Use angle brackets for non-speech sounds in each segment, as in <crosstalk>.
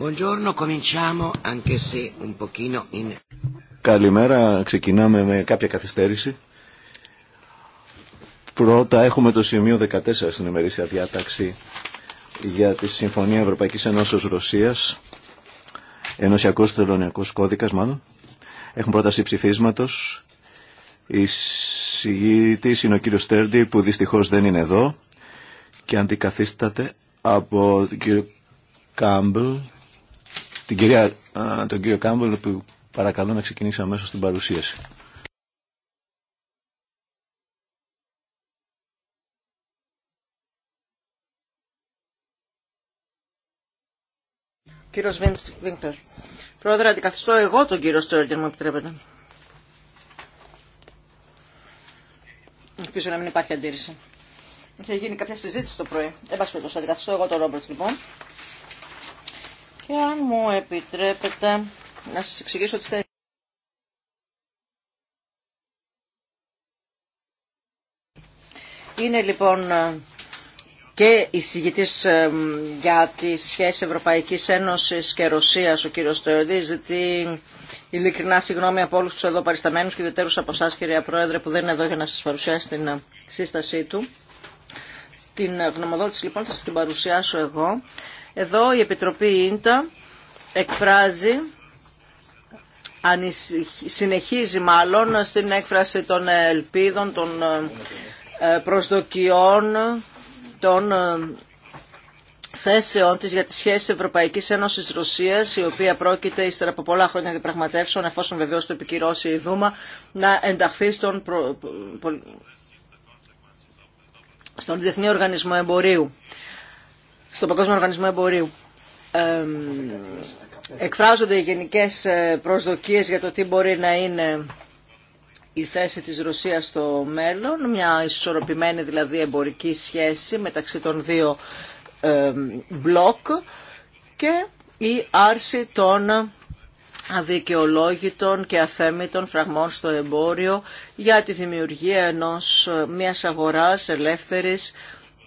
Buongiorno, cominciamo anche se un pochino in... Καλημέρα, ξεκινάμε με κάποια καθυστέρηση. Πρώτα έχουμε το σημείο 14 στην ημερήσια διάταξη για τη Συμφωνία Ευρωπαϊκής Ενώσεως Ρωσίας, Ενωσιακός Τελωνιακός Κώδικας μάλλον. Έχουμε πρόταση ψηφίσματος. Η συγγήτης είναι ο κύριος Στέρντι που δυστυχώς δεν είναι εδώ και αντικαθίσταται από τον κύριο Κάμπλ την κυρία, τον κύριο Κάμπολ που παρακαλώ να ξεκινήσει αμέσως την παρουσίαση. Κύριος Βίντερ, Πρόεδρε, αντικαθιστώ εγώ τον κύριο Στόργερ, μου επιτρέπετε. Ελπίζω να μην υπάρχει αντίρρηση. Είχε γίνει κάποια συζήτηση το πρωί. Δεν πάση αντικαθιστώ εγώ τον Ρόμπερτ, λοιπόν. Και αν μου επιτρέπετε να σας εξηγήσω τι θέσεις. Είναι λοιπόν ε, και εισηγητή ε, για τη σχέση Ευρωπαϊκής Ένωσης και Ρωσίας, ο κύριος Στοερδί, ζητεί ειλικρινά συγγνώμη από όλους τους εδώ παρισταμένους και ιδιαίτερους από εσάς, κυρία Πρόεδρε, που δεν είναι εδώ για να σας παρουσιάσει την ε, σύστασή του. Την γνωμοδότηση λοιπόν θα σας την παρουσιάσω εγώ. Εδώ η Επιτροπή Ίντα εκφράζει συνεχίζει μάλλον στην έκφραση των ελπίδων, των ε, ε, προσδοκιών, των ε, θέσεων της για τις σχέσεις Ευρωπαϊκής Ένωσης Ρωσίας, η οποία πρόκειται ύστερα από πολλά χρόνια διαπραγματεύσεων, εφόσον βεβαίως το επικυρώσει η Δούμα, να ενταχθεί στον, στον Διεθνή Οργανισμό Εμπορίου στον Παγκόσμιο Οργανισμό Εμπορίου. Ε, εκφράζονται οι γενικές ε, προσδοκίες για το τι μπορεί να είναι η θέση της Ρωσίας στο μέλλον, μια ισορροπημένη δηλαδή εμπορική σχέση μεταξύ των δύο μπλοκ και η άρση των αδικαιολόγητων και αθέμητων φραγμών στο εμπόριο για τη δημιουργία ενός μιας αγοράς ελεύθερης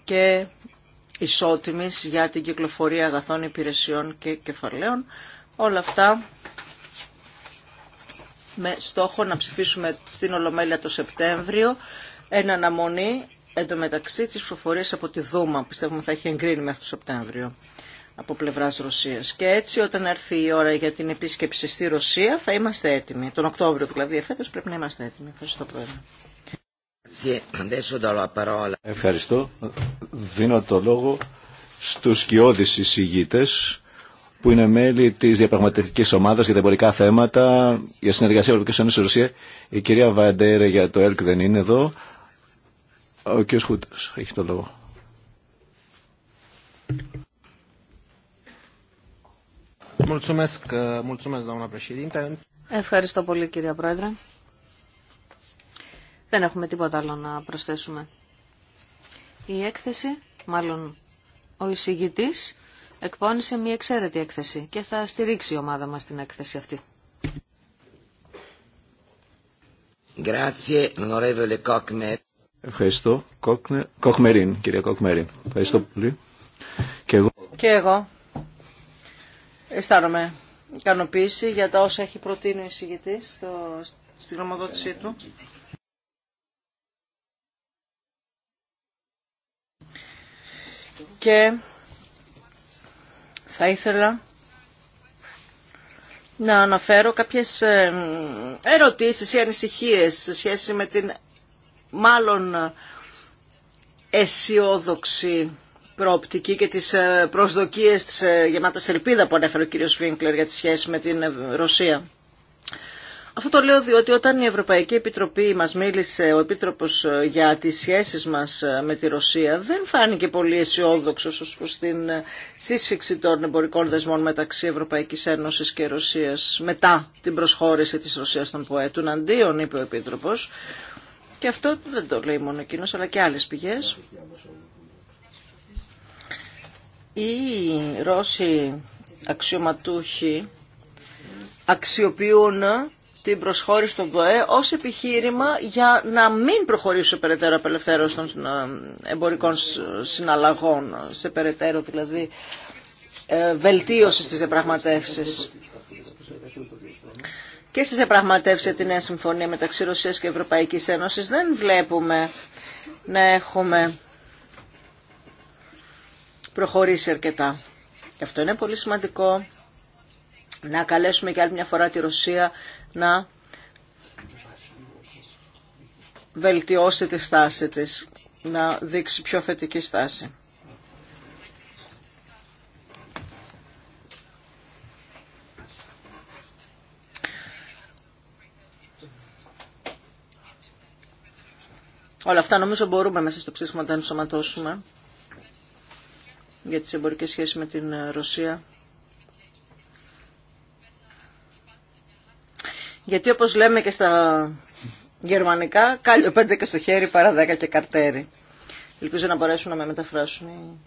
και ισότιμης για την κυκλοφορία αγαθών, υπηρεσιών και κεφαλαίων. Όλα αυτά με στόχο να ψηφίσουμε στην Ολομέλεια το Σεπτέμβριο εν αναμονή εντωμεταξύ της προφορίας από τη Δούμα. Πιστεύουμε θα έχει εγκρίνει μέχρι το Σεπτέμβριο από πλευράς Ρωσίας. Και έτσι όταν έρθει η ώρα για την επίσκεψη στη Ρωσία θα είμαστε έτοιμοι. Τον Οκτώβριο δηλαδή εφέτος πρέπει να είμαστε έτοιμοι. Ευχαριστώ πρόεδρε. Ευχαριστώ. Δίνω το λόγο στους σκιώδεις εισηγήτες που είναι μέλη της διαπραγματευτικής ομάδας για τα εμπορικά θέματα για συνεργασία Ευρωπαϊκής Ένωσης Ρωσία. Η κυρία Βαντέρε για το ΕΛΚ δεν είναι εδώ. Ο κ. Χούτας έχει το λόγο. Ευχαριστώ πολύ κυρία Πρόεδρε. Δεν έχουμε τίποτα άλλο να προσθέσουμε. Η έκθεση, μάλλον ο εισηγητής, εκπώνησε μια εξαίρετη έκθεση και θα στηρίξει η ομάδα μας την έκθεση αυτή. Ευχαριστώ, Κόκνε... Κοχμερίν, κυρία Κοχμερίν. Ευχαριστώ πολύ. Και εγώ. Και εγώ αισθάνομαι ικανοποίηση για τα όσα έχει προτείνει ο εισηγητής στο... στην γνωμοδότησή του. και θα ήθελα να αναφέρω κάποιες ε, ερωτήσεις ή ανησυχίες σε σχέση με την μάλλον αισιόδοξη προοπτική και τις ε, προσδοκίες της ε, γεμάτας ελπίδα που ανέφερε ο κύριος Βίνκλερ για τη σχέση με την Ρωσία. Αυτό το λέω διότι όταν η Ευρωπαϊκή Επιτροπή μας μίλησε, ο Επίτροπος ε, για τις σχέσεις μας ε, με τη Ρωσία, δεν φάνηκε πολύ αισιόδοξο ως προς την ε, σύσφυξη των εμπορικών δεσμών μεταξύ Ευρωπαϊκής Ένωσης και Ρωσίας μετά την προσχώρηση της Ρωσίας των Ποέτων. αντίον, είπε ο Επίτροπος. Και αυτό δεν το λέει μόνο εκείνος, αλλά και άλλες πηγές. Οι Ρώσοι αξιωματούχοι αξιοποιούν την προσχώρηση των ΔΟΕ ως επιχείρημα για να μην προχωρήσει σε περαιτέρω απελευθέρωση των ε, εμπορικών συναλλαγών, σε περαιτέρω δηλαδή ε, βελτίωση στις διαπραγματεύσεις και στις διαπραγματεύσεις για τη νέα συμφωνία μεταξύ Ρωσίας και Ευρωπαϊκής Ένωσης δεν βλέπουμε να έχουμε προχωρήσει αρκετά. Και αυτό είναι πολύ σημαντικό να καλέσουμε για άλλη μια φορά τη Ρωσία να βελτιώσει τη στάση της, να δείξει πιο θετική στάση. Όλα αυτά νομίζω μπορούμε μέσα στο ψήφισμα να τα ενσωματώσουμε για τις εμπορικές σχέσεις με την Ρωσία. Γιατί όπως λέμε και στα γερμανικά, κάλιο πέντε και στο χέρι παρά δέκα και καρτέρι. Ελπίζω να μπορέσουν να με μεταφράσουν οι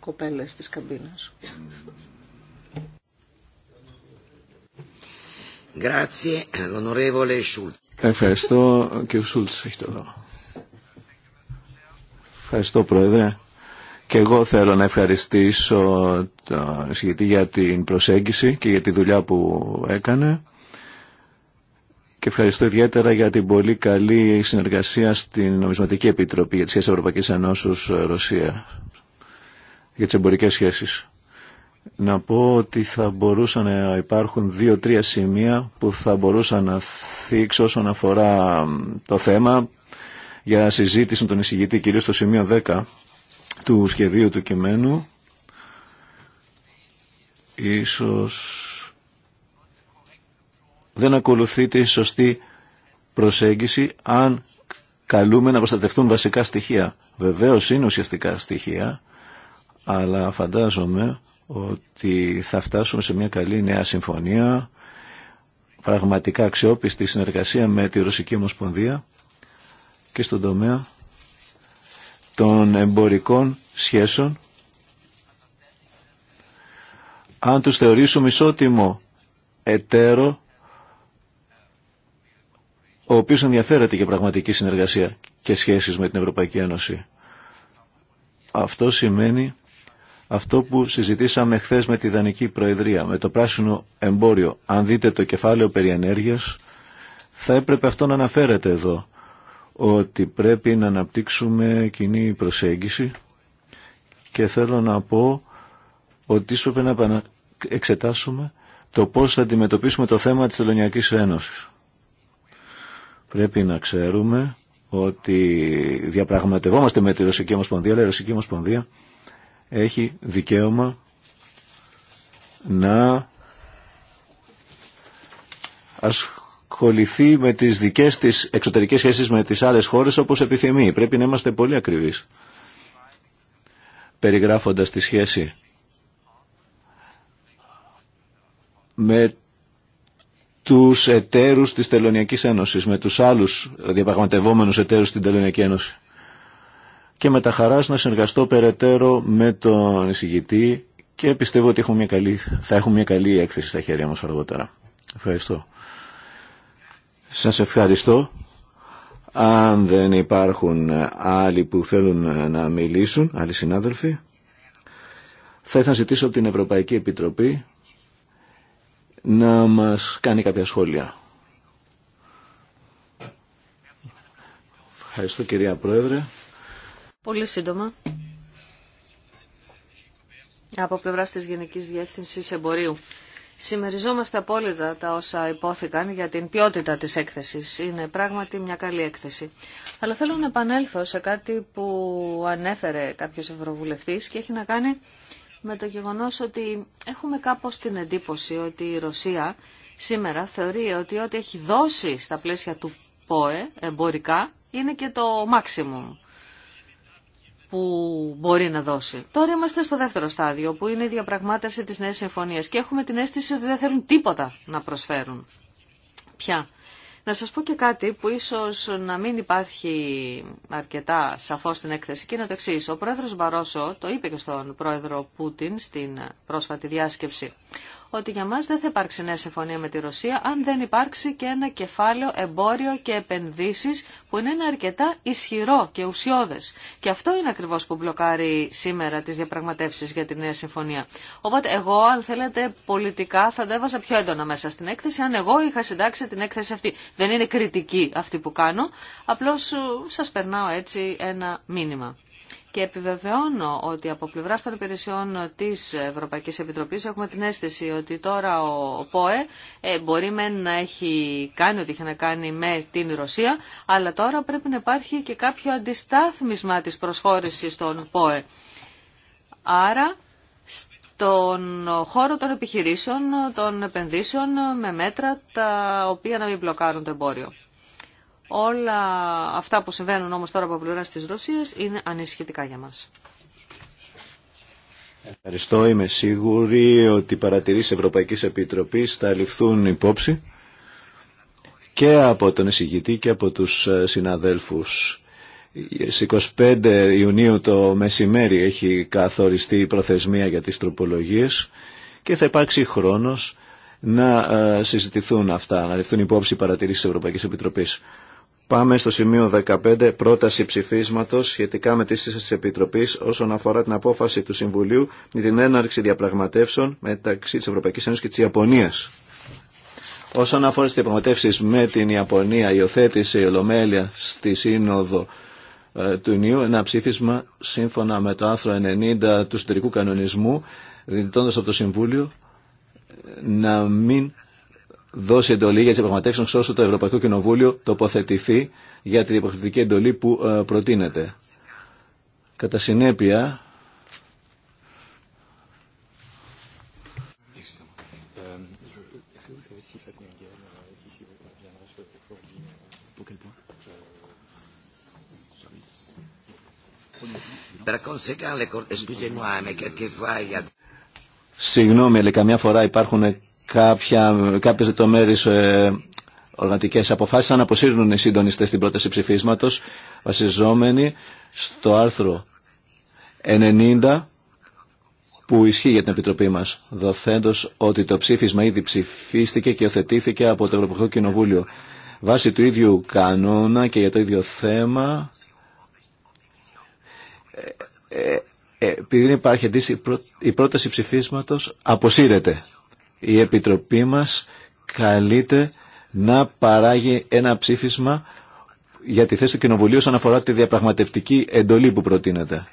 κοπέλες της καμπίνας. Ευχαριστώ και ο Σούλτς έχει το λόγο. Ευχαριστώ Πρόεδρε. Και εγώ θέλω να ευχαριστήσω τον για την προσέγγιση και για τη δουλειά που έκανε και ευχαριστώ ιδιαίτερα για την πολύ καλή συνεργασία στην Νομισματική Επιτροπή για τις σχέσεις Ευρωπαϊκής Ενώσεως Ρωσία για τις εμπορικές σχέσεις. Να πω ότι θα μπορούσαν να υπάρχουν δύο-τρία σημεία που θα μπορούσα να θίξω όσον αφορά το θέμα για συζήτηση με τον εισηγητή κυρίως στο σημείο 10 του σχεδίου του κειμένου. Ίσως δεν ακολουθεί η σωστή προσέγγιση αν καλούμε να προστατευτούν βασικά στοιχεία. Βεβαίως είναι ουσιαστικά στοιχεία, αλλά φαντάζομαι ότι θα φτάσουμε σε μια καλή νέα συμφωνία, πραγματικά αξιόπιστη συνεργασία με τη Ρωσική Ομοσπονδία και στον τομέα των εμπορικών σχέσεων. Αν τους θεωρήσουμε ισότιμο εταίρο ο οποίος ενδιαφέρεται για πραγματική συνεργασία και σχέσεις με την Ευρωπαϊκή Ένωση. Αυτό σημαίνει αυτό που συζητήσαμε χθε με τη Δανική Προεδρία, με το πράσινο εμπόριο. Αν δείτε το κεφάλαιο περί ενέργειας, θα έπρεπε αυτό να αναφέρεται εδώ, ότι πρέπει να αναπτύξουμε κοινή προσέγγιση και θέλω να πω ότι ίσως πρέπει να εξετάσουμε το πώς θα αντιμετωπίσουμε το θέμα της Τελωνιακής Ένωσης. Πρέπει να ξέρουμε ότι διαπραγματευόμαστε με τη Ρωσική Ομοσπονδία, αλλά η Ρωσική Ομοσπονδία έχει δικαίωμα να ασχοληθεί με τις δικές της εξωτερικές σχέσεις με τις άλλες χώρες όπως επιθυμεί. Πρέπει να είμαστε πολύ ακριβείς περιγράφοντας τη σχέση με τους εταίρους της Τελωνιακής Ένωσης, με τους άλλους διαπραγματευόμενους εταίρους στην Τελωνιακή Ένωση. Και με τα χαράς να συνεργαστώ περαιτέρω με τον εισηγητή και πιστεύω ότι έχουμε μια καλή, θα έχουμε μια καλή έκθεση στα χέρια μας αργότερα. Ευχαριστώ. Σας ευχαριστώ. Αν δεν υπάρχουν άλλοι που θέλουν να μιλήσουν, άλλοι συνάδελφοι, θα ήθελα να ζητήσω από την Ευρωπαϊκή Επιτροπή να μας κάνει κάποια σχόλια. Ευχαριστώ κυρία Πρόεδρε. Πολύ σύντομα. Από πλευρά τη Γενική Διεύθυνση Εμπορίου. Σημεριζόμαστε απόλυτα τα όσα υπόθηκαν για την ποιότητα της έκθεσης. Είναι πράγματι μια καλή έκθεση. Αλλά θέλω να επανέλθω σε κάτι που ανέφερε κάποιος ευρωβουλευτής και έχει να κάνει με το γεγονός ότι έχουμε κάπως την εντύπωση ότι η Ρωσία σήμερα θεωρεί ότι ό,τι έχει δώσει στα πλαίσια του ΠΟΕ εμπορικά είναι και το maximum που μπορεί να δώσει. Τώρα είμαστε στο δεύτερο στάδιο που είναι η διαπραγμάτευση της νέας συμφωνίας και έχουμε την αίσθηση ότι δεν θέλουν τίποτα να προσφέρουν. Πια να σας πω και κάτι που ίσως να μην υπάρχει αρκετά σαφώς στην έκθεση και είναι το εξή. Ο πρόεδρος Μπαρόσο το είπε και στον πρόεδρο Πούτιν στην πρόσφατη διάσκεψη ότι για μας δεν θα υπάρξει νέα συμφωνία με τη Ρωσία αν δεν υπάρξει και ένα κεφάλαιο εμπόριο και επενδύσεις που είναι αρκετά ισχυρό και ουσιώδες. Και αυτό είναι ακριβώς που μπλοκάρει σήμερα τις διαπραγματεύσεις για τη νέα συμφωνία. Οπότε εγώ αν θέλετε πολιτικά θα τα έβαζα πιο έντονα μέσα στην έκθεση αν εγώ είχα συντάξει την έκθεση αυτή. Δεν είναι κριτική αυτή που κάνω, απλώς ε, σας περνάω έτσι ένα μήνυμα. Και επιβεβαιώνω ότι από πλευρά των υπηρεσιών τη Ευρωπαϊκής Επιτροπής έχουμε την αίσθηση ότι τώρα ο ΠΟΕ ε, μπορεί να έχει κάνει ό,τι είχε να κάνει με την Ρωσία, αλλά τώρα πρέπει να υπάρχει και κάποιο αντιστάθμισμα της προσχώρηση των ΠΟΕ. Άρα στον χώρο των επιχειρήσεων, των επενδύσεων με μέτρα τα οποία να μην μπλοκάρουν το εμπόριο. Όλα αυτά που συμβαίνουν όμως τώρα από πλευρά της Ρωσίας είναι ανησυχητικά για μας. Ευχαριστώ. Είμαι σίγουρη ότι οι παρατηρήσεις Ευρωπαϊκής Επιτροπής θα ληφθούν υπόψη και από τον εισηγητή και από τους ε, συναδέλφους. Στις 25 Ιουνίου το μεσημέρι έχει καθοριστεί η προθεσμία για τις τροπολογίες και θα υπάρξει χρόνος να ε, συζητηθούν αυτά, να ληφθούν υπόψη οι παρατηρήσεις της Ευρωπαϊκής Επιτροπής. Πάμε στο σημείο 15, πρόταση ψηφίσματος σχετικά με τη σύσταση Επιτροπής όσον αφορά την απόφαση του Συμβουλίου για την έναρξη διαπραγματεύσεων μεταξύ της Ευρωπαϊκής Ένωσης και της Ιαπωνίας. Όσον αφορά τις διαπραγματεύσεις με την Ιαπωνία, υιοθέτησε η Ολομέλεια στη Σύνοδο ε, του Ινίου ένα ψήφισμα σύμφωνα με το άρθρο 90 του Συντερικού Κανονισμού, δηλητώντας από το Συμβούλιο ε, να μην δώσει εντολή για τι διαπραγματεύσει όσο το Ευρωπαϊκό Κοινοβούλιο τοποθετηθεί για την υποχρεωτική εντολή που ε, προτείνεται. Κατά συνέπεια. Συγγνώμη, αλλά καμιά φορά υπάρχουν κάποια, κάποιες λεπτομέρειες ε, οργανωτικές αποφάσεις αν αποσύρουν οι συντονιστές την πρόταση ψηφίσματος βασιζόμενοι στο άρθρο 90 που ισχύει για την Επιτροπή μας, δοθέντος ότι το ψήφισμα ήδη ψηφίστηκε και οθετήθηκε από το Ευρωπαϊκό Κοινοβούλιο. Βάσει του ίδιου κανόνα και για το ίδιο θέμα, ε, ε, ε, επειδή υπάρχει η πρόταση ψηφίσματος αποσύρεται η Επιτροπή μας καλείται να παράγει ένα ψήφισμα για τη θέση του Κοινοβουλίου όσον αφορά τη διαπραγματευτική εντολή που προτείνεται.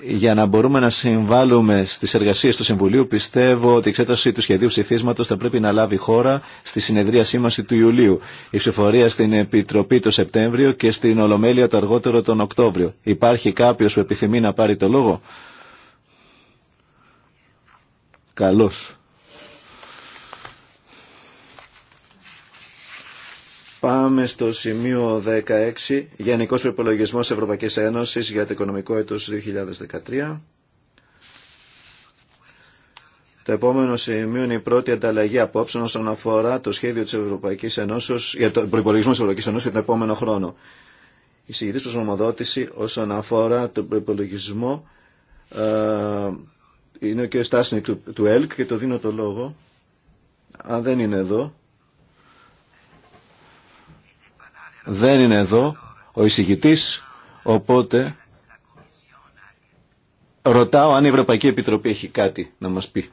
Για να μπορούμε να συμβάλλουμε στις εργασίες του Συμβουλίου, πιστεύω ότι η εξέταση του σχεδίου ψηφίσματος θα πρέπει να λάβει χώρα στη συνεδρία σήμαση του Ιουλίου, η ψηφορία στην Επιτροπή το Σεπτέμβριο και στην Ολομέλεια το αργότερο τον Οκτώβριο. Υπάρχει κάποιος που επιθυμεί να πάρει το λόγο. Καλώς. Πάμε στο σημείο 16, Γενικός προϋπολογισμός Ευρωπαϊκής Ένωσης για το οικονομικό έτος 2013. Το επόμενο σημείο είναι η πρώτη ανταλλαγή απόψεων όσον αφορά το σχέδιο της Ευρωπαϊκής Ένωσης για το προπολογισμό της Ευρωπαϊκής Ένωσης για τον επόμενο χρόνο. Η συγκεκριτής προσωμοδότηση όσον αφορά τον προπολογισμό ε, είναι ο κ. Στάσνη του ΕΛΚ και το δίνω το λόγο. Αν δεν είναι εδώ, δεν είναι εδώ ο εισηγητής, οπότε ρωτάω αν η Ευρωπαϊκή Επιτροπή έχει κάτι να μας πει.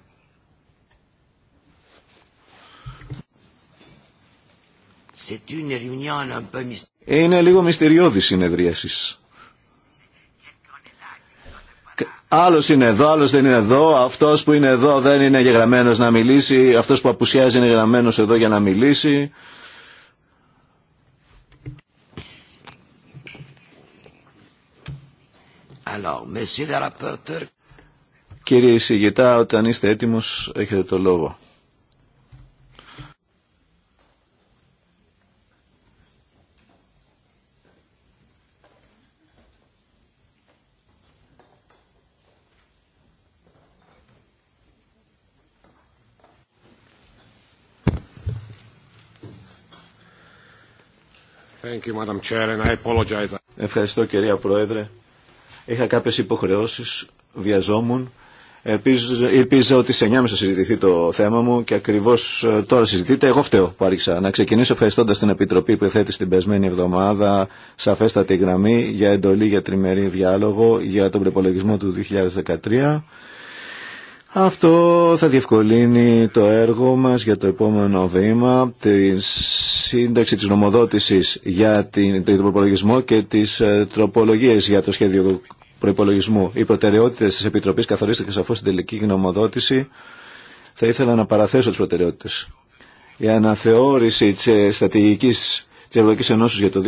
Είναι λίγο μυστηριώδη συνεδρίαση. Άλλο είναι εδώ, άλλο δεν είναι εδώ. Αυτό που είναι εδώ δεν είναι γεγραμμένο να μιλήσει. Αυτό που απουσιάζει είναι γεγραμμένο εδώ για να μιλήσει. Alors, monsieur le rapporteur... Κύριε Σιγητά, όταν είστε έτοιμος, έχετε το λόγο. Thank you, Madam Chair, and I apologize. Ευχαριστώ κυρία Πρόεδρε. Είχα κάποιες υποχρεώσεις, βιαζόμουν. Ελπίζω, ότι σε 9.30 θα συζητηθεί το θέμα μου και ακριβώς ε, τώρα συζητείτε, Εγώ φταίω που άρχισα. Να ξεκινήσω ευχαριστώντα την Επιτροπή που θέτει την περσμένη εβδομάδα σαφέστατη γραμμή για εντολή για τριμερή διάλογο για τον προπολογισμό του 2013. Αυτό θα διευκολύνει το έργο μας για το επόμενο βήμα, τη σύνταξη της νομοδότησης για την, τον προπολογισμό και τις ε, τροπολογίες για το σχέδιο προπολογισμού. Οι προτεραιότητε τη Επιτροπή καθορίστηκαν σαφώ στην τελική γνωμοδότηση. Θα ήθελα να παραθέσω τι προτεραιότητε. Η αναθεώρηση τη στρατηγική τη Ευρωπαϊκή Ενώση για το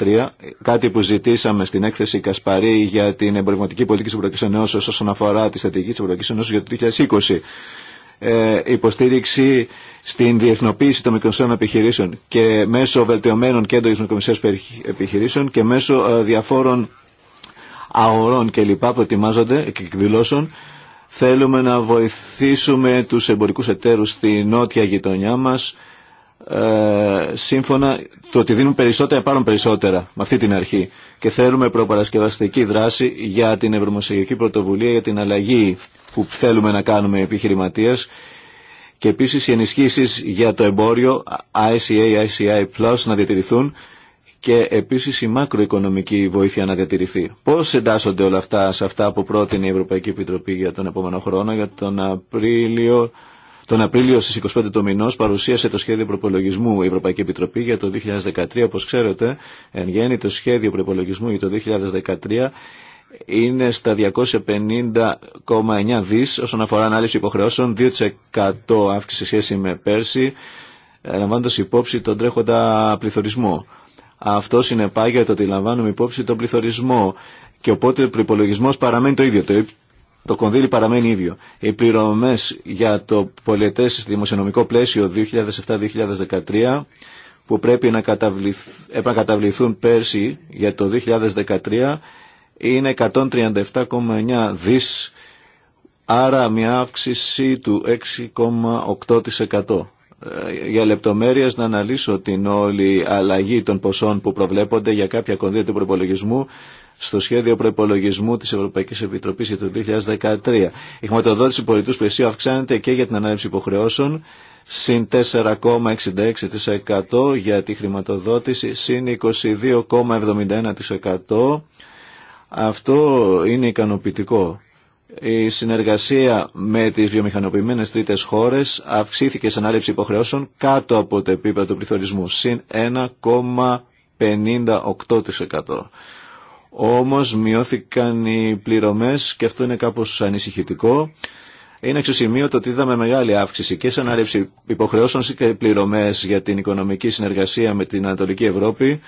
2013, κάτι που ζητήσαμε στην έκθεση Κασπαρή για την εμπορευματική πολιτική τη Ευρωπαϊκή Ενώση όσον αφορά τη στρατηγική τη Ευρωπαϊκή Ένωση για το 2020. Ε, υποστήριξη στην διεθνοποίηση των μικροσύνων επιχειρήσεων και μέσω βελτιωμένων κέντρων μικρομεσαίων επιχειρήσεων και μέσω ε, διαφόρων αγορών και λοιπά που ετοιμάζονται και εκδηλώσεων. Θέλουμε να βοηθήσουμε τους εμπορικούς εταίρους στη νότια γειτονιά μας ε, σύμφωνα το ότι δίνουν περισσότερα, πάρουν περισσότερα με αυτή την αρχή. Και θέλουμε προπαρασκευαστική δράση για την Ευρωμοσιακή Πρωτοβουλία, για την αλλαγή που θέλουμε να κάνουμε οι και επίσης οι ενισχύσεις για το εμπόριο ICA, ICI Plus να διατηρηθούν και επίση η μακροοικονομική βοήθεια να διατηρηθεί. Πώ εντάσσονται όλα αυτά σε αυτά που πρότεινε η Ευρωπαϊκή Επιτροπή για τον επόμενο χρόνο, για τον Απρίλιο... Τον Απρίλιο στις 25 του μηνός παρουσίασε το σχέδιο προπολογισμού η Ευρωπαϊκή Επιτροπή για το 2013. Όπως ξέρετε, εν γέννη το σχέδιο προπολογισμού για το 2013 είναι στα 250,9 δις όσον αφορά ανάλυση υποχρεώσεων, 2% αύξηση σε σχέση με πέρσι, ε, λαμβάνοντας υπόψη τον τρέχοντα πληθωρισμό. Αυτό συνεπάγεται ότι λαμβάνουμε υπόψη τον πληθωρισμό και οπότε ο προπολογισμό παραμένει το ίδιο. Το, το κονδύλι παραμένει ίδιο. Οι πληρωμέ για το πολιτέ δημοσιονομικό πλαίσιο 2007-2013 που πρέπει να επανακαταβληθούν πέρσι για το 2013 είναι 137,9 δις, άρα μια αύξηση του 6,8%. Ε, για λεπτομέρειες να αναλύσω την όλη αλλαγή των ποσών που προβλέπονται για κάποια κονδύλια του προπολογισμού στο σχέδιο προπολογισμού της Ευρωπαϊκής Επιτροπής για το 2013. Η χρηματοδότηση πολιτού πλαισίου αυξάνεται και για την ανάληψη υποχρεώσεων συν 4,66% για τη χρηματοδότηση συν 22,71%. Αυτό είναι ικανοποιητικό η συνεργασία με τις βιομηχανοποιημένες τρίτες χώρες αυξήθηκε σε ανάληψη υποχρεώσεων κάτω από το επίπεδο του πληθωρισμού, συν 1,58%. Όμως μειώθηκαν οι πληρωμές και αυτό είναι κάπως ανησυχητικό. Είναι το ότι είδαμε μεγάλη αύξηση και σε ανάληψη υποχρεώσεων και πληρωμές για την οικονομική συνεργασία με την Ανατολική Ευρώπη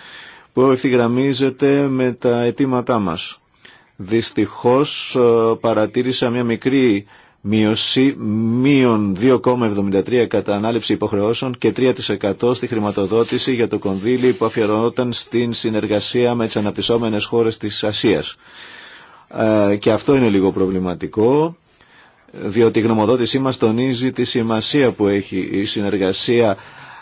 που ευθυγραμμίζεται με τα αιτήματά μας. Δυστυχώς ε, παρατήρησα μια μικρή μείωση μείον 2,73 κατά ανάληψη υποχρεώσεων και 3% στη χρηματοδότηση για το κονδύλι που αφιερωνόταν στην συνεργασία με τις αναπτυσσόμενες χώρες της Ασίας. Ε, και αυτό είναι λίγο προβληματικό διότι η γνωμοδότησή μας τονίζει τη σημασία που έχει η συνεργασία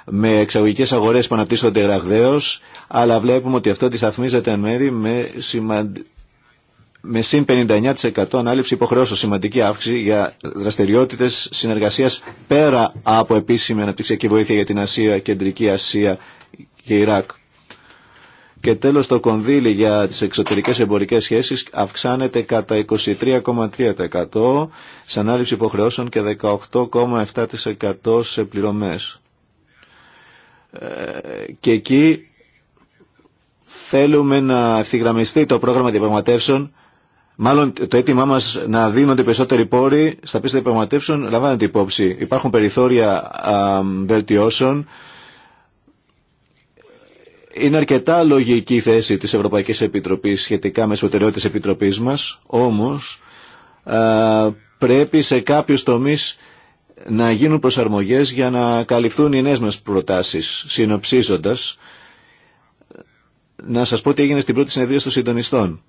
με εξαγωγικές αγορές που αναπτύσσονται ραγδαίως, αλλά βλέπουμε ότι αυτό αντισταθμίζεται εν μέρη με σημαντικό με συν 59% ανάληψη υποχρεώσεων, σημαντική αύξηση για δραστηριότητε συνεργασία πέρα από επίσημη αναπτυξιακή βοήθεια για την Ασία, Κεντρική Ασία και Ιράκ. Και τέλος το κονδύλι για τις εξωτερικές εμπορικές σχέσεις αυξάνεται κατά 23,3% σε ανάληψη υποχρεώσεων και 18,7% σε πληρωμές. Ε, και εκεί θέλουμε να ευθυγραμμιστεί το πρόγραμμα διαπραγματεύσεων Μάλλον το αίτημά μα να δίνονται περισσότεροι πόροι στα πίστα διαπραγματεύσεων λαμβάνεται υπόψη. Υπάρχουν περιθώρια βελτιώσεων. Είναι αρκετά λογική η θέση της Ευρωπαϊκής Επιτροπής σχετικά με της Επιτροπής μας, όμως α, πρέπει σε κάποιους τομείς να γίνουν προσαρμογές για να καλυφθούν οι νέες μας προτάσεις, συνοψίζοντας. Να σας πω τι έγινε στην πρώτη συνεδρία των συντονιστών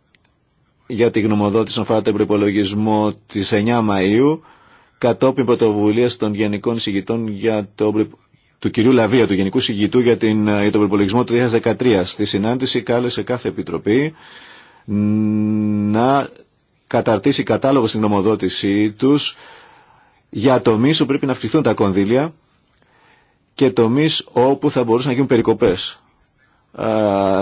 για τη γνωμοδότηση αφορά τον προπολογισμό τη 9 Μαΐου κατόπιν πρωτοβουλία των Γενικών Συγητών για το, του κυρίου Λαβία, του Γενικού Συγητού για, την, ε, για τον προπολογισμό του 2013. Στη συνάντηση κάλεσε κάθε επιτροπή να καταρτήσει κατάλογο στην γνωμοδότησή του για τομεί που πρέπει να αυξηθούν τα κονδύλια και τομεί όπου θα μπορούσαν να γίνουν περικοπές.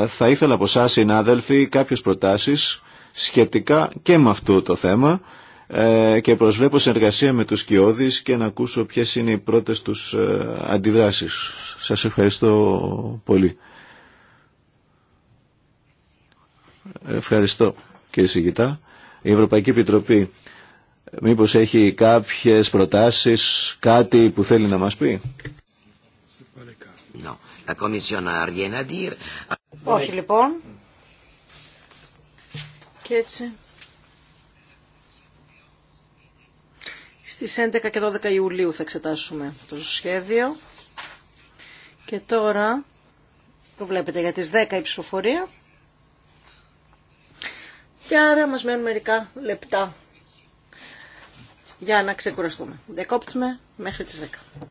θα ήθελα από εσά συνάδελφοι, κάποιες προτάσεις σχετικά και με αυτό το θέμα ε, και προσβλέπω συνεργασία με τους Κιώδης και να ακούσω ποιες είναι οι πρώτες τους ε, αντιδράσεις. Σας ευχαριστώ πολύ. Ευχαριστώ κύριε Σιγητά. Η Ευρωπαϊκή Επιτροπή μήπως έχει κάποιες προτάσεις, κάτι που θέλει να μας πει. Όχι λοιπόν. Και έτσι στις 11 και 12 Ιουλίου θα εξετάσουμε το σχέδιο. Και τώρα το βλέπετε για τις 10 η ψηφοφορία. Και άρα μας μένουν μερικά λεπτά για να ξεκουραστούμε. Δεκόπτουμε μέχρι τις 10.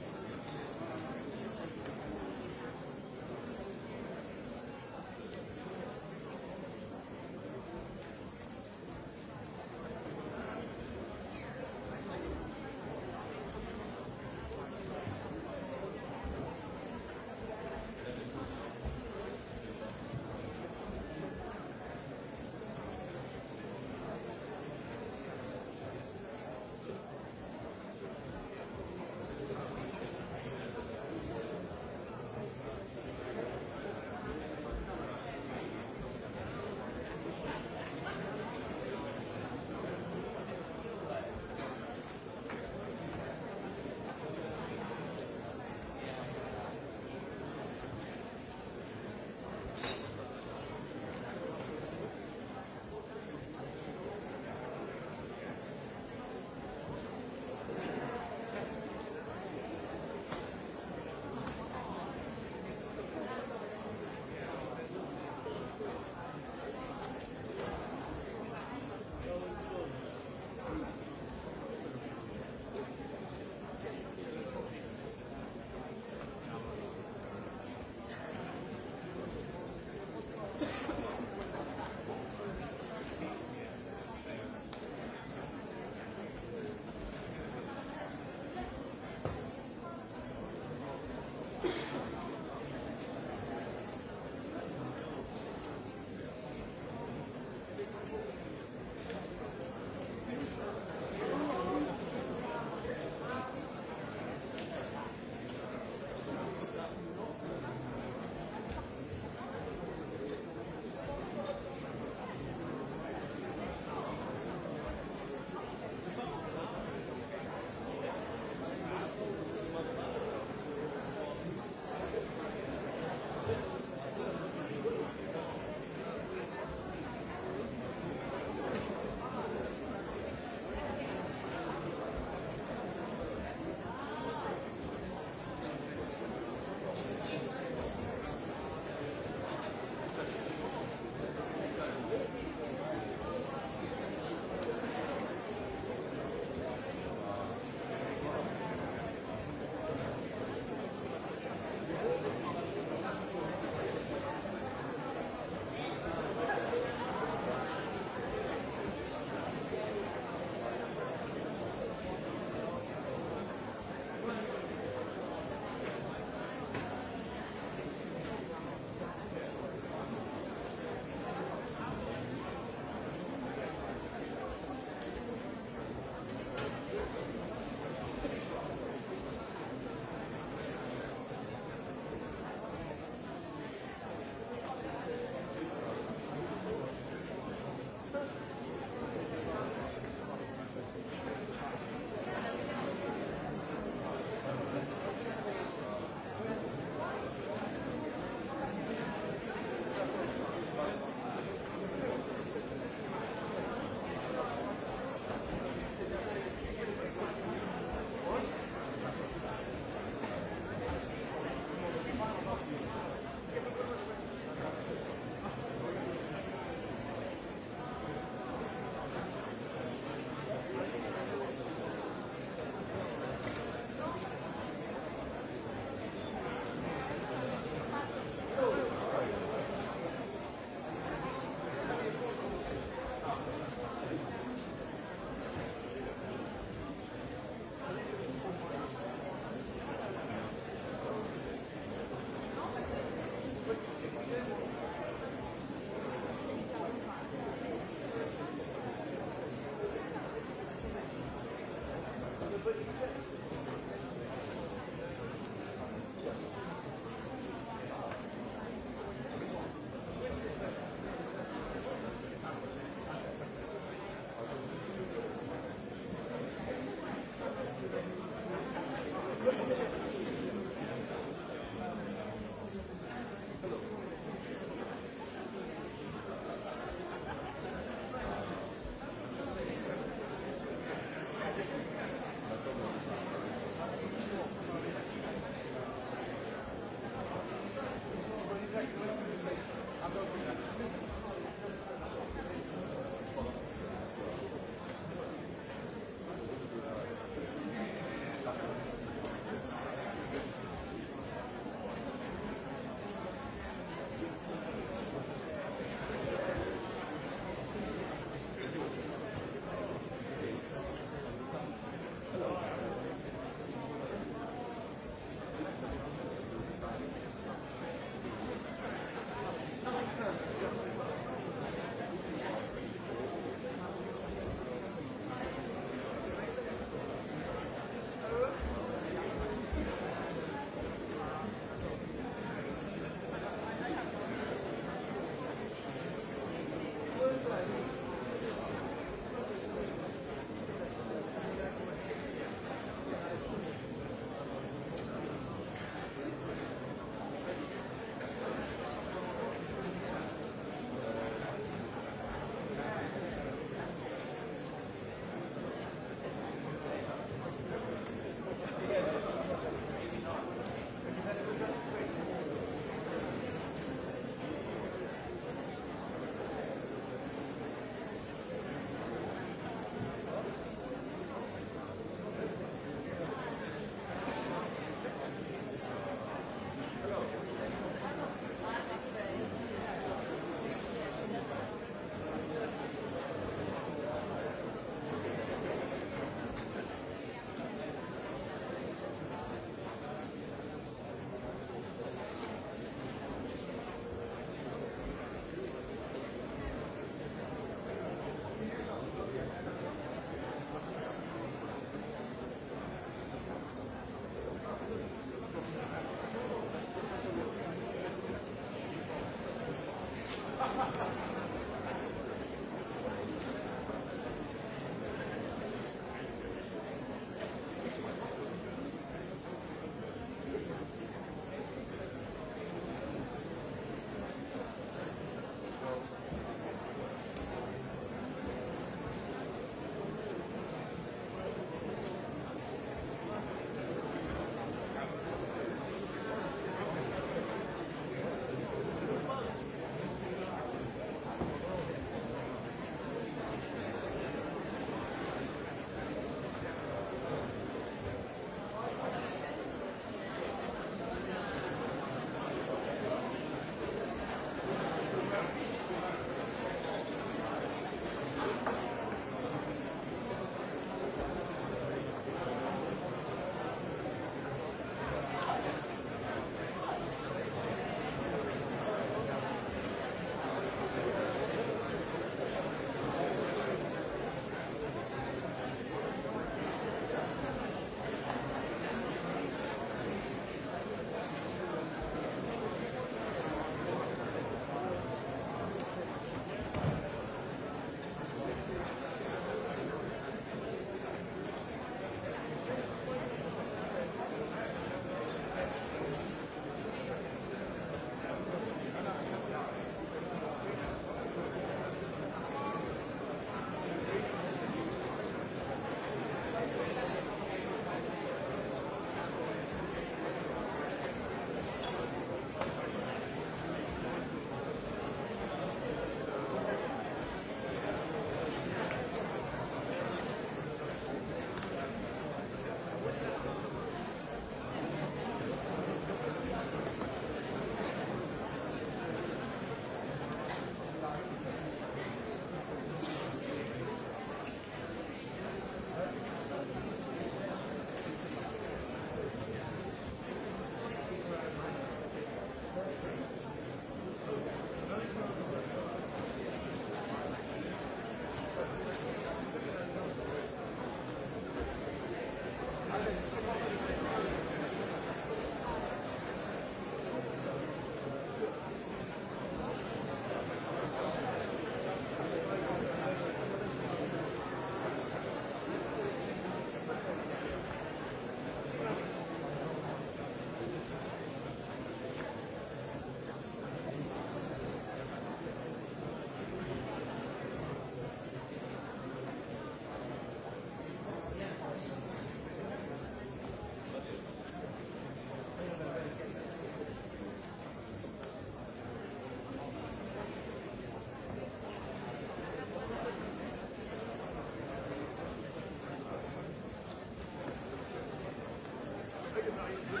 Υπότιτλοι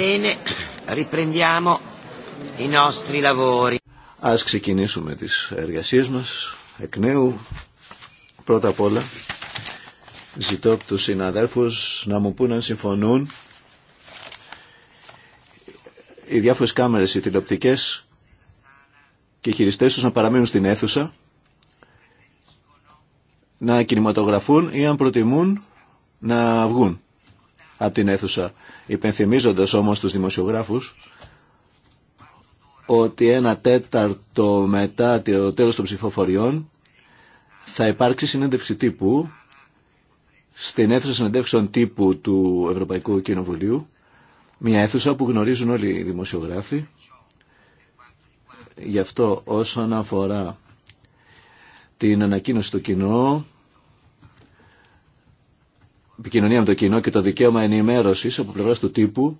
Bene, Ας ξεκινήσουμε τις εργασίες μας εκ νέου. Πρώτα απ' όλα ζητώ από τους συναδέλφους να μου πούν αν συμφωνούν οι διάφορες κάμερες, οι τηλεοπτικές και οι χειριστές τους να παραμείνουν στην αίθουσα να κινηματογραφούν ή αν προτιμούν να βγουν από την αίθουσα, υπενθυμίζοντας όμως τους δημοσιογράφους ότι ένα τέταρτο μετά το τέλος των ψηφοφοριών θα υπάρξει συνέντευξη τύπου στην αίθουσα συνέντευξεων τύπου του Ευρωπαϊκού Κοινοβουλίου, μια αίθουσα που γνωρίζουν όλοι οι δημοσιογράφοι. Γι' αυτό όσον αφορά την ανακοίνωση στο κοινό, επικοινωνία με το κοινό και το δικαίωμα ενημέρωσης από πλευρά του τύπου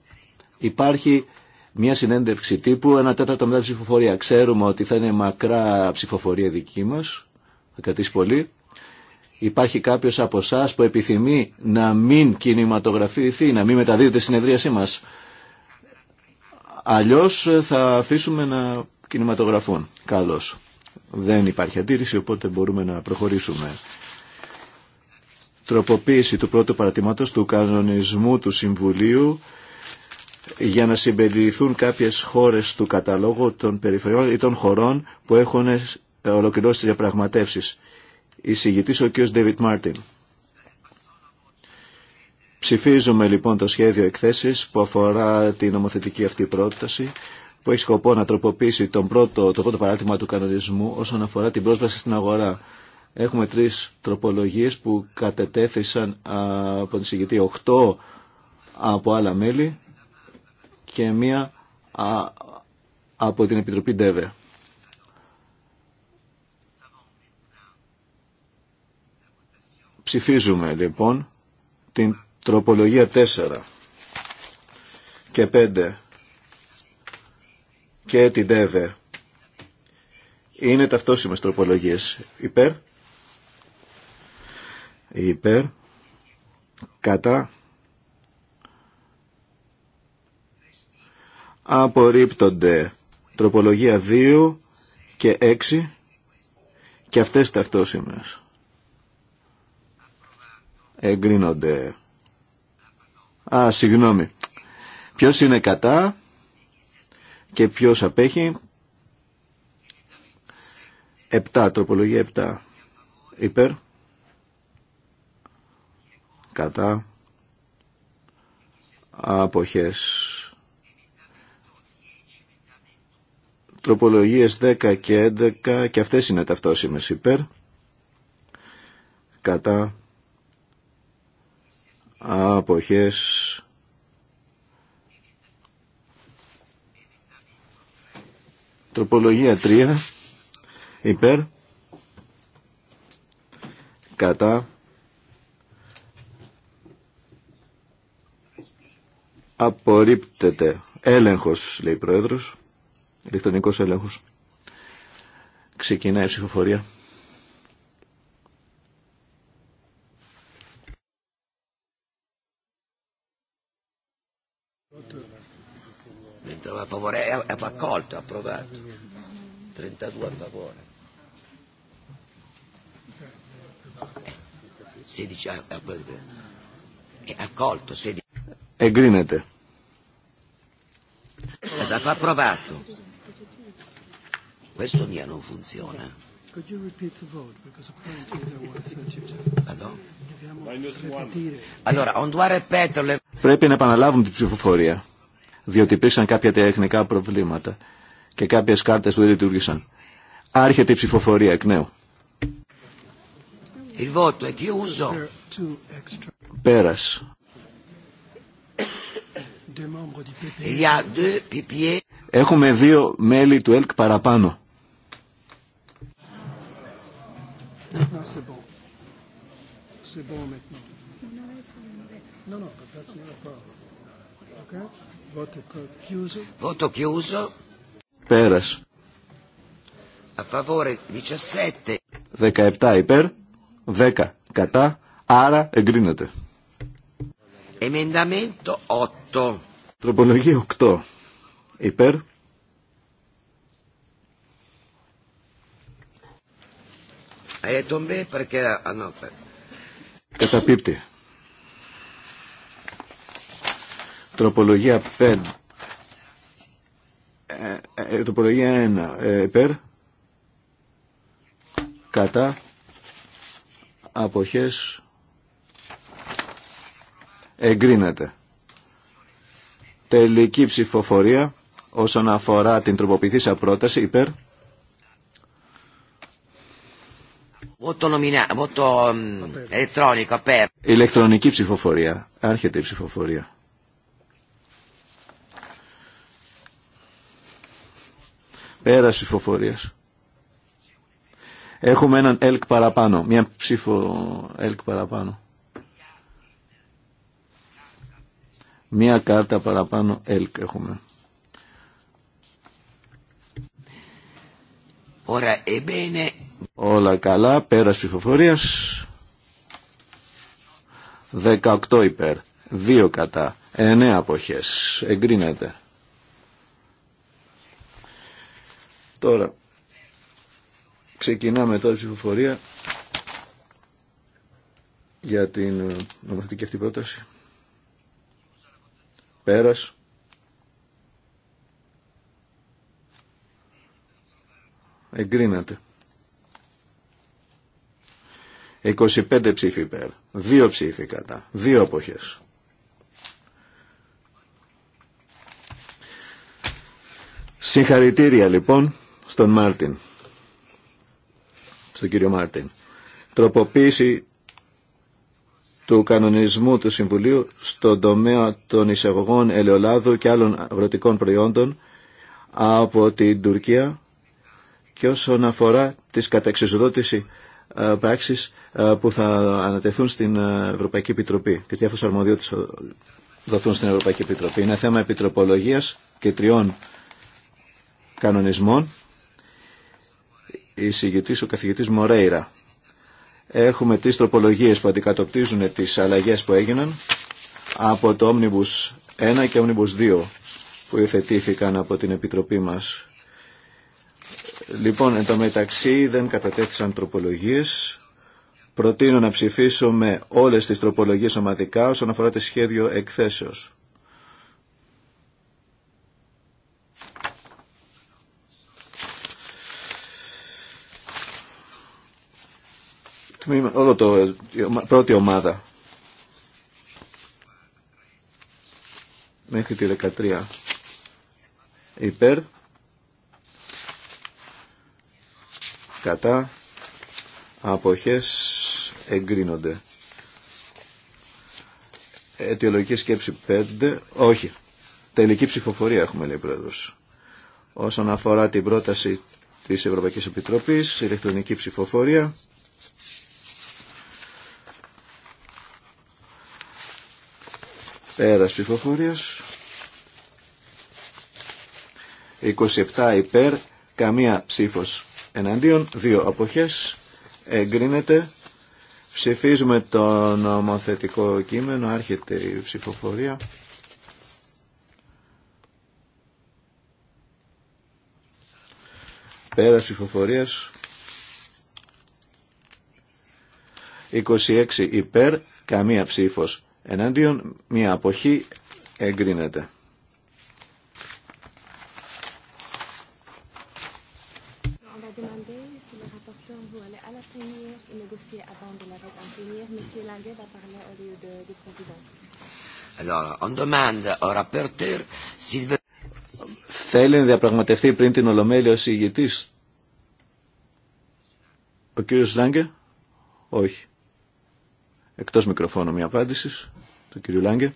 υπάρχει μια συνέντευξη τύπου, ένα τέταρτο μετά ψηφοφορία. Ξέρουμε ότι θα είναι μακρά ψηφοφορία δική μας, θα κρατήσει πολύ. Υπάρχει κάποιο από εσά που επιθυμεί να μην κινηματογραφηθεί, να μην μεταδίδεται η συνεδρίασή μας. Αλλιώς θα αφήσουμε να κινηματογραφούν. καλώ. Δεν υπάρχει αντίρρηση, οπότε μπορούμε να προχωρήσουμε τροποποίηση του πρώτου παρατήματος του κανονισμού του Συμβουλίου για να συμπεριληφθούν κάποιες χώρες του καταλόγου των περιφερειών ή των χωρών που έχουν ολοκληρώσει τις διαπραγματεύσεις. Εισηγητής ο κ. David Μάρτιν. Ψηφίζουμε λοιπόν το σχέδιο εκθέσεις που αφορά την νομοθετική αυτή πρόταση που έχει σκοπό να τροποποιήσει τον πρώτο, το πρώτο παράδειγμα του κανονισμού όσον αφορά την πρόσβαση στην αγορά. Έχουμε τρεις τροπολογίες που κατετέθησαν από την συγκεκριτή, οχτώ από άλλα μέλη και μία από την Επιτροπή ΔΕΒΕ. Ψηφίζουμε λοιπόν την τροπολογία 4 και 5 και την ΔΕΒΕ. Είναι ταυτόσιμες τροπολογίες. Υπέρ, υπέρ κατά απορρίπτονται τροπολογία 2 και 6 και αυτές ταυτόσημες εγκρίνονται α συγγνώμη ποιος είναι κατά και ποιος απέχει 7 τροπολογία 7 υπέρ κατά αποχές. Τροπολογίες 10 και 11 και αυτές είναι ταυτόσιμες υπέρ κατά αποχές τροπολογία 3 υπέρ κατά Απορρίπτεται. Έλεγχος, λέει ο Πρόεδρος. Ηλεκτρονικός έλεγχος. Ξεκινάει η ψηφοφορία. accolto, approvato. 32 a favore. 16 accolto, 16 Εγκρίνεται. E Πρέπει να επαναλάβουμε την ψηφοφορία, διότι υπήρξαν κάποια τεχνικά προβλήματα και κάποιες κάρτες που δεν λειτουργήσαν. Άρχεται η ψηφοφορία εκ νέου. Il Πέρας. Έχουμε δύο μέλη του ΕΛΚ παραπάνω. Πέρας. 17 υπέρ, 10 κατά, άρα εγκρίνεται. Εμενταμέντο 8. Τροπολογία 8. Υπέρ. Ah, Καταπίπτει. Τροπολογία 5. Ε, ε, ε, τροπολογία 1. Ε, υπέρ. Κατά. Αποχές. Εγκρίνεται. Τελική ψηφοφορία όσον αφορά την τροποποιηθήσα πρόταση υπέρ. Ηλεκτρονική ψηφοφορία. Άρχεται η ψηφοφορία. Πέρας ψηφοφορίας. Έχουμε έναν ΕΛΚ παραπάνω. Μια ψήφο ΕΛΚ παραπάνω. Μία κάρτα παραπάνω ΕΛΚ έχουμε. Ωρα, Όλα καλά, πέρας ψηφοφορίας. 18 υπέρ, 2 κατά, 9 αποχές. Εγκρίνεται. Τώρα, ξεκινάμε τώρα ψηφοφορία για την νομοθετική αυτή πρόταση. Πέρας. Εγκρίνατε. 25 ψήφοι πέρα, 2 ψήφοι κατά, 2 αποχές. Συγχαρητήρια λοιπόν στον Μάρτιν, στον κύριο Μάρτιν. Τροποποίηση του κανονισμού του Συμβουλίου στον τομέα των εισαγωγών ελαιολάδου και άλλων αγροτικών προϊόντων από την Τουρκία και όσον αφορά τις καταξιζοδότηση ε, πράξεις ε, που θα ανατεθούν στην ε, Ευρωπαϊκή Επιτροπή και τις διάφορες αρμοδιότητες δοθούν στην Ευρωπαϊκή Επιτροπή. Είναι θέμα επιτροπολογίας και τριών κανονισμών. Η συγγετής ο καθηγητής Μορέιρα. Έχουμε τρεις τροπολογίες που αντικατοπτίζουν τις αλλαγές που έγιναν από το Omnibus 1 και Omnibus 2 που υιοθετήθηκαν από την Επιτροπή μας. Λοιπόν, εν τω μεταξύ δεν κατατέθησαν τροπολογίες. Προτείνω να ψηφίσουμε όλες τις τροπολογίες ομαδικά όσον αφορά το σχέδιο εκθέσεως. όλο το πρώτη ομάδα. Μέχρι τη 13 υπέρ. Κατά αποχές εγκρίνονται. Αιτιολογική σκέψη 5, όχι, τελική ψηφοφορία έχουμε λέει πρόεδρος. Όσον αφορά την πρόταση της Ευρωπαϊκής Επιτροπής, ηλεκτρονική ψηφοφορία. Πέρας ψηφοφορίας. 27 υπέρ, καμία ψήφος εναντίον, δύο αποχές, εγκρίνεται. Ψηφίζουμε το νομοθετικό κείμενο, άρχεται η ψηφοφορία. Πέρας ψηφοφορίας. 26 υπέρ, καμία ψήφος εναντίον μία αποχή εγκρίνεται. Θέλει να διαπραγματευτεί πριν την Ολομέλεια ο ηγητής. Ο κύριος Λάγκε. Όχι. Εκτός μικροφώνου μια απάντηση του κύριου Λάγκε.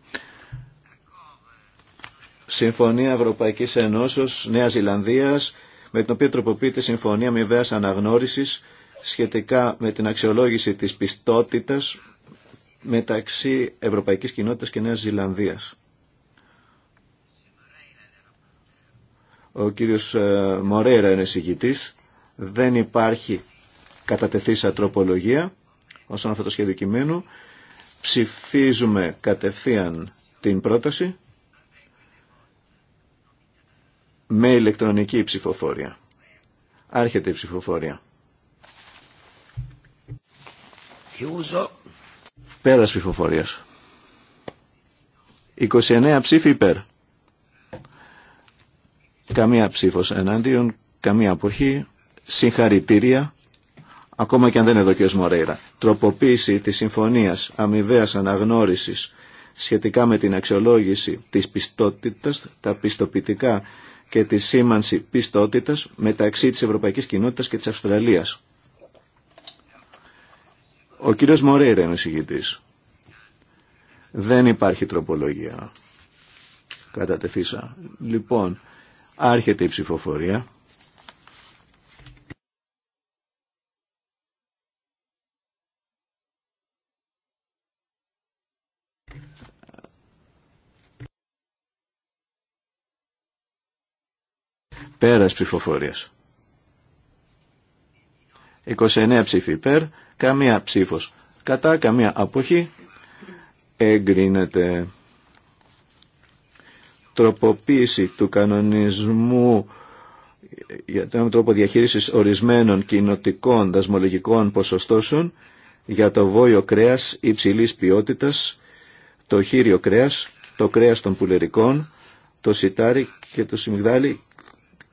Συμφωνία Ευρωπαϊκής Ενώσεως Νέας Ζηλανδίας με την οποία τροποποιείται συμφωνία Μηβαίας αναγνώρισης σχετικά με την αξιολόγηση της πιστότητας μεταξύ Ευρωπαϊκής Κοινότητας και Νέας Ζηλανδίας. Ο κύριος ε, Μορέρα είναι συγητής. Δεν υπάρχει κατατεθήσα τροπολογία όσον αφορά το σχέδιο κειμένου. Ψηφίζουμε κατευθείαν την πρόταση με ηλεκτρονική ψηφοφόρια. Άρχεται η ψηφοφόρια. Πέρα Πέρας ψηφοφορίας. 29 ψήφοι υπέρ. Καμία ψήφος εναντίον, καμία αποχή. Συγχαρητήρια ακόμα και αν δεν είναι εδώ κ. Μορέιρα, τροποποίηση της συμφωνίας αμοιβαίας αναγνώρισης σχετικά με την αξιολόγηση της πιστότητας, τα πιστοποιητικά και τη σήμανση πιστότητας μεταξύ της Ευρωπαϊκής Κοινότητας και της Αυστραλίας. Ο κύριος Μορέιρα είναι ο συγητής. Δεν υπάρχει τροπολογία. Κατατεθήσα. Λοιπόν, άρχεται η ψηφοφορία. Πέρας ψηφοφορίας. 29 ψήφοι υπέρ, καμία ψήφος κατά, καμία αποχή. Εγκρίνεται τροποποίηση του κανονισμού για τον τρόπο διαχείρισης ορισμένων κοινοτικών δασμολογικών ποσοστώσεων για το βόλιο κρέας υψηλής ποιότητας, το χείριο κρέας, το κρέας των πουλερικών, το σιτάρι και το σιμιγδάλι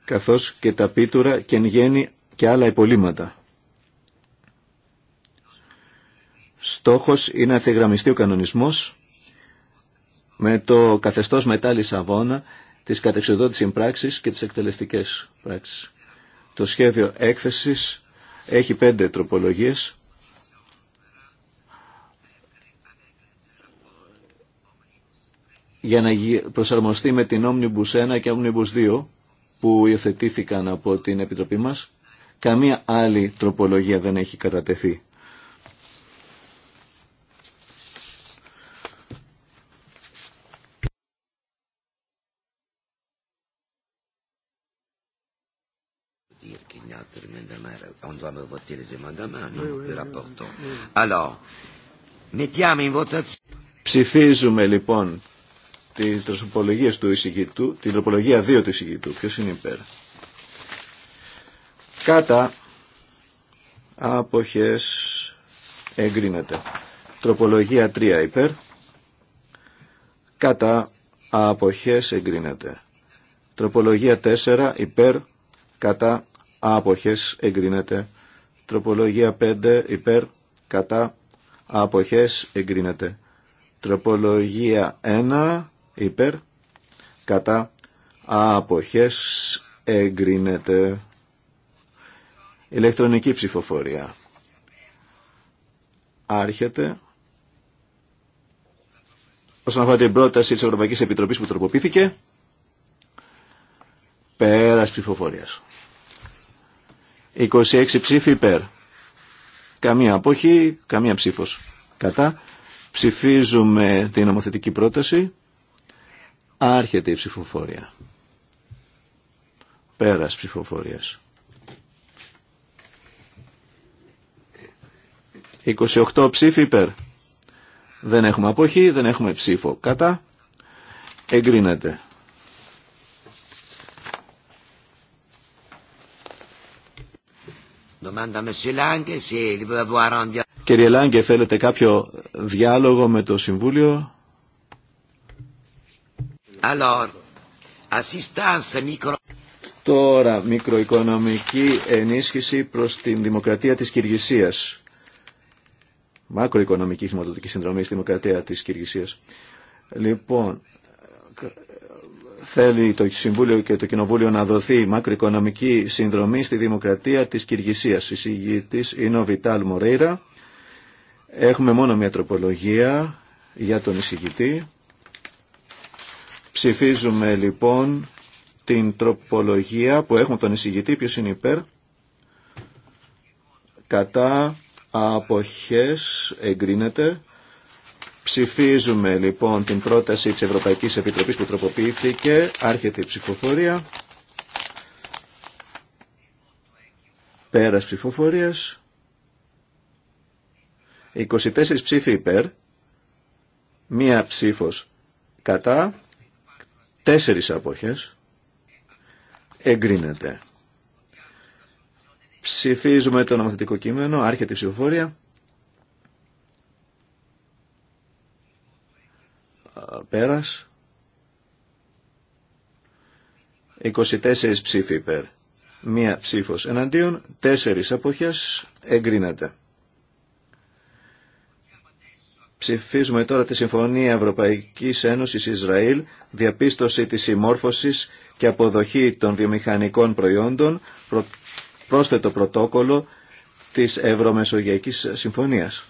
καθώς και τα πίτουρα και εν γέννη και άλλα υπολείμματα. Στόχος είναι να ο κανονισμός με το καθεστώς μετά αβώνα της κατεξοδότησης πράξης και της εκτελεστικές πράξης. Το σχέδιο έκθεσης έχει πέντε τροπολογίες. για να προσαρμοστεί με την Omnibus 1 και Omnibus 2 που υιοθετήθηκαν από την Επιτροπή μας. Καμία άλλη τροπολογία δεν έχει κατατεθεί. Ψηφίζουμε λοιπόν τι τροπολογία του εισηγητού, την τροπολογία 2 του εισηγητού. Ποιο είναι υπέρ. Κάτα αποχές εγκρίνεται. Τροπολογία 3 υπέρ. Κατά αποχές εγκρίνεται. Τροπολογία 4 υπέρ. Κατά αποχές εγκρίνεται. Τροπολογία 5 υπέρ. Κατά αποχές εγκρίνεται. Τροπολογία 1 υπέρ κατά αποχές εγκρίνεται ηλεκτρονική ψηφοφορία. Άρχεται όσον αφορά την πρόταση της Ευρωπαϊκής Επιτροπής που τροποποιήθηκε πέρας ψηφοφορίας. 26 ψήφοι υπέρ. Καμία απόχη, καμία ψήφος. Κατά. Ψηφίζουμε την νομοθετική πρόταση. Άρχεται η ψηφοφορία. Πέρας ψηφοφορίας. 28 ψήφοι υπέρ. Δεν έχουμε αποχή, δεν έχουμε ψήφο κατά. Εγκρίνεται. Κύριε Λάγκε, θέλετε κάποιο διάλογο με το Συμβούλιο. Τώρα, μικροοικονομική ενίσχυση προς την δημοκρατία της Κυργυσία. Μακροοικονομική χρηματοδοτική συνδρομή στη δημοκρατία της Κυργυσία. Λοιπόν, θέλει το Συμβούλιο και το Κοινοβούλιο να δοθεί μακροοικονομική συνδρομή στη δημοκρατία της Κυργυσία. Η συγγητής είναι ο Βιτάλ Μορέιρα. Έχουμε μόνο μια τροπολογία για τον εισηγητή. Ψηφίζουμε λοιπόν την τροπολογία που έχουμε τον εισηγητή, ποιος είναι υπέρ, κατά αποχές εγκρίνεται. Ψηφίζουμε λοιπόν την πρόταση της Ευρωπαϊκής Επιτροπής που τροποποιήθηκε, άρχεται η ψηφοφορία. Πέρας ψηφοφορίας. 24 ψήφοι υπέρ, μία ψήφος κατά, τέσσερις εποχές εγκρίνεται. Ψηφίζουμε το νομοθετικό κείμενο, άρχεται η ψηφοφορία. Πέρας. 24 ψήφοι υπέρ. Μία ψήφος εναντίον, τέσσερις εποχές εγκρίνεται. Ψηφίζουμε τώρα τη Συμφωνία Ευρωπαϊκής Ένωσης Ισραήλ διαπίστωση της συμμόρφωσης και αποδοχή των βιομηχανικών προϊόντων, πρόσθετο πρωτόκολλο της Ευρωμεσογειακής Συμφωνίας.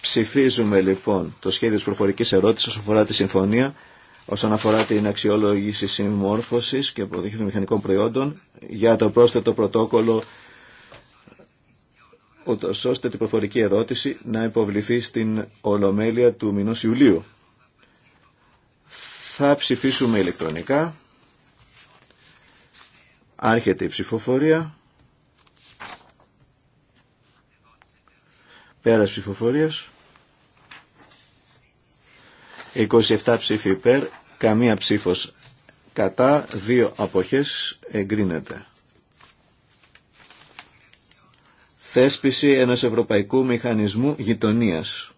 Ψηφίζουμε λοιπόν το σχέδιο της προφορικής ερώτησης όσον αφορά τη συμφωνία, όσον αφορά την αξιολόγηση συμμόρφωσης και αποδοχή των μηχανικών προϊόντων για το πρόσθετο πρωτόκολλο ώστε την προφορική ερώτηση να υποβληθεί στην Ολομέλεια του μηνός Ιουλίου. Θα ψηφίσουμε ηλεκτρονικά. Άρχεται η ψηφοφορία. Πέρας ψηφοφορίας. 27 ψήφοι υπέρ, καμία ψήφος κατά, δύο αποχές εγκρίνεται. Θέσπιση ενός ευρωπαϊκού μηχανισμού γειτονίας.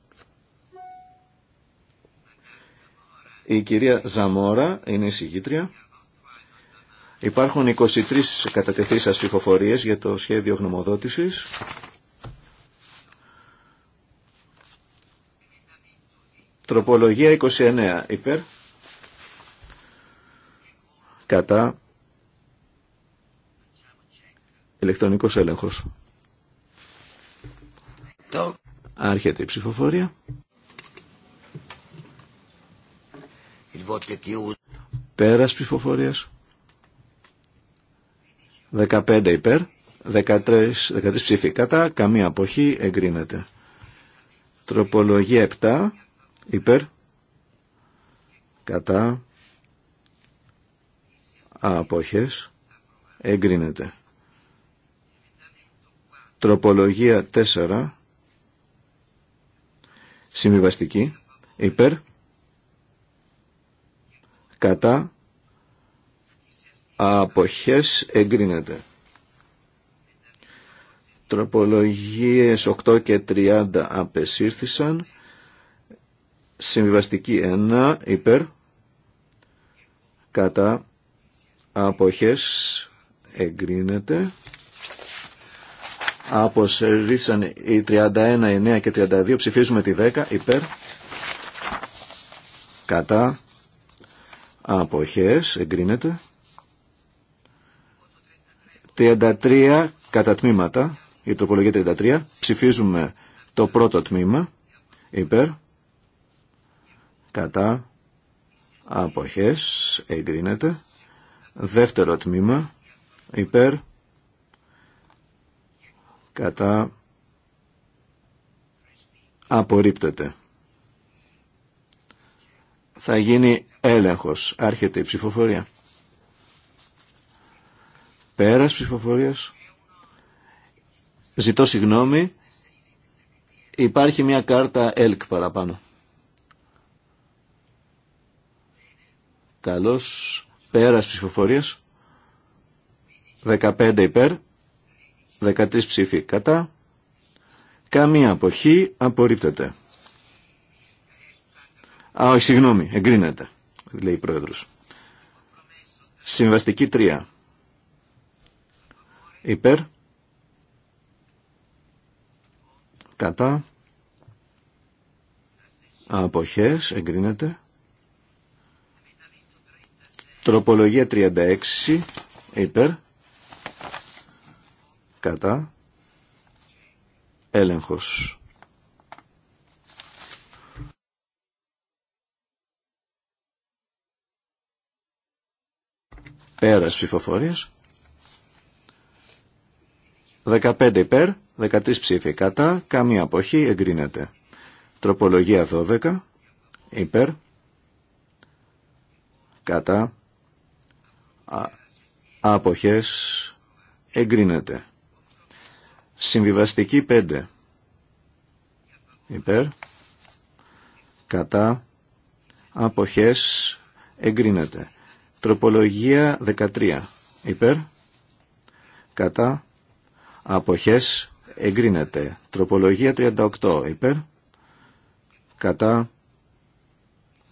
Η κυρία Ζαμόρα είναι η συγγήτρια. Υπάρχουν 23 κατατεθείς ψηφοφορίες για το σχέδιο γνωμοδότησης. Τροπολογία 29 υπέρ. Κατά. Ηλεκτρονικός έλεγχος. Άρχεται η ψηφοφορία. Πέρας ψηφοφορίας. 15 υπέρ, 13, 13 ψήφοι κατά, καμία αποχή εγκρίνεται. Τροπολογία 7 υπέρ, κατά, αποχές εγκρίνεται. Τροπολογία 4 συμβιβαστική υπέρ κατά αποχές εγκρίνεται. Τροπολογίες 8 και 30 απεσύρθησαν. Συμβιβαστική 1 υπέρ κατά αποχές εγκρίνεται. Αποσέρισαν οι 31, 9 και 32. Ψηφίζουμε τη 10 υπέρ κατά αποχές εγκρίνεται 33 κατά τμήματα η τροπολογία 33 ψηφίζουμε το πρώτο τμήμα υπέρ κατά αποχές εγκρίνεται δεύτερο τμήμα υπέρ κατά απορρίπτεται θα γίνει έλεγχος. Άρχεται η ψηφοφορία. Πέρας ψηφοφορίας. Ζητώ συγγνώμη. Υπάρχει μια κάρτα ΕΛΚ παραπάνω. Καλώς. Πέρας ψηφοφορίας. 15 υπέρ. 13 ψήφοι κατά. Καμία αποχή απορρίπτεται. Α, όχι, συγγνώμη, εγκρίνεται λέει η Πρόεδρος. Συμβαστική 3. Υπέρ. Κατά. Αποχές. Εγκρίνεται. Τροπολογία 36. Υπέρ. Κατά. Έλεγχος. Πέρας ψηφοφορίας. 15 υπέρ, 13 ψήφοι κατά, καμία αποχή εγκρίνεται. Τροπολογία 12 υπέρ, κατά, α, αποχές εγκρίνεται. Συμβιβαστική 5 υπέρ, κατά, αποχές εγκρίνεται. Τροπολογία 13. Υπέρ. Κατά. Αποχές. Εγκρίνεται. Τροπολογία 38. Υπέρ. Κατά.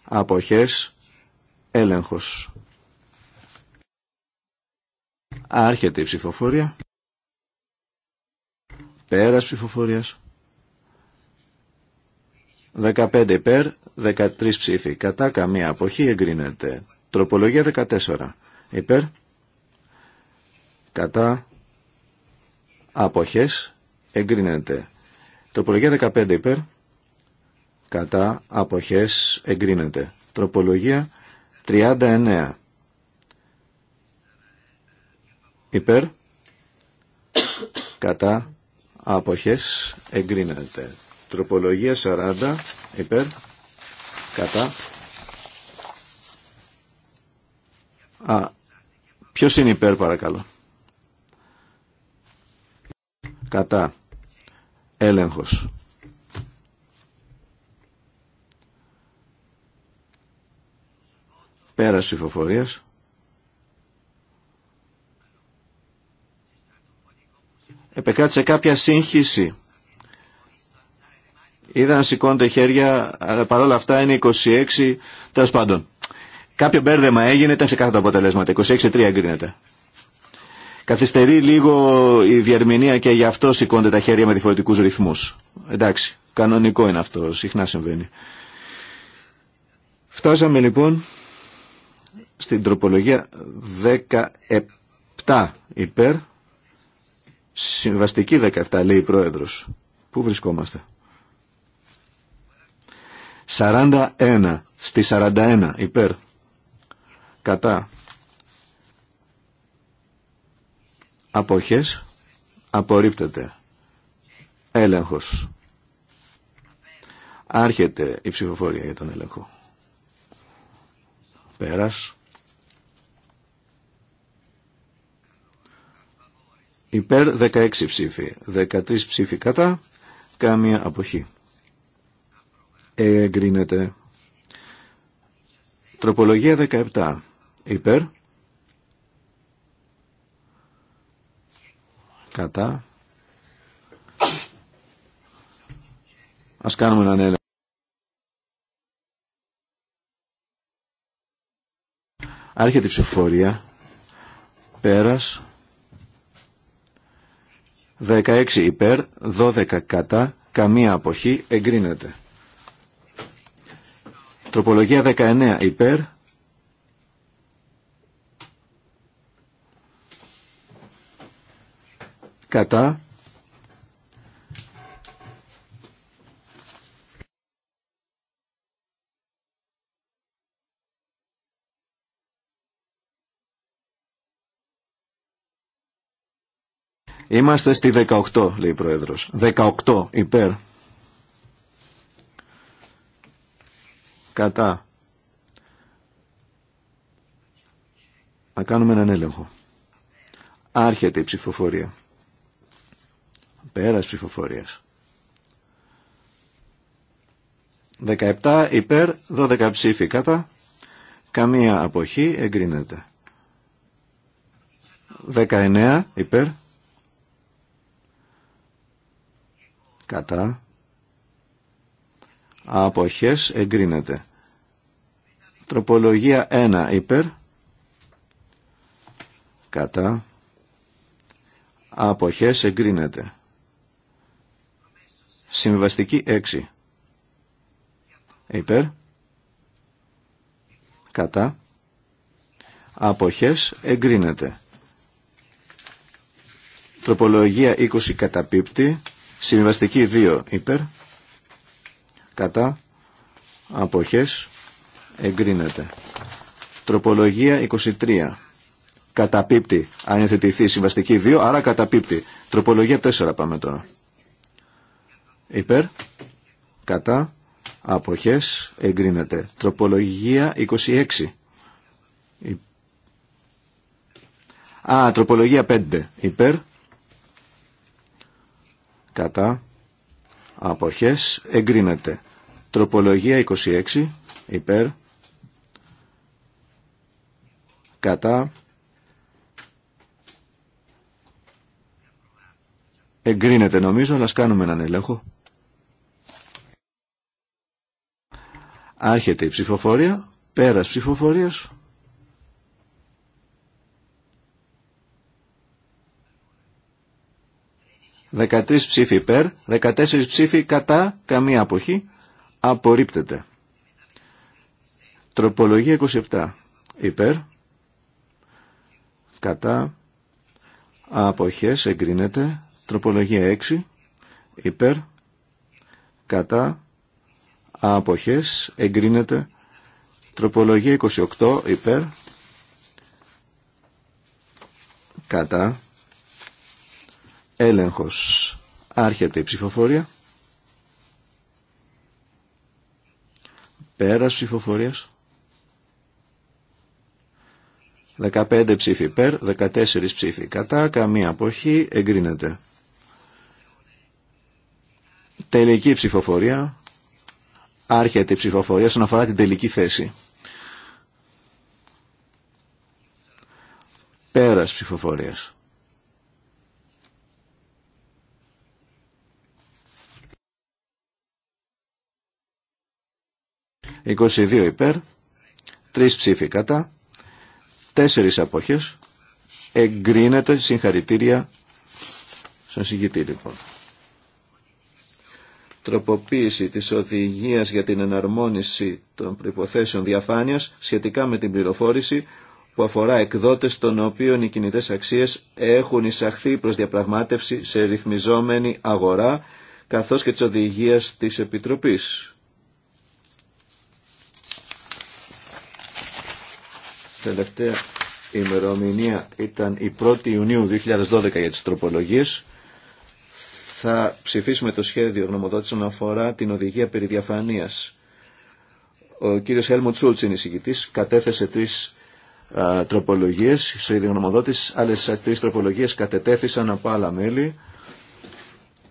Αποχές. Έλεγχος. Άρχεται η ψηφοφορία. Πέρας ψηφοφορίας. 15 υπέρ, 13 ψήφοι. Κατά καμία αποχή εγκρίνεται. Τροπολογία 14. Υπέρ. Κατά. Αποχές. Εγκρίνεται. Τροπολογία 15 υπέρ. Κατά. Αποχές. Εγκρίνεται. Τροπολογία 39. Υπέρ. Κατά. Αποχές. Εγκρίνεται. Τροπολογία 40. Υπέρ. Κατά Α, ποιος είναι υπέρ παρακαλώ. Κατά. Έλεγχος. Πέραση ψηφοφορίας. Επεκράτησε κάποια σύγχυση. Είδα να σηκώνονται χέρια, αλλά παρόλα αυτά είναι 26, Τέλος πάντων. Κάποιο μπέρδεμα έγινε, ήταν σε κάθε αποτελέσματα. 26-3 εγκρίνεται. Καθυστερεί λίγο η διαρμηνία και γι' αυτό σηκώνται τα χέρια με διαφορετικού ρυθμού. Εντάξει, κανονικό είναι αυτό, συχνά συμβαίνει. Φτάσαμε λοιπόν στην τροπολογία 17 υπέρ, συμβαστική 17 λέει η Πρόεδρος. Πού βρισκόμαστε. 41 στη 41 υπέρ κατά αποχές απορρίπτεται έλεγχος άρχεται η ψηφοφορία για τον έλεγχο πέρας υπέρ 16 ψήφοι 13 ψήφοι κατά καμία αποχή εγκρίνεται τροπολογία 17 υπέρ κατά ας κάνουμε έναν έλεγχο άρχεται η ψηφοφορία πέρας 16 υπέρ 12 κατά καμία αποχή εγκρίνεται τροπολογία 19 υπέρ κατά Είμαστε στη 18, λέει η Πρόεδρος. 18 υπέρ. Κατά. Να κάνουμε έναν έλεγχο. Άρχεται η ψηφοφορία. Πέρας ψηφοφορίας. 17 υπέρ, 12 ψήφοι κατά, καμία αποχή εγκρίνεται. 19 υπέρ, κατά, αποχές εγκρίνεται. Τροπολογία 1 υπέρ, κατά, αποχές εγκρίνεται. Συμβιβαστική 6. Υπέρ. Κατά. Αποχές εγκρίνεται. Τροπολογία 20 καταπίπτει. Συμβαστική 2 υπέρ. Κατά. Αποχές εγκρίνεται. Τροπολογία 23. Καταπίπτει αν υιοθετηθεί συμβαστική 2, άρα καταπίπτει. Τροπολογία 4 πάμε τώρα υπέρ, κατά, αποχές, εγκρίνεται. Τροπολογία 26. Α, τροπολογία 5. Υπέρ, κατά, αποχές, εγκρίνεται. Τροπολογία 26. Υπέρ, κατά, εγκρίνεται νομίζω, αλλά κάνουμε έναν έλεγχο. Άρχεται η ψηφοφορία. Πέρας ψηφοφορίας. 13 ψήφοι υπέρ, δεκατέσσερις ψήφοι κατά, καμία αποχή. Απορρίπτεται. Τροπολογία 27. Υπέρ. Κατά. Αποχές εγκρίνεται. Τροπολογία 6. Υπέρ. Κατά αποχές εγκρίνεται τροπολογία 28 υπέρ κατά έλεγχος άρχεται η ψηφοφορία πέρας ψηφοφορίας 15 ψήφοι υπέρ, 14 ψηφί κατά, καμία αποχή εγκρίνεται. Τελική ψηφοφορία Άρχεται η ψηφοφορία όσον αφορά την τελική θέση. Πέρας ψηφοφορίας. «22 υπέρ, 3 ψήφοι κατά, 4 απόχες, εγκρίνεται συγχαρητήρια στον συγκητή λοιπόν τροποποίηση της οδηγίας για την εναρμόνιση των προϋποθέσεων διαφάνειας σχετικά με την πληροφόρηση που αφορά εκδότες των οποίων οι κινητές αξίες έχουν εισαχθεί προς διαπραγμάτευση σε ρυθμιζόμενη αγορά καθώς και της οδηγίας της Επιτροπής. Τελευταία ημερομηνία ήταν η 1η Ιουνίου 2012 για τις τροπολογίες θα ψηφίσουμε το σχέδιο γνωμοδότησης που αφορά την οδηγία περί διαφανείας. Ο κύριος Χέλμοντ Σούλτς είναι εισηγητής, κατέθεσε τρεις α, τροπολογίες στο ίδιο γνωμοδότης, άλλες τρεις τροπολογίες κατετέθησαν από άλλα μέλη.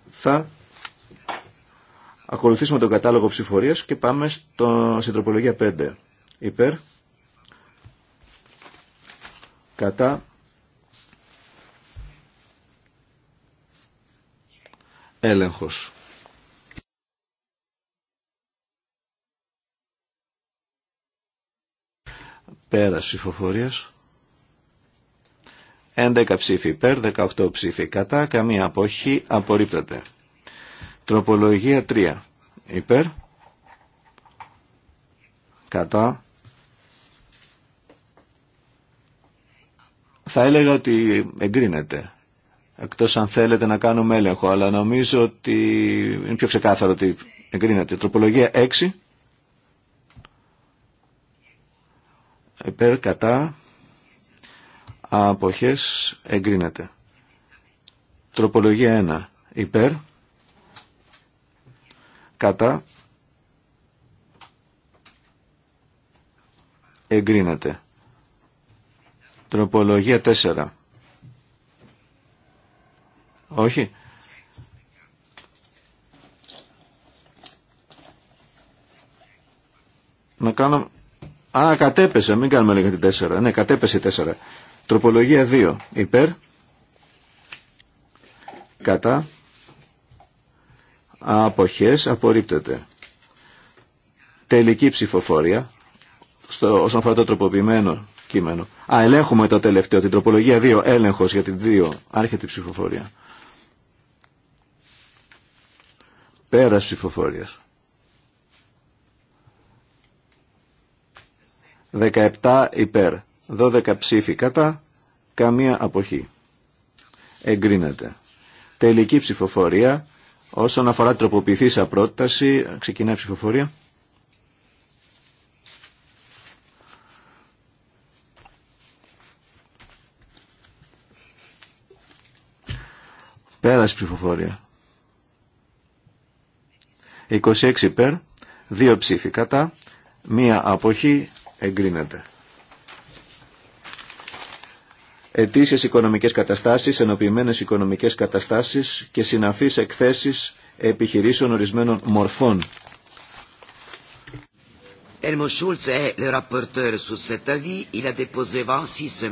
Θα ακολουθήσουμε τον κατάλογο ψηφορίας και πάμε στο, στην τροπολογία 5. Υπέρ, κατά, έλεγχος. Πέρας ψηφοφορίας. 11 ψήφοι υπέρ, 18 ψήφοι κατά, καμία αποχή απορρίπτεται. Τροπολογία 3. Υπέρ. Κατά. Θα έλεγα ότι εγκρίνεται εκτός αν θέλετε να κάνουμε έλεγχο, αλλά νομίζω ότι είναι πιο ξεκάθαρο ότι εγκρίνεται. Τροπολογία 6, υπέρ, κατά, αποχές, εγκρίνεται. Τροπολογία 1, υπέρ, κατά, εγκρίνεται. Τροπολογία 4. Όχι. Να κάνω... Α, κατέπεσε, μην κάνουμε λίγα την 4. Ναι, κατέπεσε η 4. Τροπολογία 2. Υπέρ. Κατά. Αποχές. Απορρίπτεται. Τελική ψηφοφορία. Στο, όσον αφορά το τροποποιημένο κείμενο. Α, ελέγχουμε το τελευταίο. Την τροπολογία 2. Έλεγχος για την 2. Άρχεται η ψηφοφορία. Πέραση ψηφοφορίας. 17 υπέρ, 12 ψήφοι κατά, καμία αποχή. Εγκρίνεται. Τελική ψηφοφορία. Όσον αφορά τροποποιηθήσα πρόταση, ξεκινάει η ψηφοφορία. Πέρασε ψηφοφορία. 26 υπέρ, 2 ψήφοι κατά, μία αποχή εγκρίνεται. Ετήσιε οικονομικέ καταστάσει, ενοποιημένε οικονομικέ καταστάσει και συναφεί εκθέσει επιχειρήσεων ορισμένων μορφών.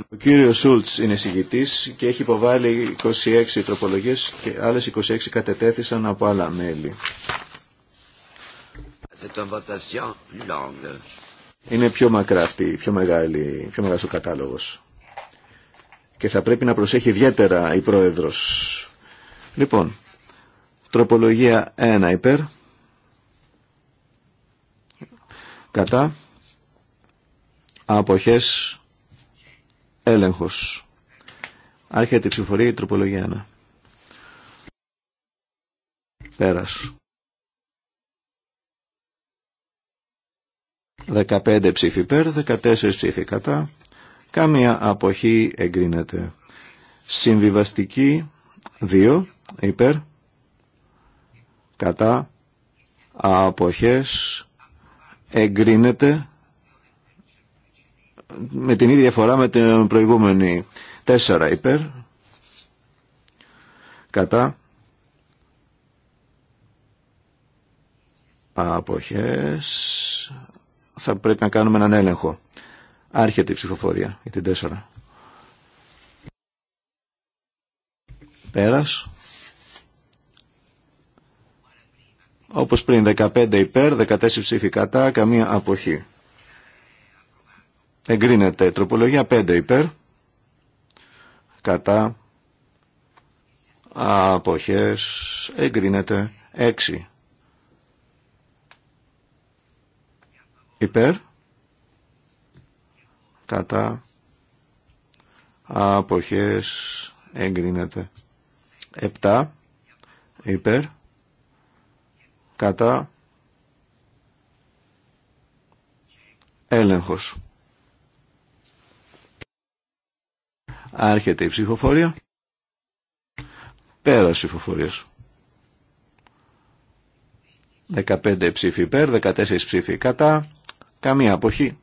Ο κύριο Σούλτ είναι συγητή και έχει υποβάλει 26 τροπολογίε και άλλε 26 κατετέθησαν από άλλα μέλη. Είναι πιο μακρά αυτή, πιο, μεγάλη, πιο μεγάλος ο κατάλογος. Και θα πρέπει να προσέχει ιδιαίτερα η Πρόεδρος. Λοιπόν, τροπολογία 1 υπέρ. Κατά. Αποχές. Έλεγχος. Άρχεται η ψηφορία η τροπολογία 1. Πέρας. 15 ψήφοι υπέρ, 14 ψήφοι κατά. Καμία αποχή εγκρίνεται. Συμβιβαστική 2 υπέρ, κατά, αποχές εγκρίνεται με την ίδια φορά με την προηγούμενη 4 υπέρ, κατά, αποχές θα πρέπει να κάνουμε έναν έλεγχο. Άρχεται η ψηφοφορία για την 4. Πέρας. Όπως πριν 15 υπέρ, 14 ψήφοι κατά, καμία αποχή. Εγκρίνεται τροπολογία 5 υπέρ, κατά, αποχές, εγκρίνεται 6 υπέρ κατά αποχές εγκρίνεται 7 υπέρ κατά έλεγχος άρχεται η ψηφοφορία πέρα ψηφοφορίας 15 ψήφοι υπέρ, 14 ψήφοι κατά Καμία αποχή.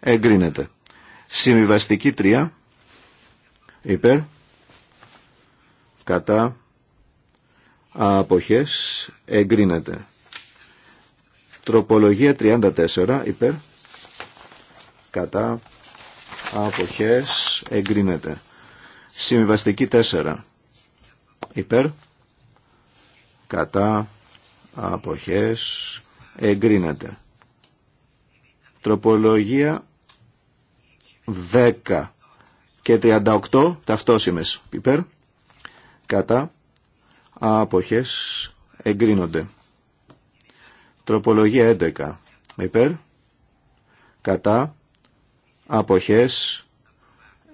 Εγκρίνεται. Συμβιβαστική 3. Υπέρ. Κατά. Αποχές. Εγκρίνεται. Τροπολογία 34. Υπέρ. Κατά. Αποχές. Εγκρίνεται. Συμβιβαστική 4. Υπέρ. Κατά. Αποχές. Εγκρίνεται. Τροπολογία 10 και 38 ταυτόσημες υπέρ κατά αποχές εγκρίνονται. Τροπολογία 11 υπέρ κατά αποχές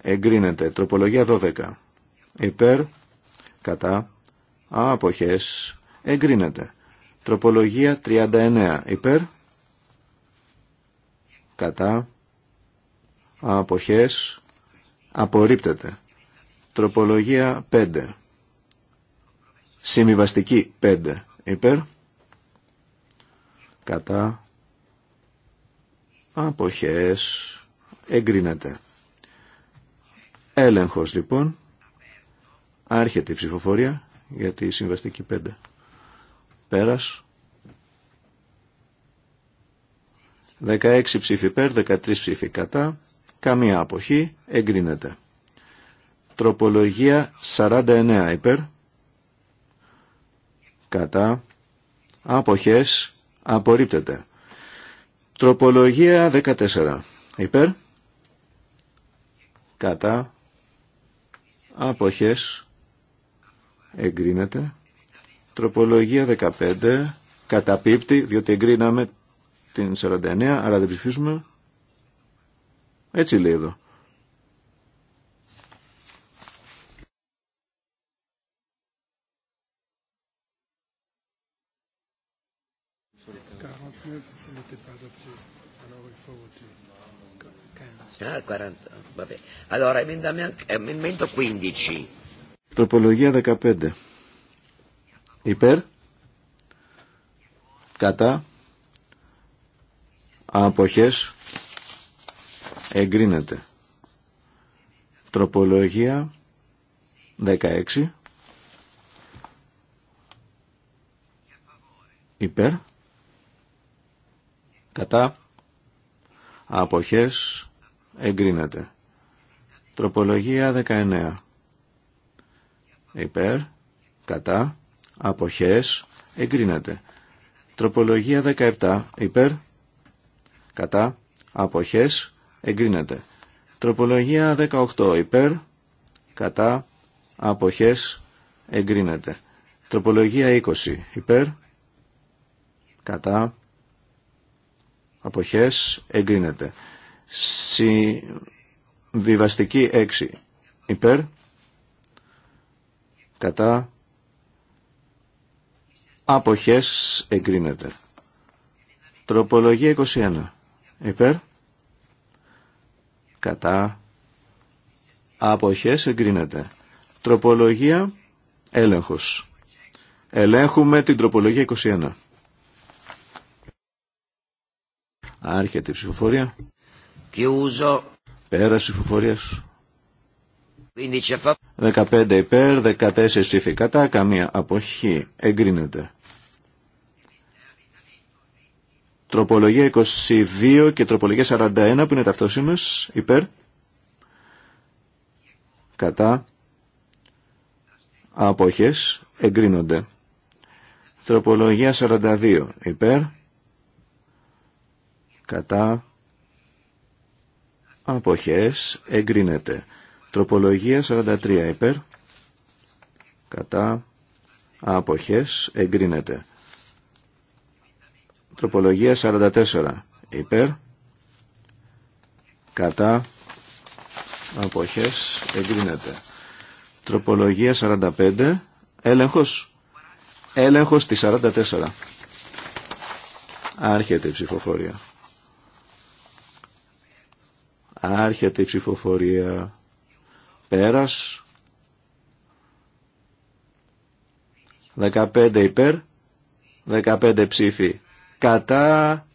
εγκρίνεται. Τροπολογία 12 υπέρ κατά αποχές εγκρίνεται. Τροπολογία 39 υπέρ κατά αποχές απορρίπτεται. Τροπολογία 5. Συμβιβαστική 5. Υπέρ. Κατά. Αποχές. Εγκρίνεται. Έλεγχος λοιπόν. Άρχεται η ψηφοφορία για τη συμβαστική 5. Πέρας. 16 ψήφοι υπέρ, 13 ψήφοι κατά, καμία αποχή, εγκρίνεται. Τροπολογία 49 υπέρ, κατά, αποχές, απορρίπτεται. Τροπολογία 14 υπέρ, κατά, αποχές, εγκρίνεται. Τροπολογία 15 καταπίπτει, διότι εγκρίναμε την 49, άρα δεν ψηφίσουμε. Έτσι λέει εδώ. Ah, 40. Vabbè. Allora, emendamento 15. Τροπολογία 15. Υπέρ. Κατά αποχές εγκρίνεται. Τροπολογία 16 υπέρ κατά αποχές εγκρίνεται. Τροπολογία 19 υπέρ κατά αποχές εγκρίνεται. Τροπολογία 17 υπέρ κατά αποχές εγκρίνεται. Τροπολογία 18 υπέρ κατά αποχές εγκρίνεται. Τροπολογία 20 υπέρ κατά αποχές εγκρίνεται. Συμβιβαστική 6 υπέρ κατά αποχές εγκρίνεται. Τροπολογία 21 υπέρ κατά αποχές εγκρίνεται. Τροπολογία έλεγχος. Ελέγχουμε την τροπολογία 21. Άρχεται η ψηφοφορία. Chiuso. Πέραση ψηφοφορία. 15 υπέρ, 14 ψήφοι κατά, καμία αποχή. Εγκρίνεται. Τροπολογία 22 και τροπολογία 41 που είναι ταυτόσιμες υπέρ. Κατά. Απόχες. Εγκρίνονται. Τροπολογία 42 υπέρ. Κατά. Αποχές. Εγκρίνεται. Τροπολογία 43 υπέρ. Κατά. Αποχές. Εγκρίνεται. Τροπολογία 44. Υπέρ. Κατά. Αποχές. Εγκρίνεται. Τροπολογία 45. Έλεγχος. Έλεγχος τη 44. Άρχεται η ψηφοφορία. Άρχεται η ψηφοφορία. Πέρας. 15 υπέρ. 15 ψήφοι κατά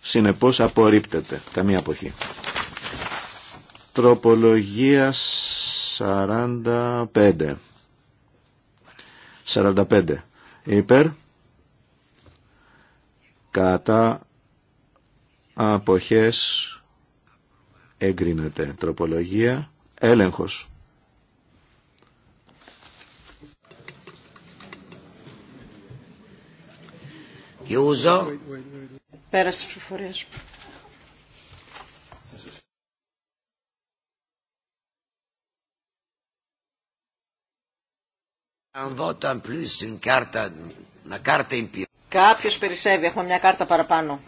συνεπώς απορρίπτεται καμία αποχή τροπολογία 45 45 υπέρ κατά αποχές εγκρίνεται τροπολογία έλεγχος Chiuso. Πέρασε τη ψηφοφορία. Κάποιος περισσεύει, έχουμε μια κάρτα παραπάνω.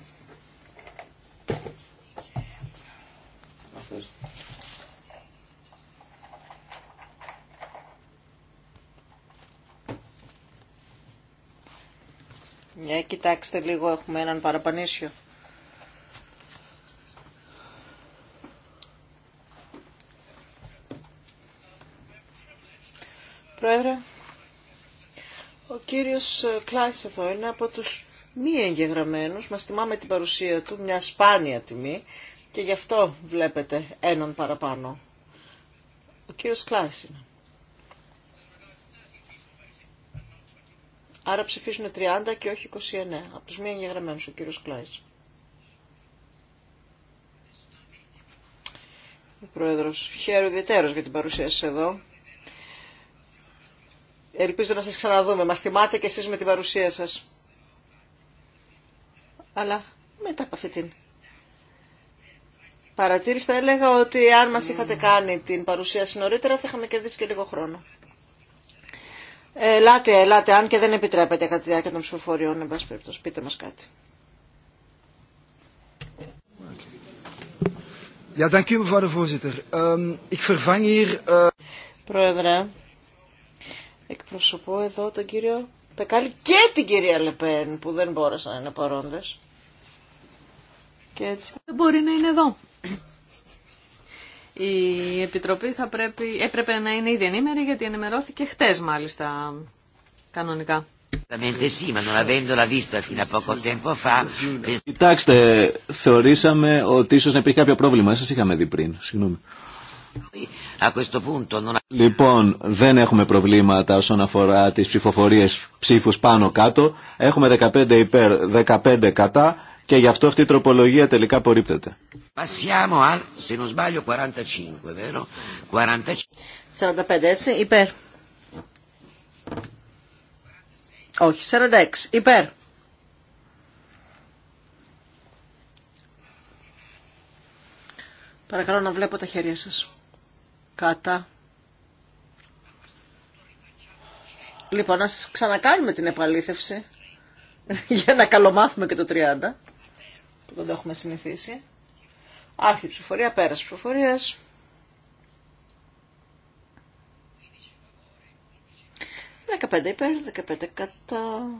Για ε, κοιτάξτε λίγο, έχουμε έναν παραπανήσιο. Πρόεδρε, ο κύριος Κλάις εδώ είναι από τους μη εγγεγραμμένους. Μας θυμάμαι την παρουσία του, μια σπάνια τιμή και γι' αυτό βλέπετε έναν παραπάνω. Ο κύριος Κλάις είναι. Άρα ψηφίσουν 30 και όχι 29. Από τους μία εγγεγραμμένους ο κύριος Κλάης. Ο Πρόεδρος, χαίρομαι για την παρουσία σας εδώ. Ελπίζω να σας ξαναδούμε. Μας θυμάται και εσείς με την παρουσία σας. Αλλά μετά από αυτή την παρατήρηση έλεγα ότι αν μας είχατε κάνει την παρουσίαση νωρίτερα θα είχαμε κερδίσει και λίγο χρόνο. Ελάτε, ελάτε, αν και δεν επιτρέπετε κατά τη διάρκεια των ψηφοφοριών, εν πάση περιπτώσει, πείτε μας κάτι. Πρόεδρε, εκπροσωπώ εδώ τον κύριο Πεκάλη και την κυρία Λεπέν που δεν μπόρεσαν να είναι παρόντες. Και έτσι δεν μπορεί να είναι εδώ. Η Επιτροπή θα πρέπει, έπρεπε να είναι ήδη ενήμερη γιατί ενημερώθηκε χτες μάλιστα κανονικά. Κοιτάξτε, θεωρήσαμε ότι ίσως να υπήρχε κάποιο πρόβλημα. Σας είχαμε δει πριν. Συγγνώμη. Λοιπόν, δεν έχουμε προβλήματα όσον αφορά τις ψηφοφορίες ψήφους πάνω κάτω. Έχουμε 15 υπέρ, 15 κατά και γι' αυτό αυτή η τροπολογία τελικά απορρίπτεται. 45 έτσι, υπέρ. Όχι, 46, υπέρ. Παρακαλώ να βλέπω τα χέρια σας. Κάτα. Λοιπόν, να ξανακάνουμε την επαλήθευση <laughs> για να καλομάθουμε και το 30 που δεν το έχουμε συνηθίσει. Άρχη ψηφοφορία, πέραση ψηφοφορίας. 15 υπέρ, 15 κατά.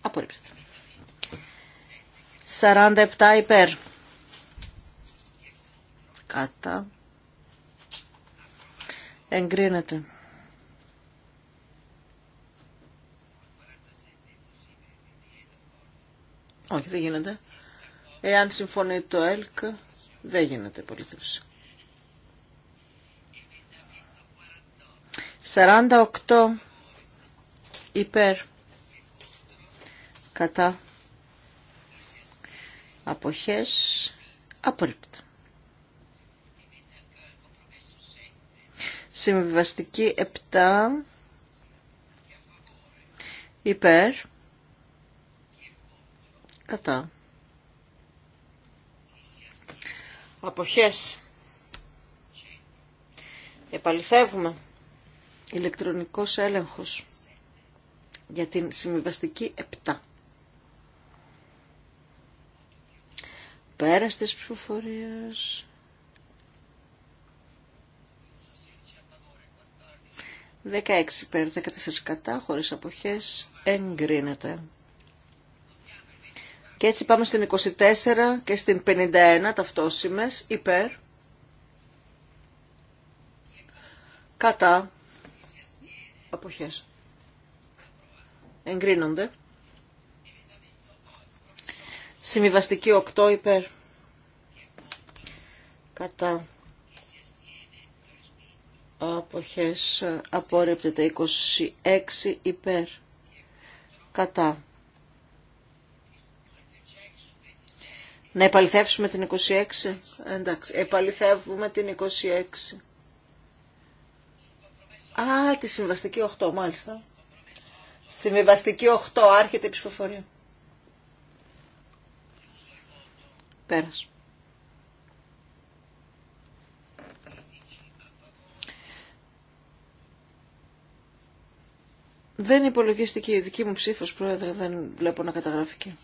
Απορρίπτεται. 47 υπέρ. Κατά. Εγκρίνεται. Όχι, δεν γίνεται. Εάν συμφωνεί το ΕΛΚ, δεν γίνεται πολιτεύση. 48 υπέρ κατά αποχές απορρίπτω. Συμβιβαστική 7 υπέρ κατά αποχές επαληθεύουμε ηλεκτρονικός έλεγχος για την συμβιβαστική 7 πέρας της ψηφοφορίας 16 υπέρ 14 κατά χωρίς αποχές εγκρίνεται και έτσι πάμε στην 24 και στην 51 ταυτόσημες υπέρ. Κατά. Αποχές. Εγκρίνονται. Συμβιβαστική 8 υπέρ. Κατά. Αποχές απόρρεπτεται 26 υπέρ. Κατά Να επαληθεύσουμε την 26. Εντάξει, επαληθεύουμε την 26. Α, τη συμβαστική 8, μάλιστα. Πέρας. 8, άρχεται η ψηφοφορία. πρόεδρε, Δεν υπολογίστηκε η δική μου ψήφος, Πρόεδρε, δεν βλέπω να καταγράφηκε.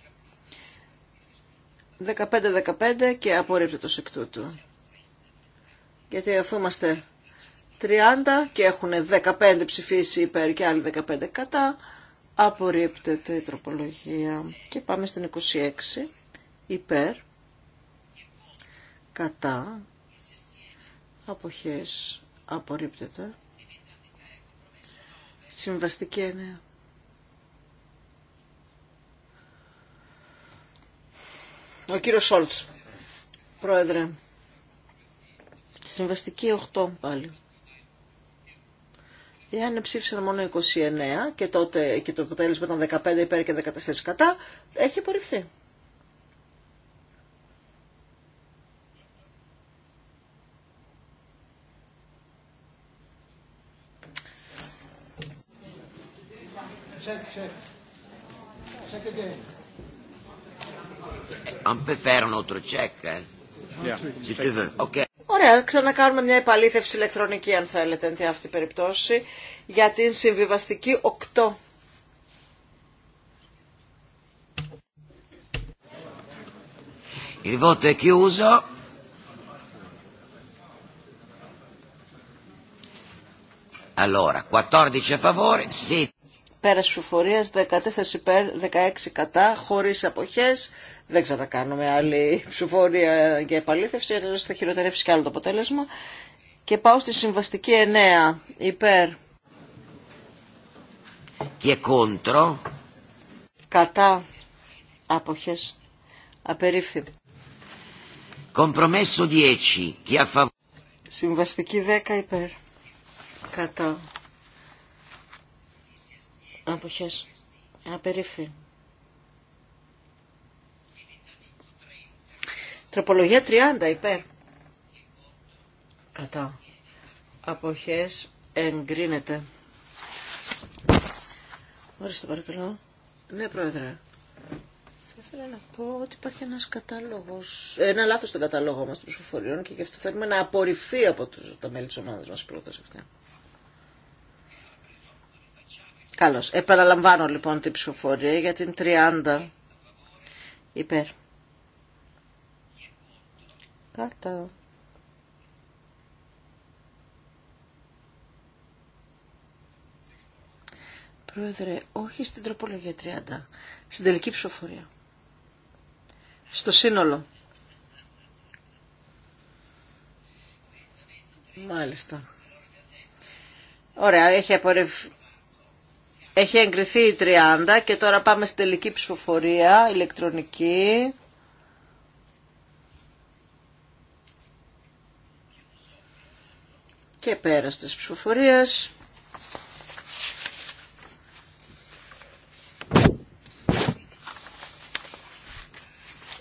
15-15 και απορρίπτεται το εκ τούτου. Γιατί αφού είμαστε 30 και έχουν 15 ψηφίσει υπέρ και άλλοι 15 κατά, απορρίπτεται η τροπολογία. Και πάμε στην 26, υπέρ, κατά, αποχές, απορρίπτεται. Συμβαστική ενέα. Ο κύριο Σόλτ, πρόεδρε. Συμβαστική 8 πάλι. Εάν ψήφισαν μόνο 29 και τότε και το αποτέλεσμα ήταν 15 υπέρ και 14 κατά, έχει απορριφθεί. Check, check. Check again αν ε. Ωραία, ξανακάνουμε μια επαλήθευση ηλεκτρονική αν θέλετε εν αυτή περιπτώσει για την συμβιβαστική 8. Il voto è chiuso. Allora, 14 a favore, 7. Πέρας ψηφοφορίας 14 υπέρ, 16 κατά, χωρίς αποχές. Δεν ξανακάνουμε άλλη ψηφοφορία για επαλήθευση, γιατί θα χειροτερεύσει κι άλλο το αποτέλεσμα. Και πάω στη συμβαστική 9 υπέρ. Και κόντρο. Κατά άποχες. Απερίφθη. 10. Συμβαστική 10 υπέρ. Κατά αποχές απερίφθη. Τροπολογία 30 υπέρ. Κατά. Αποχές εγκρίνεται. Ορίστε παρακαλώ. Ναι, πρόεδρε. Θα ήθελα να πω ότι υπάρχει ένας κατάλογος, ένα λάθος στον κατάλογο μας των ψηφοφοριών και γι' αυτό θέλουμε να απορριφθεί από τους, τα μέλη της ομάδας μας πρώτα σε αυτά. Καλώς. Επαναλαμβάνω λοιπόν την ψηφοφορία για την 30 υπέρ. Κατά. Πρόεδρε, όχι στην τροπολογία 30, στην τελική ψηφοφορία. Στο σύνολο. Μάλιστα. Ωραία, έχει απορρευ... Έχει εγκριθεί η 30 και τώρα πάμε στην τελική ψηφοφορία ηλεκτρονική. Και πέρα στις ψηφοφορίες.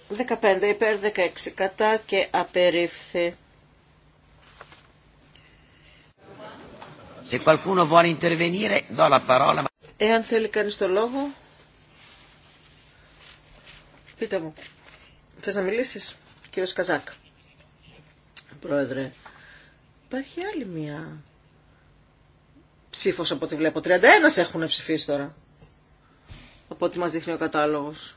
Δεκαπέντε υπέρ, δεκαέξι κατά και απερίφθη. qualcuno vuole intervenire, do la parola. Εάν θέλει κανείς το λόγο, πείτε μου. Θες να μιλήσεις, κύριος Καζάκ. Πρόεδρε, υπάρχει άλλη μία ψήφος από ό,τι βλέπω. 31 έχουν ψηφίσει τώρα, από ό,τι μας δείχνει ο κατάλογος.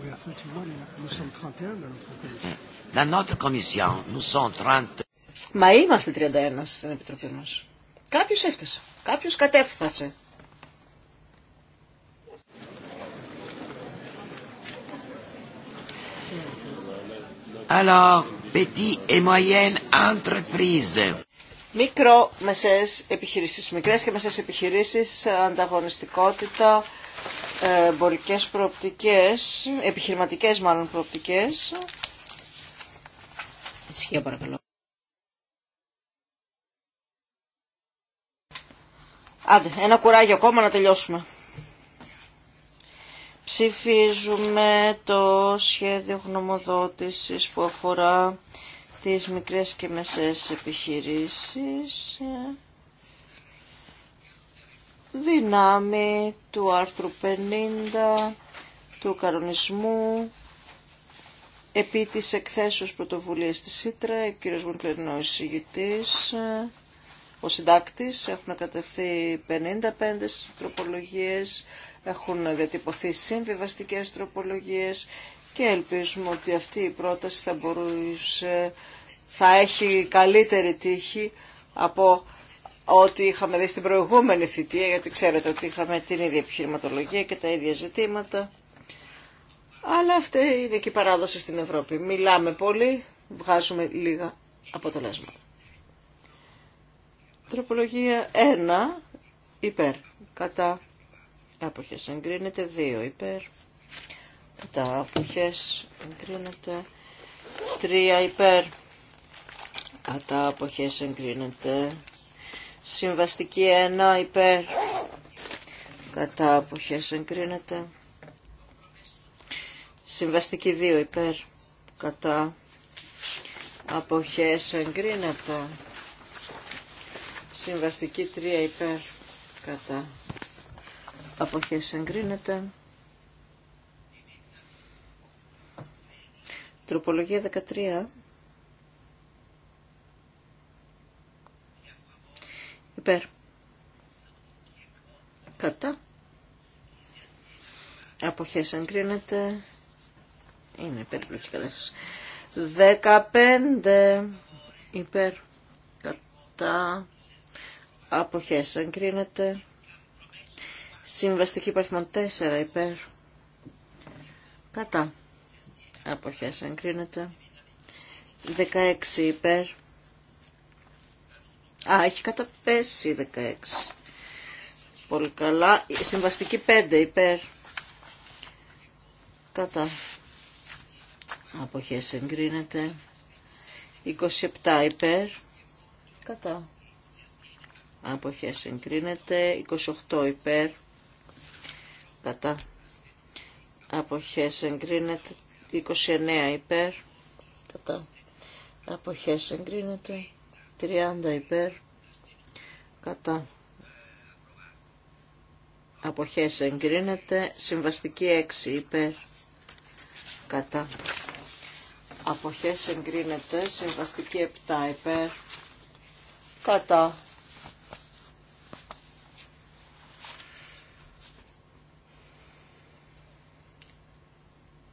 We 31, 31 Μα είμαστε 31 στην Επιτροπή μας. Κάποιος έφτασε. Κάποιος κατέφθασε. Alors, petit et moyenne entreprise. Μικρό, μεσές επιχειρήσεις, μικρές και μεσές επιχειρήσεις, ανταγωνιστικότητα, ε, εμπορικές προοπτικές, επιχειρηματικές μάλλον προοπτικές. Ησυχία παρακαλώ. Άντε, ένα κουράγιο ακόμα να τελειώσουμε. Ψηφίζουμε το σχέδιο γνωμοδότησης που αφορά τις μικρές και μεσαίες επιχειρήσεις δυνάμει του άρθρου 50 του κανονισμού Επί της εκθέσεως πρωτοβουλίας της ΣΥΤΡΑ, ο κ. Γουνκλερνό, εισηγητής, ο συντάκτης, έχουν κατευθεί 55 τροπολογίες, έχουν διατυπωθεί συμβιβαστικές τροπολογίες και ελπίζουμε ότι αυτή η πρόταση θα μπορούσε, θα έχει καλύτερη τύχη από ό,τι είχαμε δει στην προηγούμενη θητεία, γιατί ξέρετε ότι είχαμε την ίδια επιχειρηματολογία και τα ίδια ζητήματα. Αλλά αυτή είναι και η παράδοση στην Ευρώπη. Μιλάμε πολύ, βγάζουμε λίγα αποτελέσματα. Τροπολογία 1 υπέρ. Κατά άποχες εγκρίνεται 2 υπέρ. Κατά άποχες εγκρίνεται 3 υπέρ. Κατά άποχες εγκρίνεται συμβαστική 1 υπέρ. Κατά άποχες εγκρίνεται Συμβαστική 2 υπέρ κατά αποχές εγκρίνεται. Συμβαστική 3 υπέρ κατά αποχές εγκρίνεται. Τροπολογία 13. Υπέρ. Κατά. Αποχές εγκρίνεται. Είναι περίπλοκη κατάσταση. 15 υπέρ κατά αποχές εγκρίνεται. Συμβαστική υπαριθμών 4 υπέρ κατά αποχές εγκρίνεται. 16 υπέρ. Α, έχει καταπέσει 16. Πολύ καλά. Συμβαστική 5 υπέρ. Κατά αποχές εγκρίνεται 27 υπέρ κατά αποχές εγκρίνεται 28 υπέρ κατά αποχές εγκρίνεται 29 υπέρ κατά αποχές εγκρίνεται 30 υπέρ κατά αποχές εγκρίνεται συμβαστική 6 υπέρ κατά αποχές εγκρίνεται, συμβαστική 7 υπέρ, κατά.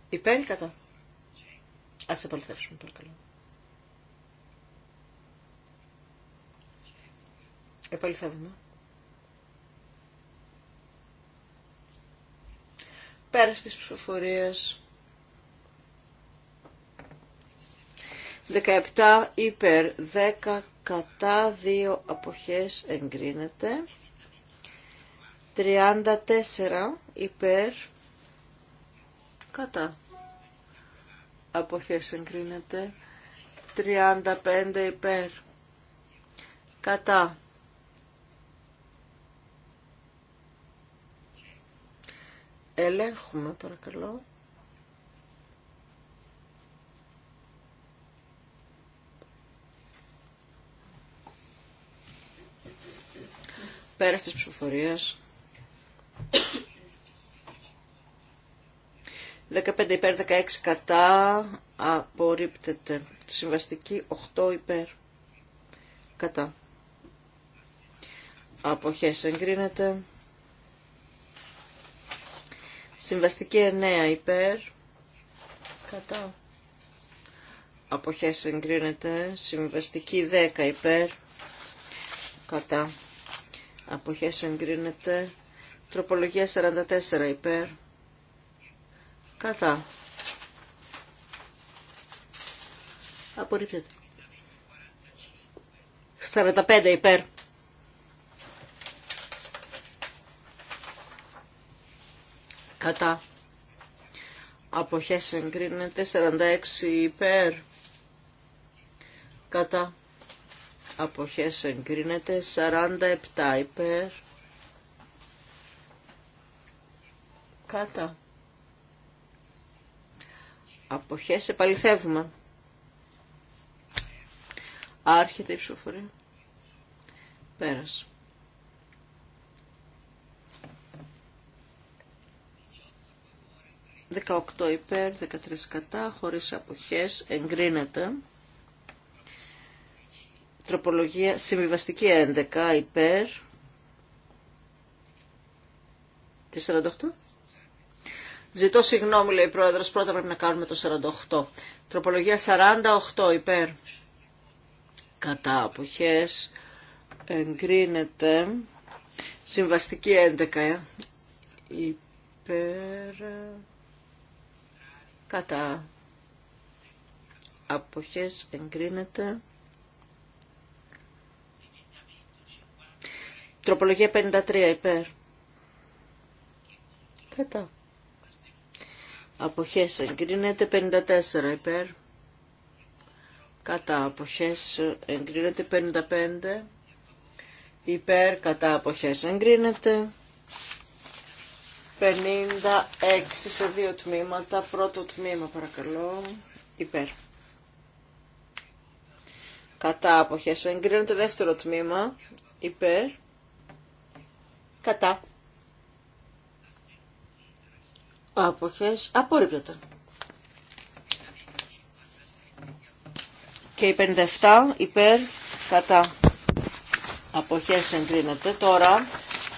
Υπέρ ή κατά. Ας επαληθεύσουμε παρακαλώ. Επαληθεύουμε. Πέρα στις ψηφοφορίες... 17 υπέρ 10 κατά 2 αποχές εγκρίνεται. 34 υπέρ κατά αποχές εγκρίνεται. 35 υπέρ κατά ελέγχουμε παρακαλώ Πέρα ψηφοφορίας. 15 υπέρ, 16 κατά, απορρίπτεται. Συμβαστική 8 υπέρ, κατά. Αποχές εγκρίνεται. Συμβαστική 9 υπέρ, κατά. Αποχές εγκρίνεται. Συμβαστική 10 υπέρ, κατά αποχές εγκρίνεται. Τροπολογία 44 υπέρ. Κατά. Απορρίπτεται. 45 υπέρ. Κατά. Αποχές εγκρίνεται. 46 υπέρ. Κατά αποχές εγκρίνεται 47 υπέρ κατά αποχές επαληθεύουμε άρχεται η ψηφοφορία πέρασε 18 υπέρ, 13 κατά, χωρίς αποχές, εγκρίνεται τροπολογία συμβιβαστική 11 υπέρ. Τι 48? Ζητώ συγγνώμη, λέει η πρόεδρο. Πρώτα πρέπει να κάνουμε το 48. Τροπολογία 48 υπέρ. Κατά αποχέ. Εγκρίνεται. Συμβαστική 11 υπέρ. Κατά αποχές εγκρίνεται Τροπολογία 53 υπέρ. Κατά. Αποχές εγκρίνεται 54 υπέρ. Κατά αποχές εγκρίνεται 55. Υπέρ κατά αποχές εγκρίνεται. 56 σε δύο τμήματα. Πρώτο τμήμα παρακαλώ. Υπέρ. Κατά αποχές εγκρίνεται δεύτερο τμήμα. Υπέρ κατά αποχές απορρίπτεται. Και η 57 υπέρ κατά αποχές εγκρίνεται. Τώρα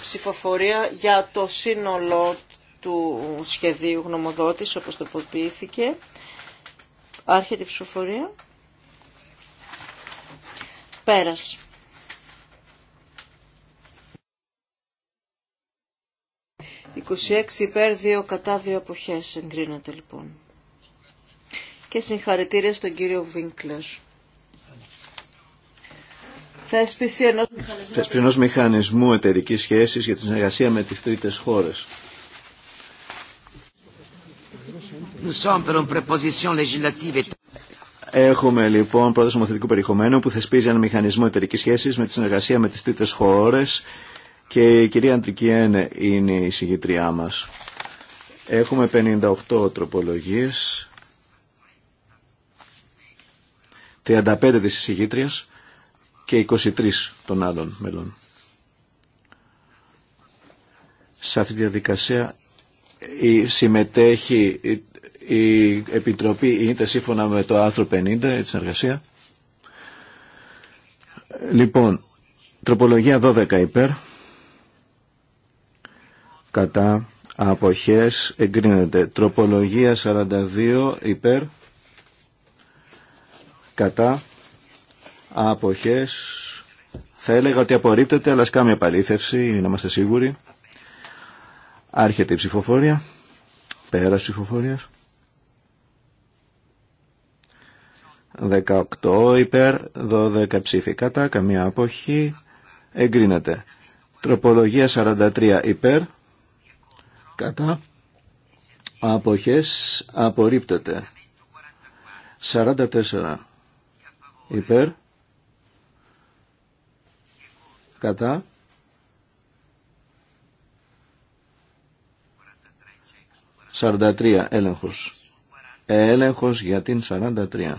ψηφοφορία για το σύνολο του σχεδίου γνωμοδότης όπως τοποποιήθηκε. Άρχεται η ψηφοφορία. Πέρασε. 26 υπέρ, 2 κατά, 2 αποχές εγκρίνεται λοιπόν. Και συγχαρητήρια στον κύριο Βίνκλερ. Θέσπιση ενός μηχανισμού, εταιρική ενός εταιρικής σχέσης για τη συνεργασία με τις τρίτες χώρες. Έχουμε λοιπόν πρόταση νομοθετικού περιεχομένου που θεσπίζει ένα μηχανισμό εταιρική σχέση με τη συνεργασία με τι τρίτε χώρε και η κυρία Αντρικιένε είναι η συγγητριά μας. Έχουμε 58 τροπολογίες, 35 της συγγήτριας και 23 των άλλων μελών. Σε αυτή τη διαδικασία συμμετέχει η Επιτροπή, είναι σύμφωνα με το άρθρο 50, τη συνεργασία. Λοιπόν, τροπολογία 12 υπέρ, κατά αποχές εγκρίνεται. Τροπολογία 42 υπέρ κατά αποχές θα έλεγα ότι απορρίπτεται αλλά σκάμια παλήθευση να είμαστε σίγουροι. Άρχεται η ψηφοφόρια. πέρα ψηφοφόριας. 18 υπέρ, 12 ψήφοι κατά, καμία αποχή, εγκρίνεται. Τροπολογία 43 υπέρ, κατά αποχές απορρίπτεται 44 υπέρ κατά 43. έλεγχος. Έλεγχος για την 43.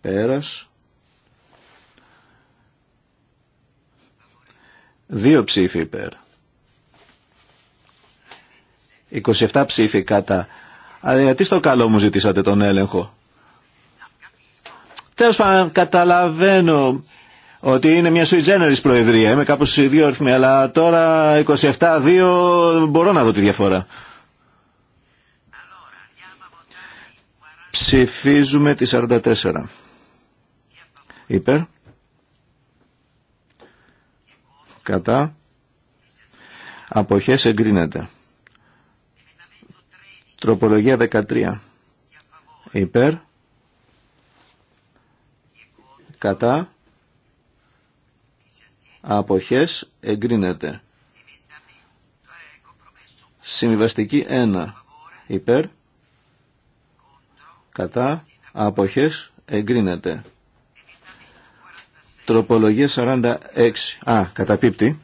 Πέρας. Δύο ψήφοι υπέρ. 27 ψήφοι κατά. Αλλά γιατί στο καλό μου ζητήσατε τον έλεγχο. Τέλο πάντων, καταλαβαίνω ότι είναι μια sui generis προεδρία. Είμαι κάπω δύο αριθμοί, αλλά τώρα 27-2 μπορώ να δω τη διαφορά. Ψηφίζουμε τη 44. Υπέρ. κατά αποχές εγκρίνεται. Τροπολογία 13 υπέρ κατά αποχές εγκρίνεται. Συμβιβαστική 1 υπέρ κατά αποχές εγκρίνεται. Τροπολογία 46. Α, καταπίπτει.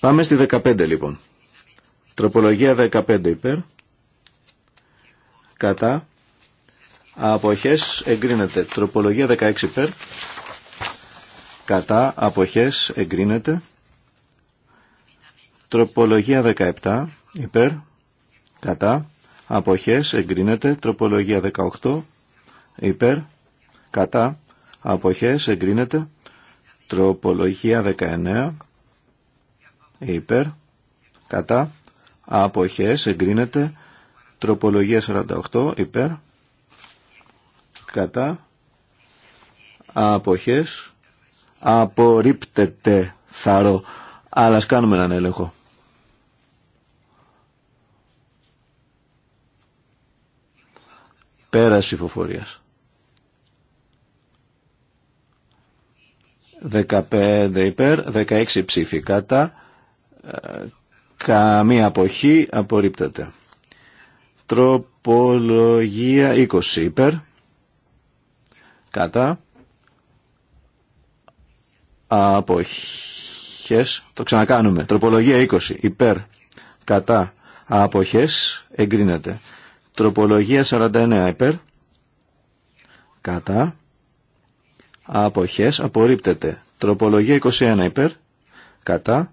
Πάμε στη 15 λοιπόν. Τροπολογία 15 υπέρ. Κατά. Αποχές εγκρίνεται. Τροπολογία 16 υπέρ. Κατά. Αποχές εγκρίνεται. Τροπολογία 17 υπέρ. Κατά αποχές εγκρίνεται τροπολογία 18 υπέρ κατά αποχές εγκρίνεται τροπολογία 19 υπέρ κατά αποχές εγκρίνεται τροπολογία 48 υπέρ κατά αποχές απορρίπτεται θαρό αλλά ας κάνουμε έναν έλεγχο Πέραση ψηφοφορίας. 15 υπέρ, 16 ψήφοι κατά, ε, καμία αποχή απορρίπτεται. Τροπολογία 20 υπέρ, κατά, αποχές, το ξανακάνουμε, τροπολογία 20 υπέρ, κατά, αποχές, εγκρίνεται. Τροπολογία 49 υπέρ. Κατά. Αποχές απορρίπτεται. Τροπολογία 21 υπέρ. Κατά.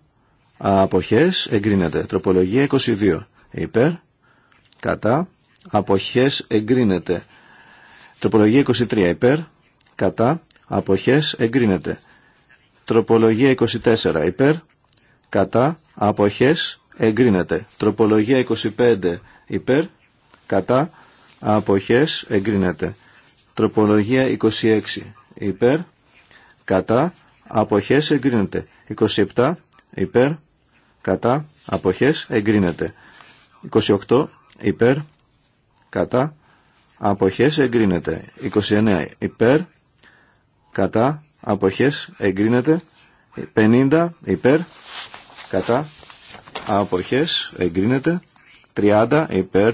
Αποχές εγκρίνεται. Τροπολογία 22 υπέρ. Κατά. Αποχές εγκρίνεται. Τροπολογία 23 υπέρ. Κατά. Αποχές εγκρίνεται. Τροπολογία 24 υπέρ. Κατά. Αποχές εγκρίνεται. Τροπολογία 25 υπέρ κατά αποχές εγκρίνεται. Τροπολογία 26 υπέρ κατά αποχές εγκρίνεται. 27 υπέρ κατά αποχές εγκρίνεται. 28 υπέρ κατά αποχές εγκρίνεται. 29 υπέρ κατά αποχές εγκρίνεται. 50 υπέρ κατά αποχές εγκρίνεται. 30 υπέρ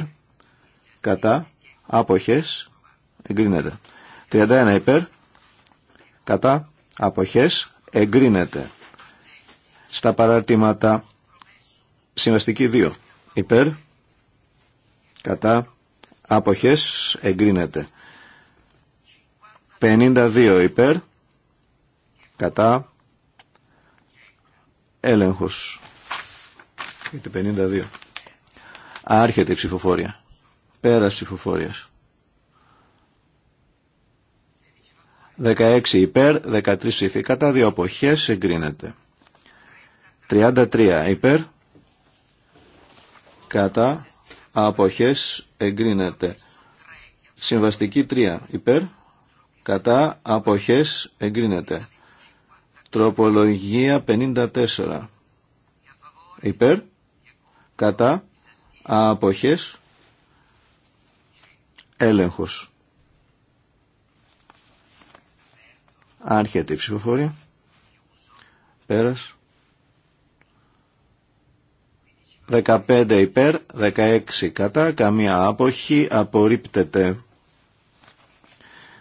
κατά αποχές εγκρίνεται. 31 υπέρ κατά αποχές εγκρίνεται. Στα παραρτήματα συμβαστική 2 υπέρ κατά αποχές εγκρίνεται. 52 υπέρ κατά έλεγχος. Γιατί 52. Άρχεται η ψηφοφορία. Πέρας ψηφοφορίας. 16 υπέρ, 13 ψήφοι κατά, δύο αποχές, εγκρίνεται. 33 υπέρ, κατά, αποχές, εγκρίνεται. Συμβαστική 3 υπέρ, κατά, αποχές, εγκρίνεται. Τροπολογία 54 υπέρ, κατά, αποχές, έλεγχος. Άρχεται η ψηφοφορία. Πέρας. 15 υπέρ, 16 κατά, καμία άποχη, απορρίπτεται.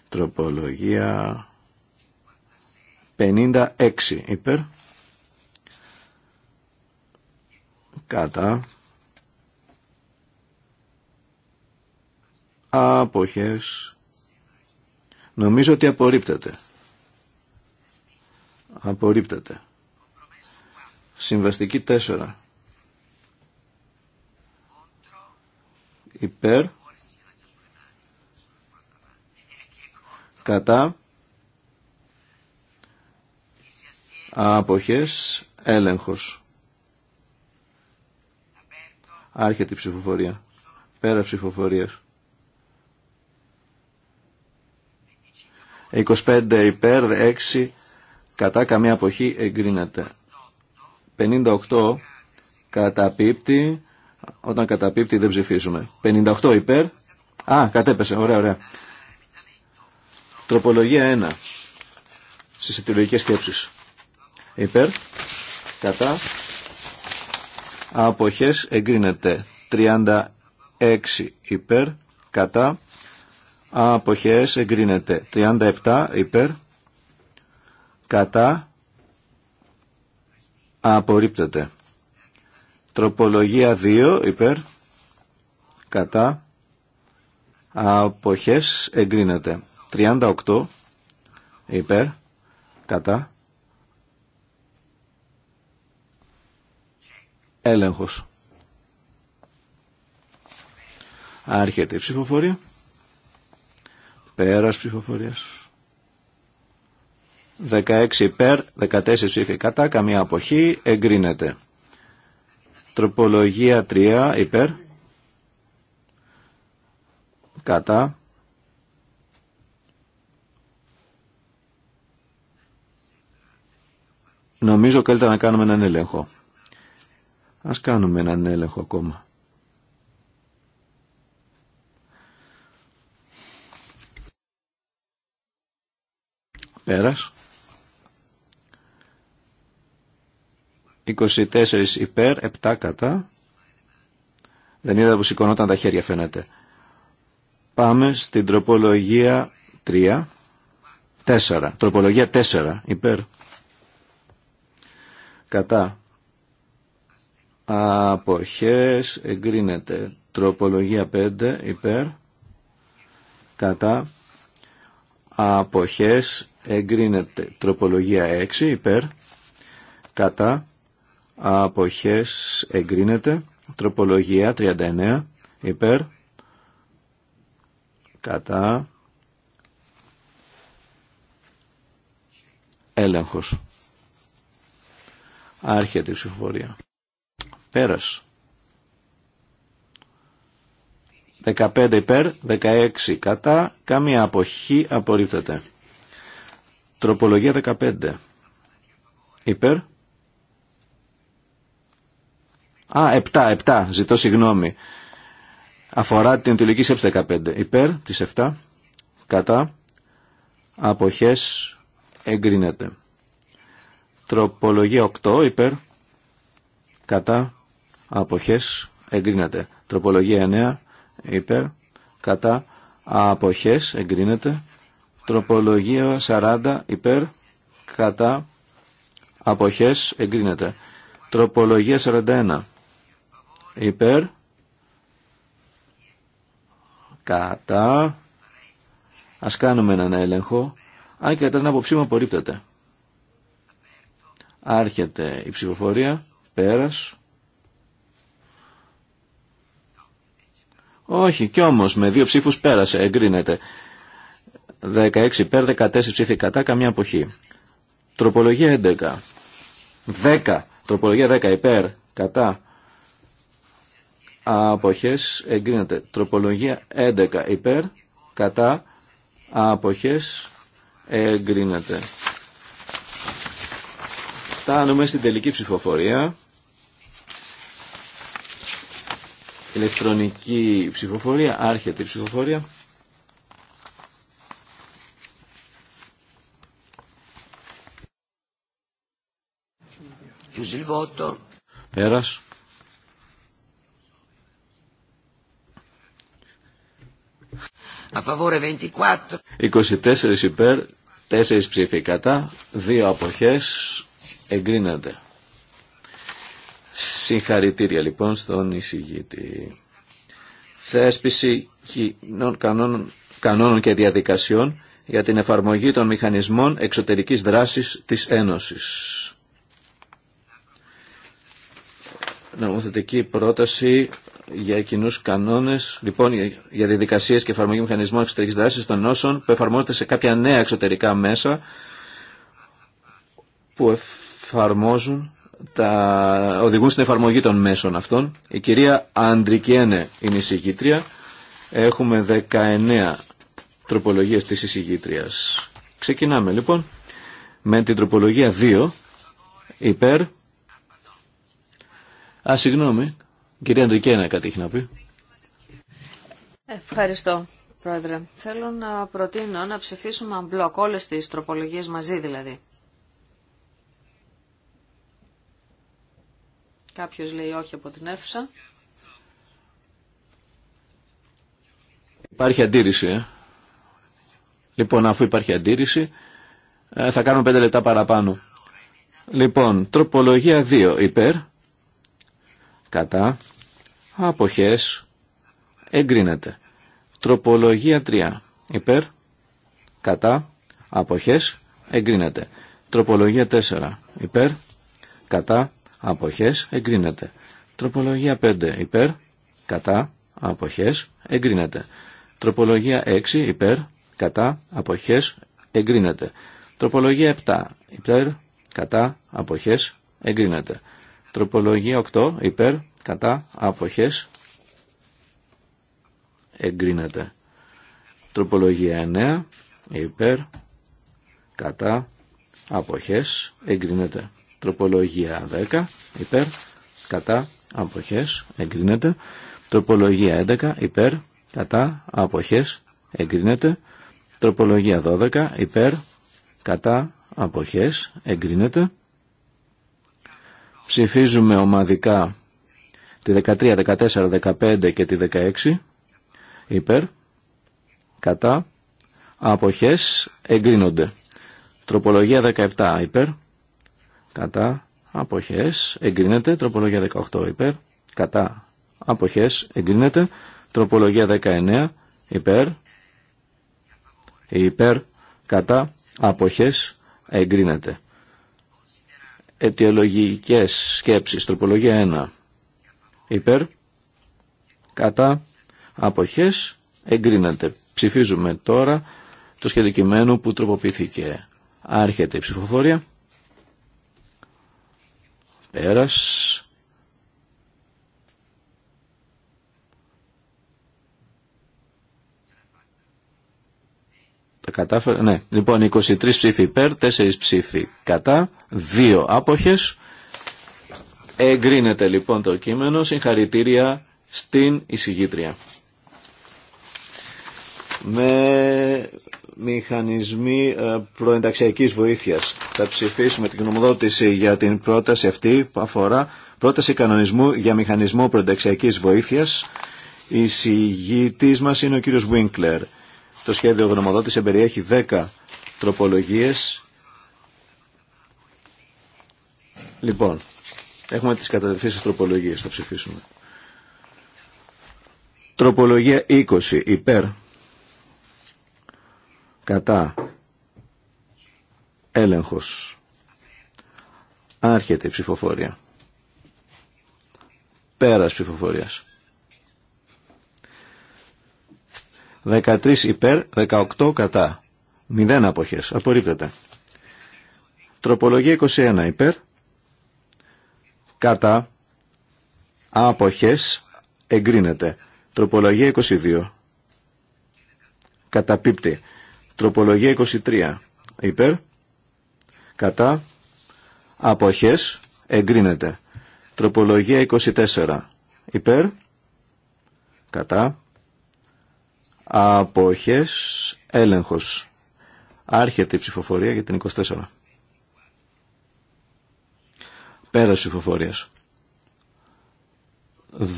Τροπολογία 56 υπέρ, κατά, Αποχές. Νομίζω ότι απορρίπτεται. Απορρίπτεται. Συμβαστική 4. Υπέρ. Κατά. Αποχές. Έλεγχος. Άρχεται η ψηφοφορία. Πέρα ψηφοφορίας. 25 υπέρ, 6 κατά καμία αποχή εγκρίνεται. 58 καταπίπτει, όταν καταπίπτει δεν ψηφίζουμε. 58 υπέρ, α κατέπεσε, ωραία ωραία. Τροπολογία 1 στις αιτιολογικές σκέψεις. Υπέρ, κατά, αποχές εγκρίνεται. 36 υπέρ, κατά, αποχές εγκρίνεται 37 υπέρ κατά απορρίπτεται τροπολογία 2 υπέρ κατά αποχές εγκρίνεται 38 υπέρ κατά έλεγχος άρχεται η ψηφοφορία Πέρας ψηφοφορίας. 16 υπέρ, 14 ψήφοι κατά, καμία αποχή, εγκρίνεται. Τροπολογία 3 υπέρ, κατά, Νομίζω καλύτερα να κάνουμε έναν έλεγχο. Ας κάνουμε έναν έλεγχο ακόμα. Πέρας. 24 υπέρ, 7 κατά. Δεν είδα που σηκωνόταν τα χέρια φαίνεται. Πάμε στην τροπολογία 3, 4. Τροπολογία 4 υπέρ. Κατά. Αποχές εγκρίνεται. Τροπολογία 5 υπέρ. Κατά. Αποχές εγκρίνεται τροπολογία 6 υπέρ κατά αποχές εγκρίνεται τροπολογία 39 υπέρ κατά έλεγχος άρχεται η ψηφοφορία πέρας 15 υπέρ 16 κατά καμία αποχή απορρίπτεται Τροπολογία 15. Υπέρ. Α, 7, 7. Ζητώ συγγνώμη. Αφορά την τελική σκέψη 15. Υπέρ τις 7. Κατά. Αποχές. Εγκρίνεται. Τροπολογία 8. Υπέρ. Κατά. Αποχές. Εγκρίνεται. Τροπολογία 9. Υπέρ. Κατά. Αποχές. Εγκρίνεται. Τροπολογία 40 υπέρ κατά αποχές εγκρίνεται. Τροπολογία 41 υπέρ κατά ας κάνουμε έναν έλεγχο αν και κατά την άποψή μου απορρίπτεται. Άρχεται η ψηφοφορία πέρας Όχι, κι όμως με δύο ψήφους πέρασε, εγκρίνεται. 16 υπέρ, 14 ψήφοι κατά, καμία αποχή. Τροπολογία 11. 10. Τροπολογία 10 υπέρ, κατά. Αποχές εγκρίνεται. Τροπολογία 11 υπέρ, κατά. Αποχές εγκρίνεται. Φτάνουμε στην τελική ψηφοφορία. Ηλεκτρονική ψηφοφορία, άρχεται η ψηφοφορία. του 24. υπέρ, 4 ψηφίκατα, 2 αποχές, εγκρίνονται. Συγχαρητήρια λοιπόν στον εισηγήτη. Θέσπιση κοινών κανόνων, κανόνων και διαδικασιών για την εφαρμογή των μηχανισμών εξωτερικής δράσης της Ένωσης. νομοθετική πρόταση για κοινού κανόνε, λοιπόν, για διαδικασίε και εφαρμογή μηχανισμών εξωτερική δράση των νόσων που εφαρμόζονται σε κάποια νέα εξωτερικά μέσα που εφαρμόζουν, τα, οδηγούν στην εφαρμογή των μέσων αυτών. Η κυρία Αντρικένε είναι η συγγήτρια. Έχουμε 19 τροπολογίες τη συγγήτρια. Ξεκινάμε λοιπόν με την τροπολογία 2 υπέρ Α, συγγνώμη. Κυρία Αντρικένα κάτι έχει να πει. Ευχαριστώ, Πρόεδρε. Θέλω να προτείνω να ψηφίσουμε αμπλοκ όλες τις τροπολογίες μαζί δηλαδή. Κάποιος λέει όχι από την αίθουσα. Υπάρχει αντίρρηση. Ε? Λοιπόν, αφού υπάρχει αντίρρηση, ε, θα κάνουμε πέντε λεπτά παραπάνω. Λοιπόν, τροπολογία 2 υπέρ κατά, αποχές, εγκρίνεται. Τροπολογία 3, υπέρ, κατά, αποχές, εγκρίνεται. Τροπολογία 4, υπέρ, κατά, αποχές, εγκρίνεται. Τροπολογία 5, υπέρ, κατά, αποχές, εγκρίνεται. Τροπολογία 6, υπέρ, κατά, αποχές, εγκρίνεται. Τροπολογία 7, υπέρ, κατά, αποχές, εγκρίνεται. Τροπολογία 8 υπέρ κατά αποχές εγκρίνεται. Τροπολογία 9 υπέρ κατά αποχές εγκρίνεται. Τροπολογία 10 υπέρ κατά αποχές εγκρίνεται. Τροπολογία 11 υπέρ κατά αποχές εγκρίνεται. Τροπολογία 12 υπέρ κατά αποχές εγκρίνεται. Ψηφίζουμε ομαδικά τη 13, 14, 15 και τη 16 υπέρ, κατά, αποχές εγκρίνονται. Τροπολογία 17 υπέρ, κατά, αποχές εγκρίνεται. Τροπολογία 18 υπέρ, κατά, αποχές εγκρίνεται. Τροπολογία 19 υπέρ, υπέρ, κατά, αποχές εγκρίνεται αιτιολογικές σκέψεις, τροπολογία 1. Υπέρ, κατά, αποχές, εγκρίνεται. Ψηφίζουμε τώρα το σχέδιο που τροποποιήθηκε. Άρχεται η ψηφοφορία. Πέρας. Τα κατάφερα, ναι. Λοιπόν, 23 ψήφοι υπέρ, 4 ψήφοι κατά. Δύο άποχες. Εγκρίνεται λοιπόν το κείμενο. Συγχαρητήρια στην εισηγήτρια. Με μηχανισμοί ε, προενταξιακής βοήθειας. Θα ψηφίσουμε την γνωμοδότηση για την πρόταση αυτή που αφορά πρόταση κανονισμού για μηχανισμό προενταξιακής βοήθειας. Η συγγητής μας είναι ο κύριος Βίνκλερ. Το σχέδιο γνωμοδότηση περιέχει 10 τροπολογίες Λοιπόν, έχουμε τις της τροπολογίας. θα ψηφίσουμε. Τροπολογία 20, υπέρ, κατά, έλεγχος, άρχεται η ψηφοφορία. Πέρας ψηφοφορίας. 13 υπέρ, 18 κατά. 0 αποχές. Απορρίπτεται. Τροπολογία 21 υπέρ, κατά άποχες εγκρίνεται. Τροπολογία 22. Καταπίπτει. Τροπολογία 23. Υπέρ. Κατά. Αποχές. Εγκρίνεται. Τροπολογία 24. Υπέρ. Κατά. Αποχές. Έλεγχος. Άρχεται η ψηφοφορία για την 24. Πέρας ψηφοφορίας.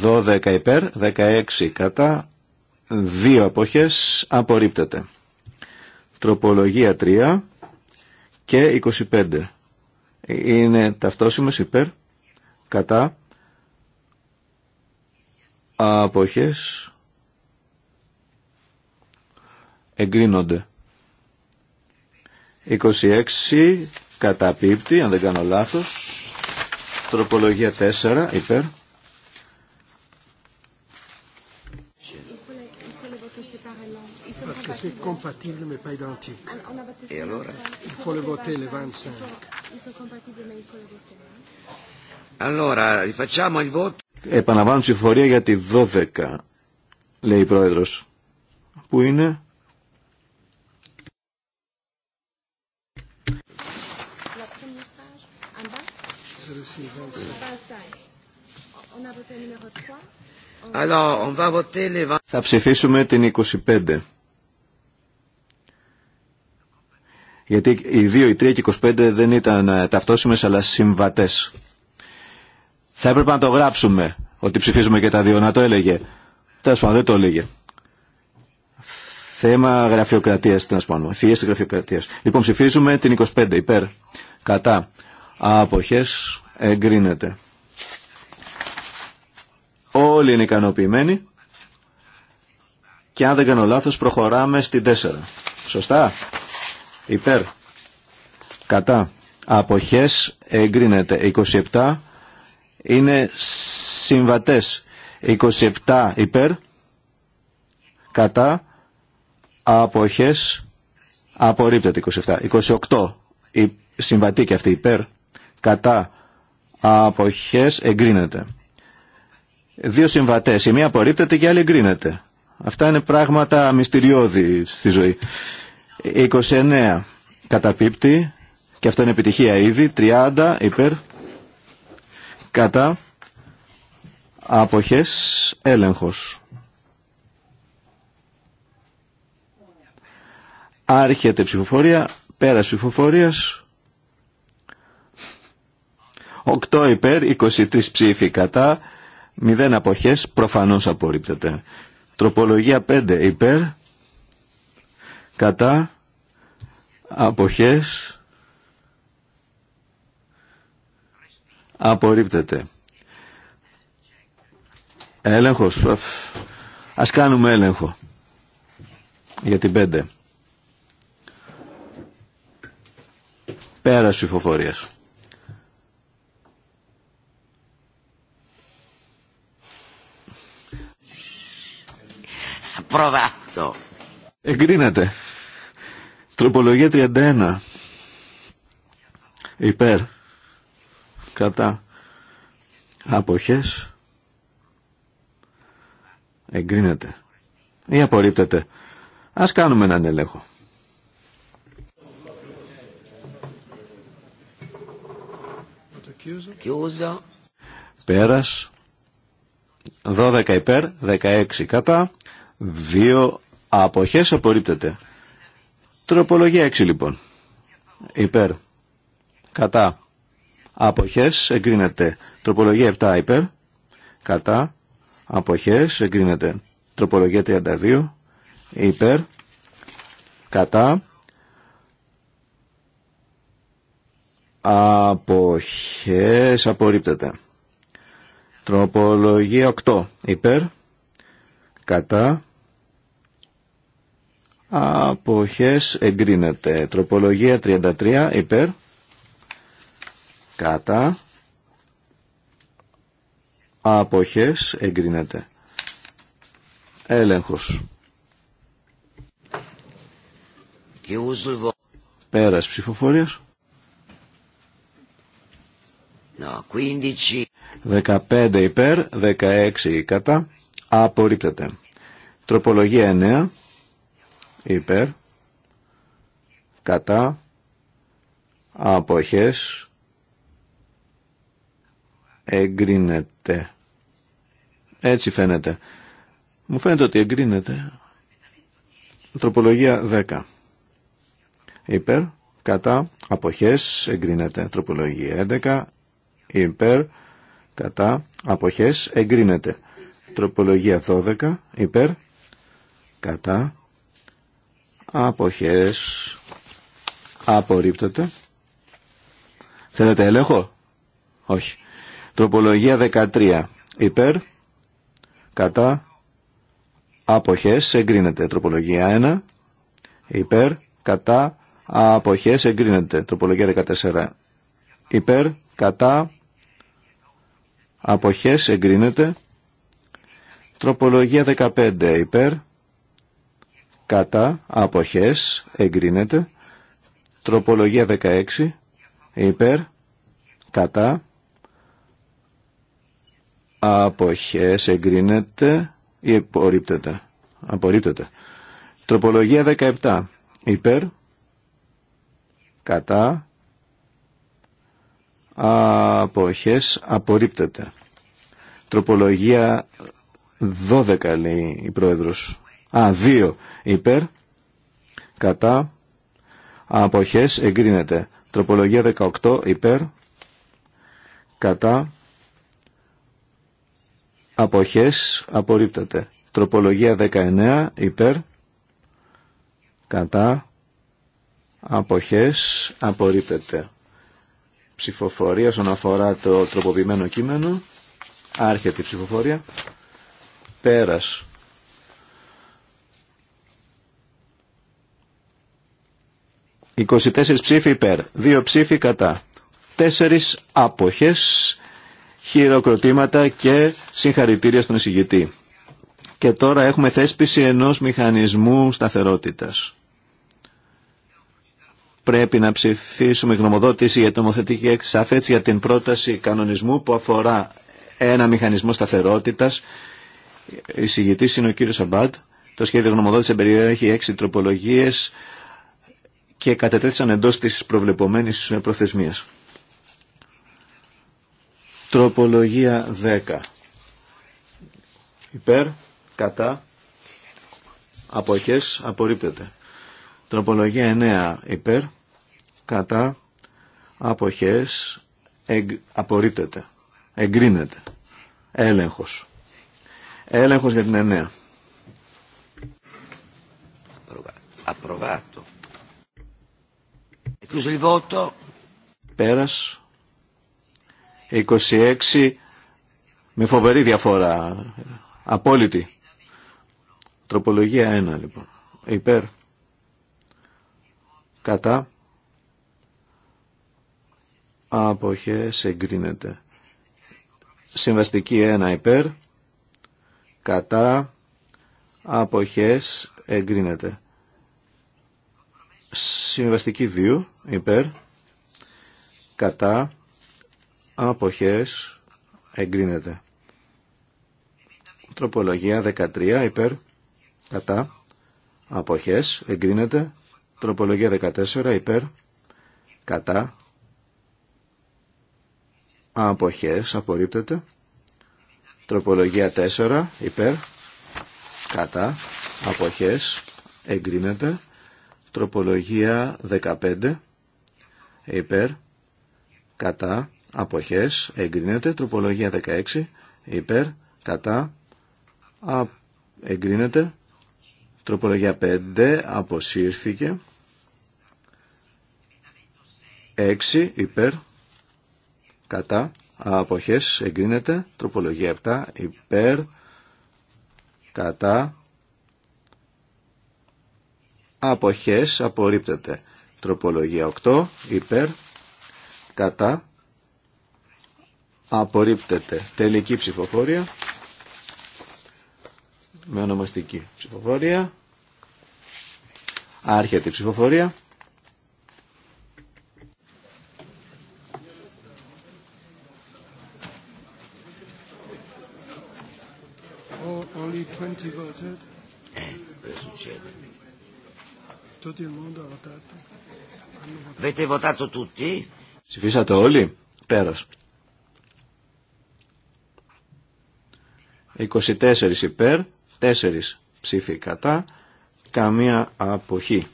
12 υπέρ, 16 κατά, 2 αποχές, απορρίπτεται. Τροπολογία 3 και 25. Είναι ταυτόσιμες υπέρ, κατά, αποχές, εγκρίνονται. 26 καταπίπτει, αν δεν κάνω λάθος. Τροπολογία 4 υπέρ. Parce que pas για τη 12, λέει η Πρόεδρος. Πού είναι? Θα ψηφίσουμε την 25. Γιατί οι 2, οι 3 και οι 25 δεν ήταν ε, ταυτόσιμες αλλά συμβατές. Θα έπρεπε να το γράψουμε ότι ψηφίζουμε και τα δύο. Να το έλεγε. Τέλο πάντων δεν το έλεγε. Θέμα γραφειοκρατία, τι να Φυγέ τη γραφειοκρατία. Λοιπόν, ψηφίζουμε την 25 υπέρ. Κατά. Αποχέ εγκρίνεται. Όλοι είναι ικανοποιημένοι και αν δεν κάνω λάθος προχωράμε στη 4. Σωστά. Υπέρ. Κατά. Αποχές εγκρίνεται. 27 είναι συμβατές. 27 υπέρ. Κατά. Αποχές απορρίπτεται 27. 28 συμβατή και αυτή υπέρ. Κατά αποχές εγκρίνεται. Δύο συμβατές, η μία απορρίπτεται και η άλλη εγκρίνεται. Αυτά είναι πράγματα μυστηριώδη στη ζωή. 29 καταπίπτει και αυτό είναι επιτυχία ήδη. 30 υπέρ κατά αποχές έλεγχος. Άρχεται ψηφοφορία, πέρας ψηφοφορίας. 8 υπέρ, 23 ψήφοι κατά, 0 αποχές, προφανώς απορρίπτεται. Τροπολογία 5 υπέρ, κατά, αποχές, απορρίπτεται. Έλεγχος. Ας κάνουμε έλεγχο για την 5. Πέρα ψηφοφορίας. Εγκρίνεται. Τροπολογία 31. Υπέρ. Κατά. Αποχές. Εγκρίνεται. Ή απορρίπτεται. Ας κάνουμε έναν ελέγχο. Πέρας. 12 υπέρ, 16 κατά. Δύο αποχές απορρίπτεται. Τροπολογία 6 λοιπόν. Υπέρ. Κατά. Αποχές εγκρίνεται. Τροπολογία 7 υπέρ. Κατά. Αποχές εγκρίνεται. Τροπολογία 32 υπέρ. Κατά. Αποχές απορρίπτεται. Τροπολογία 8 υπέρ κατά αποχές εγκρίνεται τροπολογία 33 υπέρ κατά αποχές εγκρίνεται έλεγχος πέρας ψηφοφορίας 15 υπέρ 16 κατά Απορρίπτεται. Τροπολογία 9. Υπέρ. Κατά. Αποχές. Εγκρίνεται. Έτσι φαίνεται. Μου φαίνεται ότι εγκρίνεται. Τροπολογία 10. Υπέρ. Κατά. Αποχές. Εγκρίνεται. Τροπολογία 11. Υπέρ. Κατά. Αποχές. Εγκρίνεται. Τροπολογία 12 υπέρ κατά αποχές απορρίπτεται. Θέλετε έλεγχο? Όχι. Τροπολογία 13 υπέρ κατά αποχές εγκρίνεται. Τροπολογία 1 υπέρ κατά αποχές εγκρίνεται. Τροπολογία 14 υπέρ κατά αποχές εγκρίνεται. Τροπολογία 15 υπέρ, κατά, αποχές, εγκρίνεται. Τροπολογία 16 υπέρ, κατά, αποχές, εγκρίνεται ή απορρίπτεται. απορρίπτεται. Τροπολογία 17 υπέρ, κατά, αποχές απορρίπτεται. Τροπολογία 12 λέει η πρόεδρος. Α, 2 υπέρ, κατά, αποχές εγκρίνεται. Τροπολογία 18 υπέρ, κατά, αποχές απορρίπτεται. Τροπολογία 19 υπέρ, κατά, αποχές απορρίπτεται. Ψηφοφορία όσον αφορά το τροποποιημένο κείμενο, άρχεται η ψηφοφορία. Πέρας. «24 ψήφοι υπέρ, 2 ψήφοι κατά, 4 άποχες, χειροκροτήματα και συγχαρητήρια στον εισηγητή». Και τώρα έχουμε θέσπιση ενός μηχανισμού σταθερότητας. Πρέπει να ψηφίσουμε γνωμοδότηση για νομοθετική εξαφέτηση για την πρόταση κανονισμού που αφορά ένα μηχανισμό σταθερότητας εισηγητής είναι ο κύριος Αμπάντ. Το σχέδιο γνωμοδότηση περιέχει έξι τροπολογίες και κατετέθησαν εντός της προβλεπομένης προθεσμίας. Τροπολογία 10. Υπέρ, κατά, αποχές, απορρίπτεται. Τροπολογία 9. Υπέρ, κατά, αποχές, εγ, απορρίπτεται. Εγκρίνεται. Έλεγχος. Έλεγχος για την εννέα. Απροβάτο. Πέρας. 26 με φοβερή διαφορά. Απόλυτη. Τροπολογία 1 λοιπόν. Υπέρ. Κατά. Αποχές εγκρίνεται. Συμβαστική 1 υπέρ κατά αποχές εγκρίνεται. Συμβαστική 2 υπέρ κατά αποχές εγκρίνεται. Τροπολογία 13 υπέρ κατά αποχές εγκρίνεται. Τροπολογία 14 υπέρ κατά αποχές απορρίπτεται. Τροπολογία 4 υπέρ κατά αποχές εγκρίνεται. Τροπολογία 15 υπέρ κατά αποχές εγκρίνεται. Τροπολογία 16 υπέρ κατά α, εγκρίνεται. Τροπολογία 5 αποσύρθηκε. 6 υπέρ κατά αποχές εγκρίνεται τροπολογία 7 υπέρ κατά αποχές απορρίπτεται τροπολογία 8 υπέρ κατά απορρίπτεται τελική ψηφοφορία με ονομαστική ψηφοφορία άρχεται η ψηφοφορία only 20 voted. Eh, cosa succede? Tutto il mondo ha votato. Avete votato tutti? Si Ψηφίσατε Oli? Πέρας. 24 υπέρ, 4 ψήφοι κατά, καμία αποχή.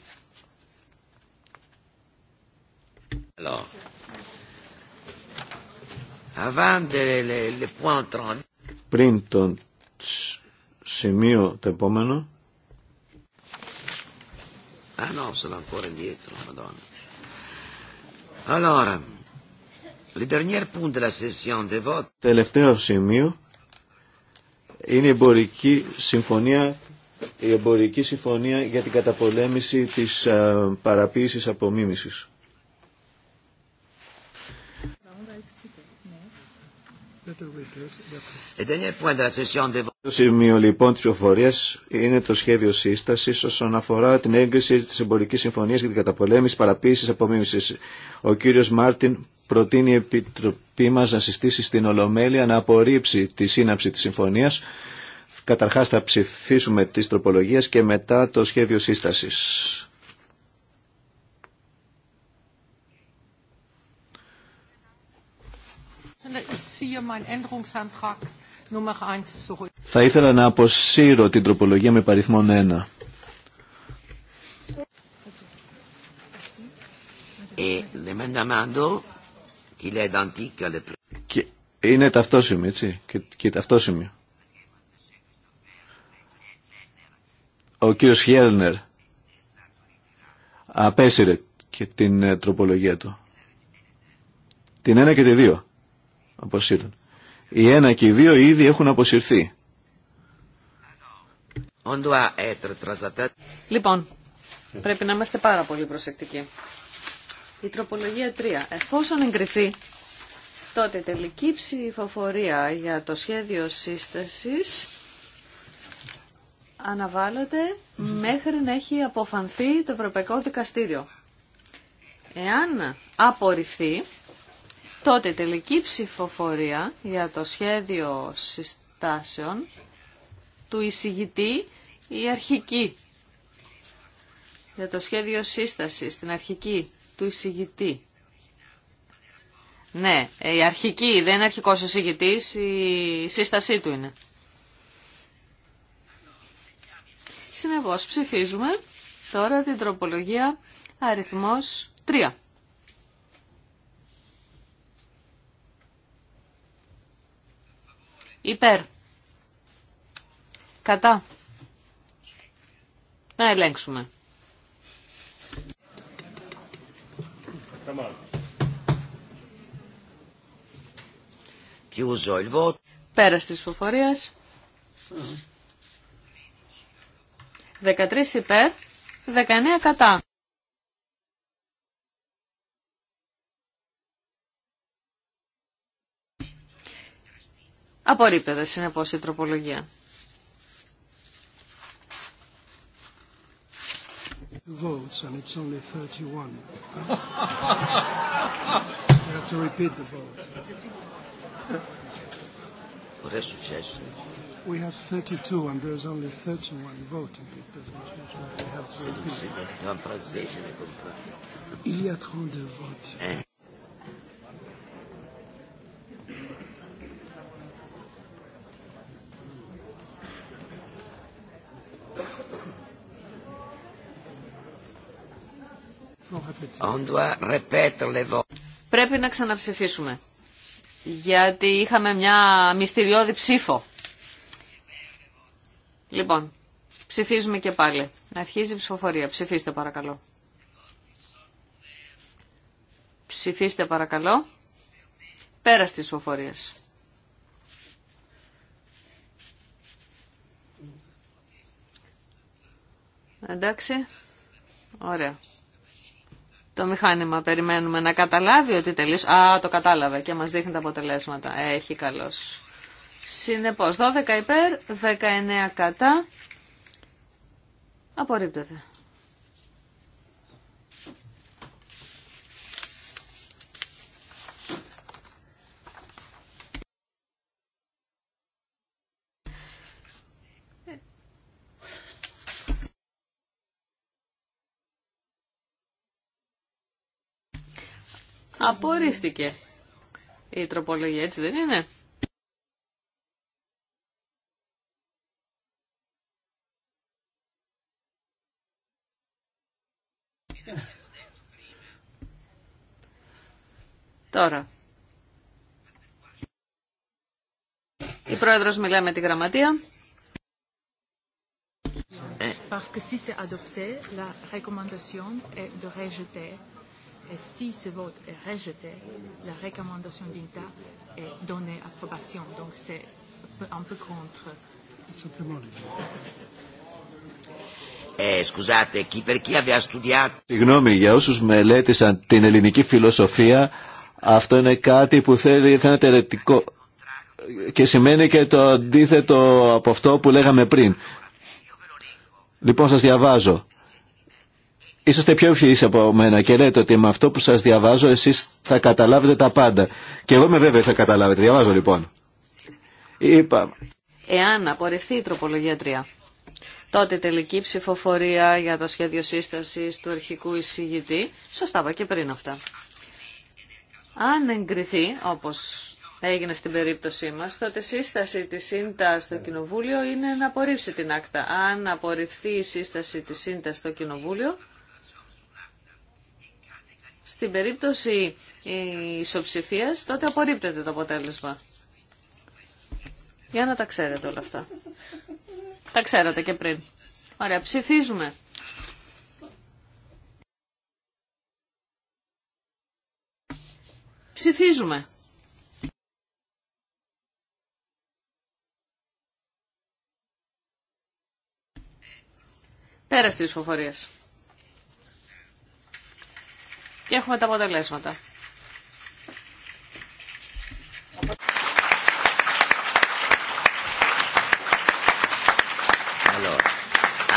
Alors, avant de, le, le point 30... Πριν τον σημείο το επόμενο. Ah no, sono ancora indietro, madonna. Allora, le dernier punte della session de vote. Τελευταίο σημείο είναι η εμπορική συμφωνία η εμπορική συμφωνία για την καταπολέμηση της α, ε, παραποίησης απομίμησης. Ε, το σημείο λοιπόν τη πληροφορία είναι το σχέδιο σύσταση όσον αφορά την έγκριση τη εμπορική συμφωνία για την καταπολέμηση παραποίηση απομίμηση. Ο κύριο Μάρτιν προτείνει η Επιτροπή μα να συστήσει στην Ολομέλεια να απορρίψει τη σύναψη τη συμφωνία. Καταρχάς θα ψηφίσουμε τις τροπολογίες και μετά το σχέδιο σύσταση. Θα ήθελα να αποσύρω την τροπολογία με παριθμόν 1. Ε, και είναι ταυτόσημη, έτσι. Και, και ταυτόσημη. Ο κύριος Χιέλνερ απέσυρε και την ε, τροπολογία του. Την ένα και τη δύο αποσύρουν. Οι ένα και οι δύο ήδη έχουν αποσυρθεί. Λοιπόν, πρέπει να είμαστε πάρα πολύ προσεκτικοί. Η τροπολογία 3. Εφόσον εγκριθεί, τότε η τελική ψηφοφορία για το σχέδιο σύστασης αναβάλλεται μέχρι να έχει αποφανθεί το Ευρωπαϊκό Δικαστήριο. Εάν απορριφθεί, τότε τελική ψηφοφορία για το σχέδιο συστάσεων του εισηγητή η αρχική. Για το σχέδιο σύσταση την αρχική του εισηγητή. Ναι, η αρχική, δεν είναι αρχικός εισηγητής, η σύστασή του είναι. Συνεπώς ψηφίζουμε τώρα την τροπολογία αριθμός 3. Υπέρ. Κατά. Να ελέγξουμε. Πέρα τη ψηφοφορία. 13 υπέρ, 19 κατά. Απορρίπτεται συνεπώς η τροπολογία. Votes and it's only 31. We have to repeat the vote. We have 32 and there's only 31 voting. It doesn't change what we have to repeat. Il y a 32 votes. Πρέπει να ξαναψηφίσουμε. Γιατί είχαμε μια μυστηριώδη ψήφο. Λοιπόν, ψηφίζουμε και πάλι. Αρχίζει η ψηφοφορία. Ψηφίστε παρακαλώ. Ψηφίστε παρακαλώ. Πέρα της ψηφοφορία. Εντάξει. Ωραία το μηχάνημα περιμένουμε να καταλάβει ότι τελείωσε. Α, το κατάλαβε και μας δείχνει τα αποτελέσματα. Ε, έχει καλώς. Συνεπώς, 12 υπέρ, 19 κατά. Απορρίπτεται. Απορρίφθηκε η τροπολογία, έτσι δεν είναι. Τώρα. Η πρόεδρος μιλάει με τη γραμματεία. Ε, parce que si c'est adopté, la recommandation est de rejeter Et si ce vote est rejeté, la recommandation d'INTA est donnée approbation. Donc c'est un peu contre. Ε, σκουζάτε, εκεί per chi aveva studiato. Συγγνώμη, για όσους μελέτησαν την ελληνική φιλοσοφία, αυτό είναι κάτι που θέλει, φαίνεται ερετικό και σημαίνει και το αντίθετο από αυτό που λέγαμε πριν. Λοιπόν, σας διαβάζω. Είσαστε πιο ευφυείς από μένα και λέτε ότι με αυτό που σα διαβάζω εσεί θα καταλάβετε τα πάντα. Και εγώ είμαι βέβαια θα καταλάβετε. Διαβάζω λοιπόν. Είπα... Εάν απορριφθεί η τροπολογία 3, τότε τελική ψηφοφορία για το σχέδιο σύσταση του αρχικού εισηγητή, σα τα είπα και πριν αυτά. Αν εγκριθεί, όπω έγινε στην περίπτωσή μα, τότε σύσταση τη ΣΥΝΤΑ στο Κοινοβούλιο είναι να απορρίψει την άκτα. Αν απορριφθεί η σύσταση τη ΣΥΝΤΑ στο Κοινοβούλιο, στην περίπτωση ισοψηφία, τότε απορρίπτεται το αποτέλεσμα. Για να τα ξέρετε όλα αυτά. Τα ξέρατε και πριν. Ωραία, ψηφίζουμε. Ψηφίζουμε. Πέρα στις φοφορίες και έχουμε τα αποτελέσματα.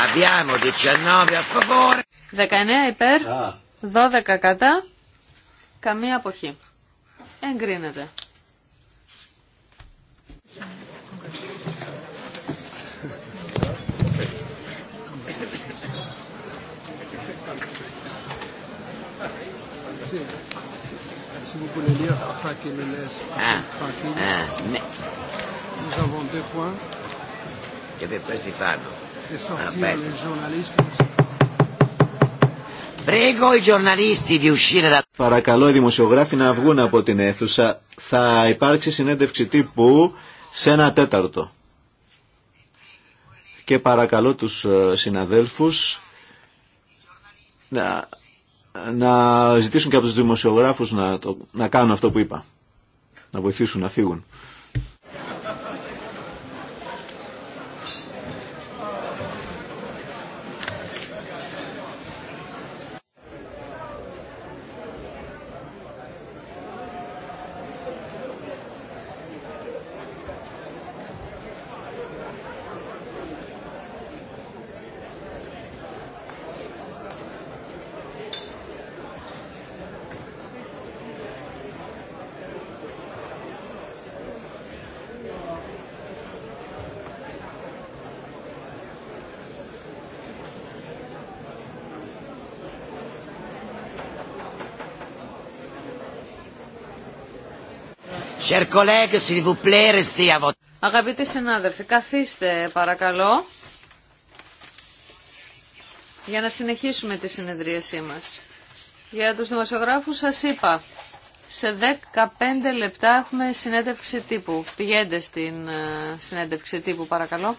Abbiamo 19 a favore. 19 υπέρ, 12 κατά, καμία αποχή. Εγκρίνεται. Παρακαλώ οι δημοσιογράφοι να βγουν από την αίθουσα. Θα υπάρξει συνέντευξη τύπου σε ένα τέταρτο. Και παρακαλώ τους ε, συναδέλφους να να ζητήσουν και από τους δημοσιογράφους να, να κάνουν αυτό που είπα. Να βοηθήσουν να φύγουν. Αγαπητοί συνάδελφοι, καθίστε παρακαλώ για να συνεχίσουμε τη συνεδρίασή μας. Για τους δημοσιογράφους σας είπα, σε 15 λεπτά έχουμε συνέντευξη τύπου. Πηγαίνετε στην ε, συνέντευξη τύπου παρακαλώ.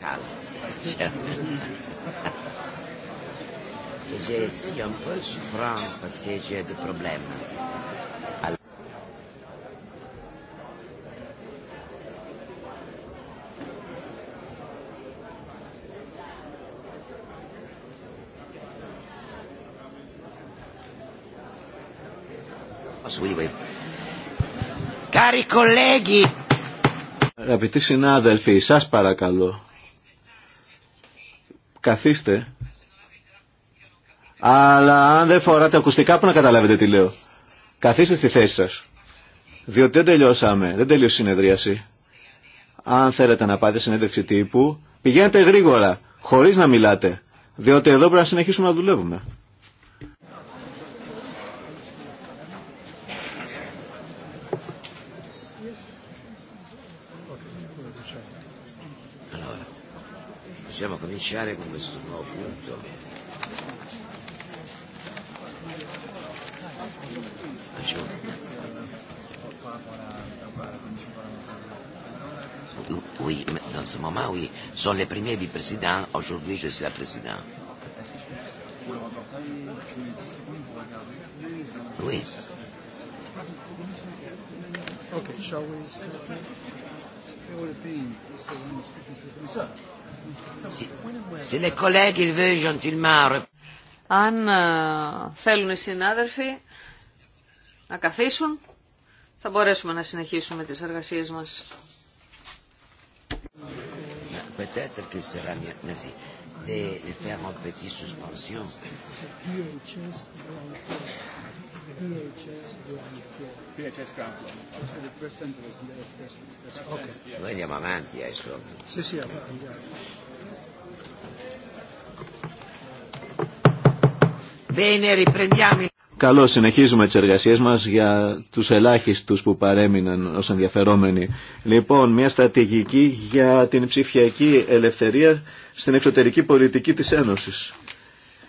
Καλά j'ai suis un peu souffrant parce que j'ai des problèmes. Cari colleghi. Αγαπητοί συνάδελφοι, σας παρακαλώ. Καθίστε. Αλλά αν δεν φοράτε ακουστικά, πού να καταλάβετε τι λέω. Καθίστε στη θέση σας. Διότι δεν τελειώσαμε, δεν τελείωσε η συνεδρίαση. Αν θέλετε να πάτε συνέντευξη τύπου, πηγαίνετε γρήγορα, χωρίς να μιλάτε. Διότι εδώ πρέπει να συνεχίσουμε να δουλεύουμε. Oui, dans ce moment, oui. Sont les premiers vice-présidents. Aujourd'hui, je suis la présidente. Oui. Okay, shall we start? Si les collègues ils veulent gentiment. Αν θέλουν οι συνάδελφοι να καθίσουν, θα μπορέσουμε να συνεχίσουμε τις εργασίες μας. Peut-être que sera mieux, de, faire suspension. Bene, riprendiamo. Καλώ συνεχίζουμε τις εργασίες μας για τους ελάχιστους που παρέμειναν ως ενδιαφερόμενοι. Λοιπόν, μια στρατηγική για την ψηφιακή ελευθερία στην εξωτερική πολιτική της Ένωσης.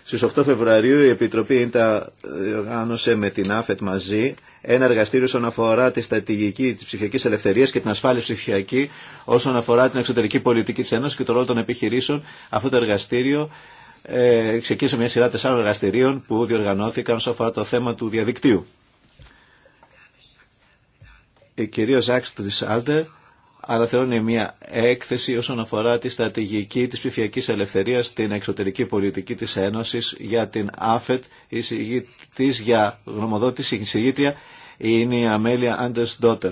Στις 8 Φεβρουαρίου η Επιτροπή ΙΝΤΑ ε, οργάνωσε με την ΑΦΕΤ μαζί ένα εργαστήριο όσον αφορά τη στρατηγική τη ψηφιακή ελευθερία και την ασφάλεια ψηφιακή όσον αφορά την εξωτερική πολιτική τη Ένωση και το ρόλο των επιχειρήσεων. Αυτό το εργαστήριο ε, ξεκίνησε μια σειρά τεσσάρων εργαστηρίων που διοργανώθηκαν σε αφορά το θέμα του διαδικτύου. Η κυρία Ζάξ Τρισάλτε αναθεώνει μια έκθεση όσον αφορά τη στρατηγική της ψηφιακή ελευθερίας στην εξωτερική πολιτική της Ένωσης για την ΑΦΕΤ, η της για γνωμοδότηση είναι η Αμέλια Άντερς Ντότερ.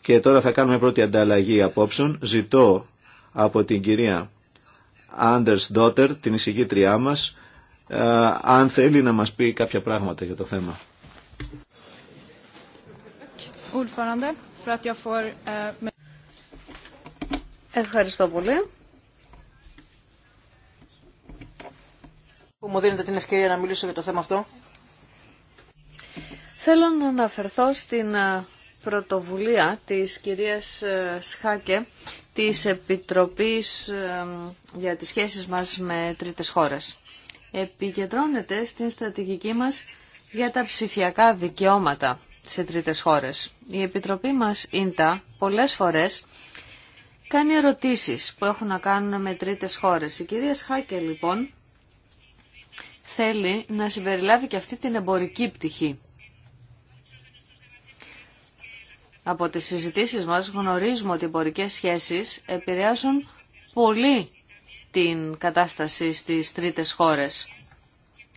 Και τώρα θα κάνουμε πρώτη ανταλλαγή απόψεων. Ζητώ από την κυρία Anders Dotter, την εισηγήτριά μας, ε, αν θέλει να μας πει κάποια πράγματα για το θέμα. Eh, Ευχαριστώ πολύ. Που μου δίνετε την ευκαιρία να μιλήσω για το θέμα αυτό. Θέλω να αναφερθώ στην ε, πρωτοβουλία της κυρίας ε, Σχάκε της Επιτροπής για τις σχέσεις μας με τρίτες χώρες. Επικεντρώνεται στην στρατηγική μας για τα ψηφιακά δικαιώματα σε τρίτες χώρες. Η Επιτροπή μας, ίντα, πολλές φορές κάνει ερωτήσεις που έχουν να κάνουν με τρίτες χώρες. Η κυρία Σχάκε, λοιπόν, θέλει να συμπεριλάβει και αυτή την εμπορική πτυχή Από τις συζητήσεις μας γνωρίζουμε ότι οι εμπορικές σχέσεις επηρεάζουν πολύ την κατάσταση στις τρίτες χώρες.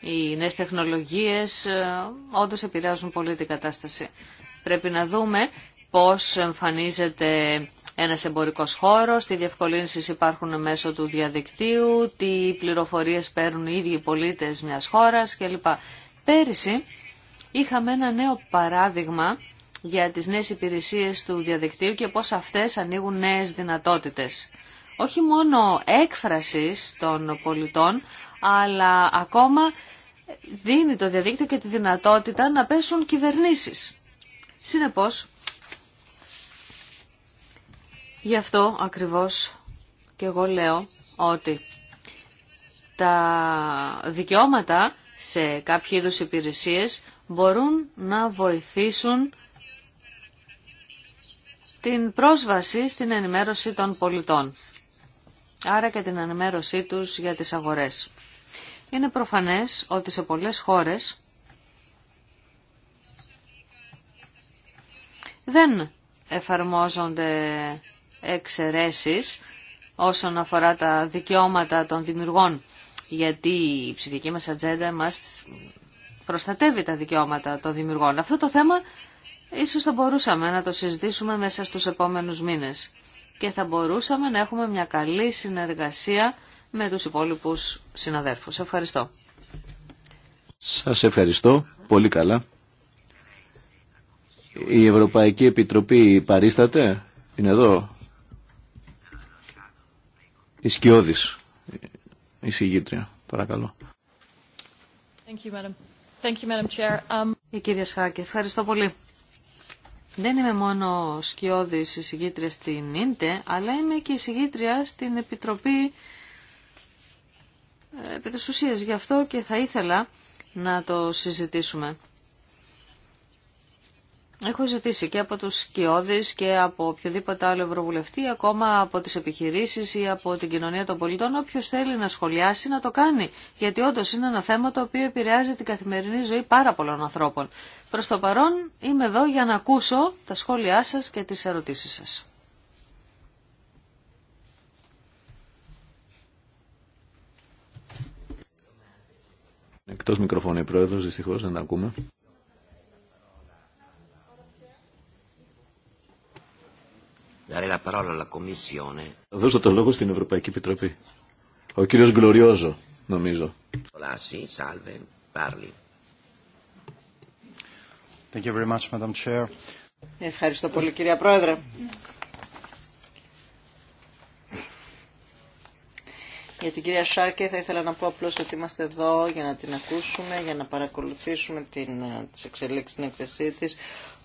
Οι νέες τεχνολογίες ε, όντως επηρεάζουν πολύ την κατάσταση. Πρέπει να δούμε πώς εμφανίζεται ένας εμπορικός χώρος, τι διευκολύνσεις υπάρχουν μέσω του διαδικτύου, τι πληροφορίες παίρνουν οι ίδιοι πολίτες μιας χώρας κλπ. Πέρυσι είχαμε ένα νέο παράδειγμα για τις νέες υπηρεσίες του διαδικτύου και πώς αυτές ανοίγουν νέες δυνατότητες. Όχι μόνο έκφρασης των πολιτών, αλλά ακόμα δίνει το διαδίκτυο και τη δυνατότητα να πέσουν κυβερνήσεις. Συνεπώς, γι' αυτό ακριβώς και εγώ λέω ότι τα δικαιώματα σε κάποιο είδους υπηρεσίες μπορούν να βοηθήσουν την πρόσβαση στην ενημέρωση των πολιτών. Άρα και την ενημέρωσή τους για τις αγορές. Είναι προφανές ότι σε πολλές χώρες δεν εφαρμόζονται εξαιρέσεις όσον αφορά τα δικαιώματα των δημιουργών, γιατί η ψηφική μας ατζέντα μας προστατεύει τα δικαιώματα των δημιουργών. Αυτό το θέμα Ίσως θα μπορούσαμε να το συζητήσουμε μέσα στους επόμενους μήνες και θα μπορούσαμε να έχουμε μια καλή συνεργασία με τους υπόλοιπους συναδέρφους. Ευχαριστώ. Σας ευχαριστώ. Πολύ καλά. Η Ευρωπαϊκή Επιτροπή παρίσταται. Είναι εδώ. Η Σκιώδης. Η συγγήτρια. Παρακαλώ. Thank you, um, Σχάκη. Ευχαριστώ πολύ δεν είμαι μόνο σκιώδης εισηγήτρια στην ίντε, αλλά είμαι και εισηγήτρια στην Επιτροπή ε, Επιτροπής Γι' αυτό και θα ήθελα να το συζητήσουμε. Έχω ζητήσει και από τους σκιώδεις και από οποιοδήποτε άλλο ευρωβουλευτή, ακόμα από τις επιχειρήσεις ή από την κοινωνία των πολιτών, όποιο θέλει να σχολιάσει να το κάνει. Γιατί όντω είναι ένα θέμα το οποίο επηρεάζει την καθημερινή ζωή πάρα πολλών ανθρώπων. Προς το παρόν είμαι εδώ για να ακούσω τα σχόλιά σας και τις ερωτήσεις σας. Εκτός μικροφώνου η πρόεδρος, δυστυχώς δεν ακούμε. Θα δώσω το λόγο στην Ευρωπαϊκή Επιτροπή. Ο κύριος Γκλωριόζο, νομίζω. Ευχαριστώ πολύ, κυρία Πρόεδρε. Για την κυρία Σάκε θα ήθελα να πω απλώς ότι είμαστε εδώ για να την ακούσουμε, για να παρακολουθήσουμε την, ε, τις εξελίξεις στην εκθεσή της.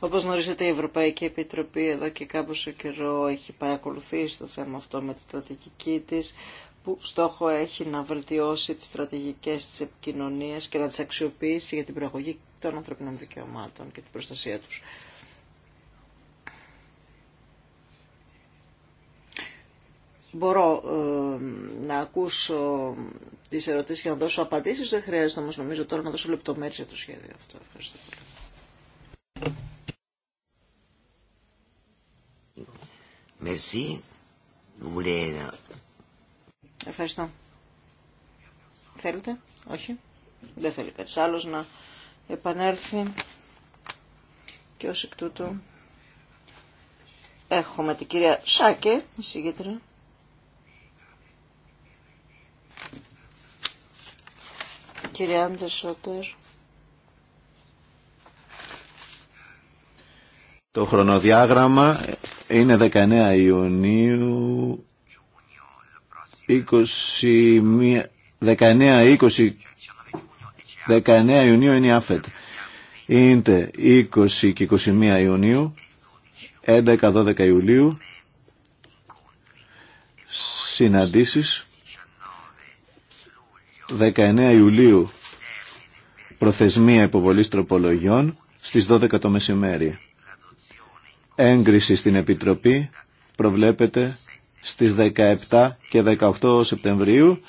Όπως γνωρίζετε η Ευρωπαϊκή Επιτροπή εδώ και κάποιο καιρό έχει παρακολουθήσει το θέμα αυτό με τη στρατηγική της που στόχο έχει να βελτιώσει τις στρατηγικές της επικοινωνίας και να τις αξιοποιήσει για την προαγωγή των ανθρωπινών δικαιωμάτων και την προστασία τους. Μπορώ ε, να ακούσω τις ερωτήσεις και να δώσω απαντήσεις, δεν χρειάζεται όμως νομίζω τώρα να δώσω λεπτομέρειες για το σχέδιο αυτό. Ευχαριστώ πολύ. Merci. Vous voulez... Euh, Ευχαριστώ. Θέλετε, όχι. Δεν θέλει κάτι άλλο να επανέλθει. Και ως εκ τούτου έχουμε την κυρία Σάκε, συγκέντρια. Κύριε Άντερ Σότερ. Το χρονοδιάγραμμα είναι 19 Ιουνίου 19, 20, 19 Ιουνίου είναι η ΑΦΕΤ. Είναι 20 και 21 Ιουνίου, 11-12 Ιουλίου, συναντήσεις, 19 Ιουλίου προθεσμία υποβολής τροπολογιών στις 12 το μεσημέρι έγκριση στην Επιτροπή προβλέπεται στις 17 και 18 Σεπτεμβρίου.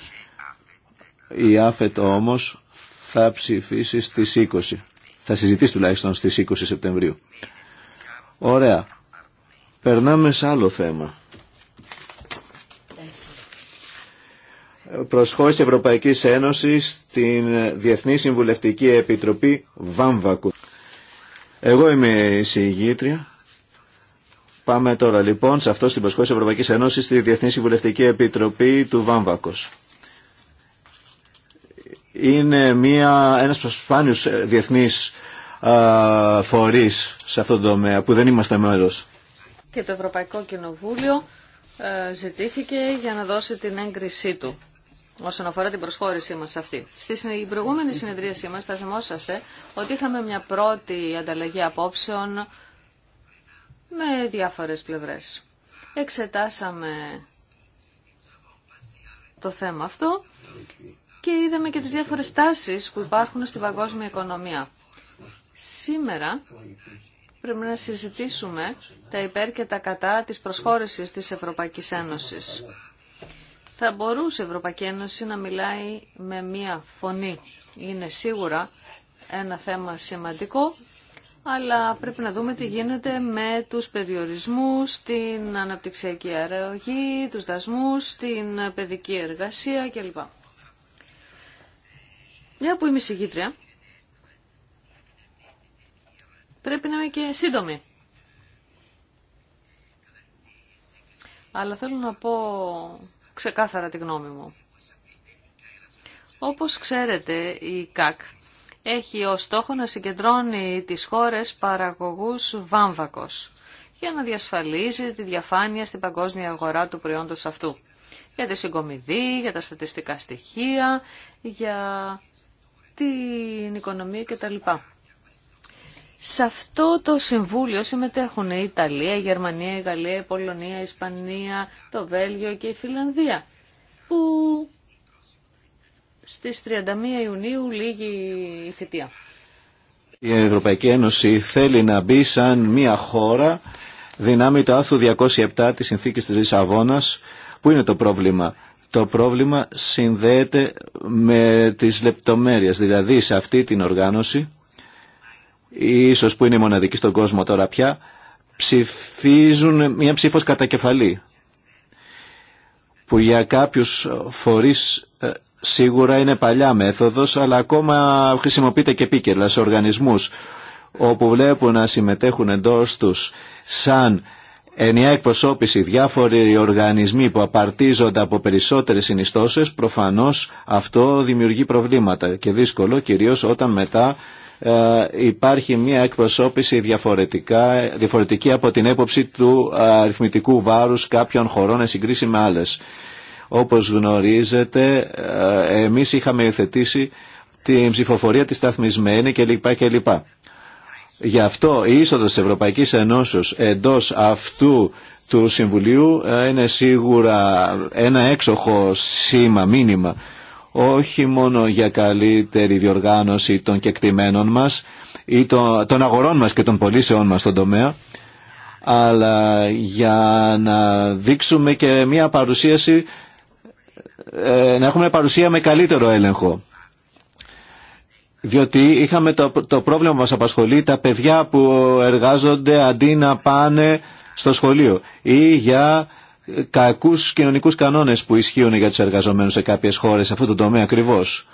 Η ΑΦΕΤ όμως θα ψηφίσει στις 20. Θα συζητήσει τουλάχιστον στις 20 Σεπτεμβρίου. Ωραία. Περνάμε σε άλλο θέμα. Προσχώρηση Ευρωπαϊκής Ένωσης στην Διεθνή Συμβουλευτική Επιτροπή Βάμβακου. Εγώ είμαι η συγγήτρια Πάμε τώρα λοιπόν σε αυτό στην της Ευρωπαϊκή Ένωση στη Διεθνή Συμβουλευτική Επιτροπή του Βάμβακο. Είναι μια, ένας προσπάνιος ε, διεθνής α, φορείς σε αυτό το τομέα που δεν είμαστε μέλος. Και το Ευρωπαϊκό Κοινοβούλιο ε, ζητήθηκε για να δώσει την έγκρισή του όσον αφορά την προσχώρησή μας αυτή. Στη προηγούμενη συνεδρίασή μας θα θυμόσαστε ότι είχαμε μια πρώτη ανταλλαγή απόψεων με διάφορες πλευρές. Εξετάσαμε το θέμα αυτό και είδαμε και τις διάφορες τάσεις που υπάρχουν στην παγκόσμια οικονομία. Σήμερα πρέπει να συζητήσουμε τα υπέρ και τα κατά της προσχώρησης της Ευρωπαϊκής Ένωσης. Θα μπορούσε η Ευρωπαϊκή Ένωση να μιλάει με μία φωνή. Είναι σίγουρα ένα θέμα σημαντικό αλλά πρέπει να δούμε τι γίνεται με τους περιορισμούς, την αναπτυξιακή αραιογή, τους δασμούς, την παιδική εργασία κλπ. Μια που είμαι συγκήτρια, πρέπει να είμαι και σύντομη. Αλλά θέλω να πω ξεκάθαρα τη γνώμη μου. Όπως ξέρετε, η ΚΑΚ έχει ως στόχο να συγκεντρώνει τις χώρες παραγωγούς βάμβακος για να διασφαλίζει τη διαφάνεια στην παγκόσμια αγορά του προϊόντος αυτού. Για τη συγκομιδή, για τα στατιστικά στοιχεία, για την οικονομία κτλ. Σε αυτό το συμβούλιο συμμετέχουν η Ιταλία, η Γερμανία, η Γαλλία, η Πολωνία, η Ισπανία, το Βέλγιο και η Φιλανδία, που στις 31 Ιουνίου λίγη η θητεία. Η Ευρωπαϊκή Ένωση θέλει να μπει σαν μια χώρα δυνάμει το άθου 207 της συνθήκης της Λισαβόνας. Πού είναι το πρόβλημα. Το πρόβλημα συνδέεται με τις λεπτομέρειες. Δηλαδή σε αυτή την οργάνωση, ίσως που είναι η μοναδική στον κόσμο τώρα πια, ψηφίζουν μια ψήφος κατά κεφαλή που για κάποιους φορείς Σίγουρα είναι παλιά μέθοδος, αλλά ακόμα χρησιμοποιείται και επίκαιρα σε οργανισμούς όπου βλέπουν να συμμετέχουν εντός τους σαν ενιαία εκπροσώπηση διάφοροι οργανισμοί που απαρτίζονται από περισσότερες συνιστώσεις, προφανώς αυτό δημιουργεί προβλήματα και δύσκολο κυρίως όταν μετά ε, υπάρχει μια εκπροσώπηση διαφορετικά, διαφορετική από την έποψη του αριθμητικού βάρους κάποιων χωρών σε συγκρίση με άλλες. Όπως γνωρίζετε, ε, εμείς είχαμε υιοθετήσει την ψηφοφορία τη σταθμισμένη κλπ. κλπ. Γι' αυτό η είσοδο τη Ευρωπαϊκή Ενώσεως εντός αυτού του Συμβουλίου ε, είναι σίγουρα ένα έξοχο σήμα, μήνυμα όχι μόνο για καλύτερη διοργάνωση των κεκτημένων μας ή των αγορών μας και των πωλήσεών μας στον τομέα αλλά για να δείξουμε και μια παρουσίαση ε, να έχουμε παρουσία με καλύτερο έλεγχο. Διότι είχαμε το, το πρόβλημα που μας απασχολεί τα παιδιά που εργάζονται αντί να πάνε στο σχολείο ή για κακούς κοινωνικούς κανόνες που ισχύουν για τους εργαζομένους σε κάποιες χώρες σε αυτό το τομέα ακριβώς.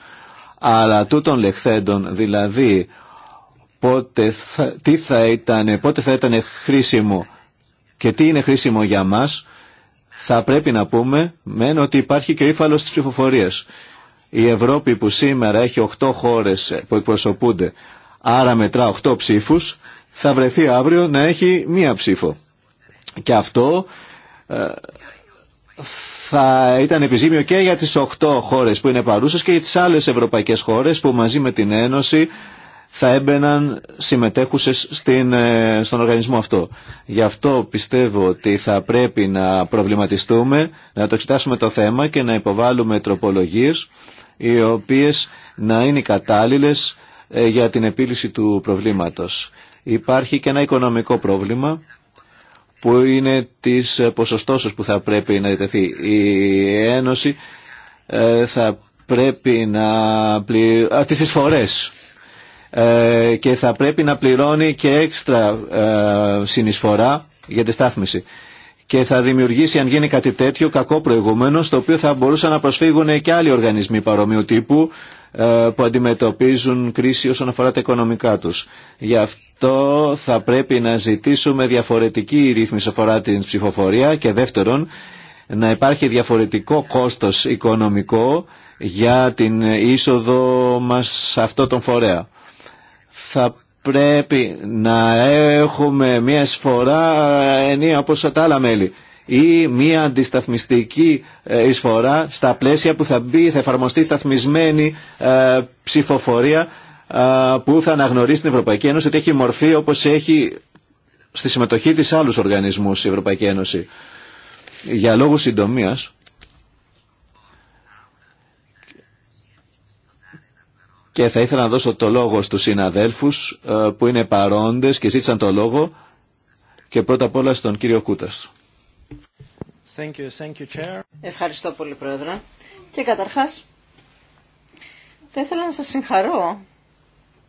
Αλλά τούτων λεχθέντων, δηλαδή πότε θα, τι ήταν, πότε θα ήταν χρήσιμο και τι είναι χρήσιμο για μας θα πρέπει να πούμε μεν ότι υπάρχει και ο ύφαλος της ψηφοφορίας. Η Ευρώπη που σήμερα έχει 8 χώρες που εκπροσωπούνται, άρα μετρά 8 ψήφους, θα βρεθεί αύριο να έχει μία ψήφο. Και αυτό ε, θα ήταν επιζήμιο και για τις 8 χώρες που είναι παρούσες και για τις άλλες ευρωπαϊκές χώρες που μαζί με την Ένωση θα έμπαιναν συμμετέχουσες στην, ε, στον οργανισμό αυτό. Γι' αυτό πιστεύω ότι θα πρέπει να προβληματιστούμε, να το εξετάσουμε το θέμα και να υποβάλουμε τροπολογίες οι οποίες να είναι κατάλληλες ε, για την επίλυση του προβλήματος. Υπάρχει και ένα οικονομικό πρόβλημα που είναι της ποσοστώσεως που θα πρέπει να διτεθεί. Η Ένωση ε, θα πρέπει να πληρώσει τις εισφορές ε, και θα πρέπει να πληρώνει και έξτρα ε, συνεισφορά για τη στάθμιση. Και θα δημιουργήσει, αν γίνει κάτι τέτοιο, κακό προηγούμενο, στο οποίο θα μπορούσαν να προσφύγουν και άλλοι οργανισμοί παρομοίου τύπου ε, που αντιμετωπίζουν κρίση όσον αφορά τα οικονομικά τους. Γι' αυτό θα πρέπει να ζητήσουμε διαφορετική ρύθμιση αφορά την ψηφοφορία και δεύτερον, να υπάρχει διαφορετικό κόστος οικονομικό για την είσοδο μας σε αυτό τον φορέα θα πρέπει να έχουμε μια εισφορά ε, ενία όπως τα άλλα μέλη ή μια αντισταθμιστική ε, εισφορά στα πλαίσια που θα μπει, θα εφαρμοστεί σταθμισμένη ε, ψηφοφορία που θα αναγνωρίσει την Ευρωπαϊκή Ένωση ότι έχει μορφή όπως έχει στη συμμετοχή της άλλους οργανισμούς η Ευρωπαϊκή Ένωση. Για λόγους συντομίας και θα ήθελα να δώσω το λόγο στους συναδέλφους ε, που είναι παρόντες και ζήτησαν το λόγο και πρώτα απ' όλα στον κύριο Κούτας. Chair. Ευχαριστώ πολύ Πρόεδρε. Και καταρχάς θα ήθελα να σας συγχαρώ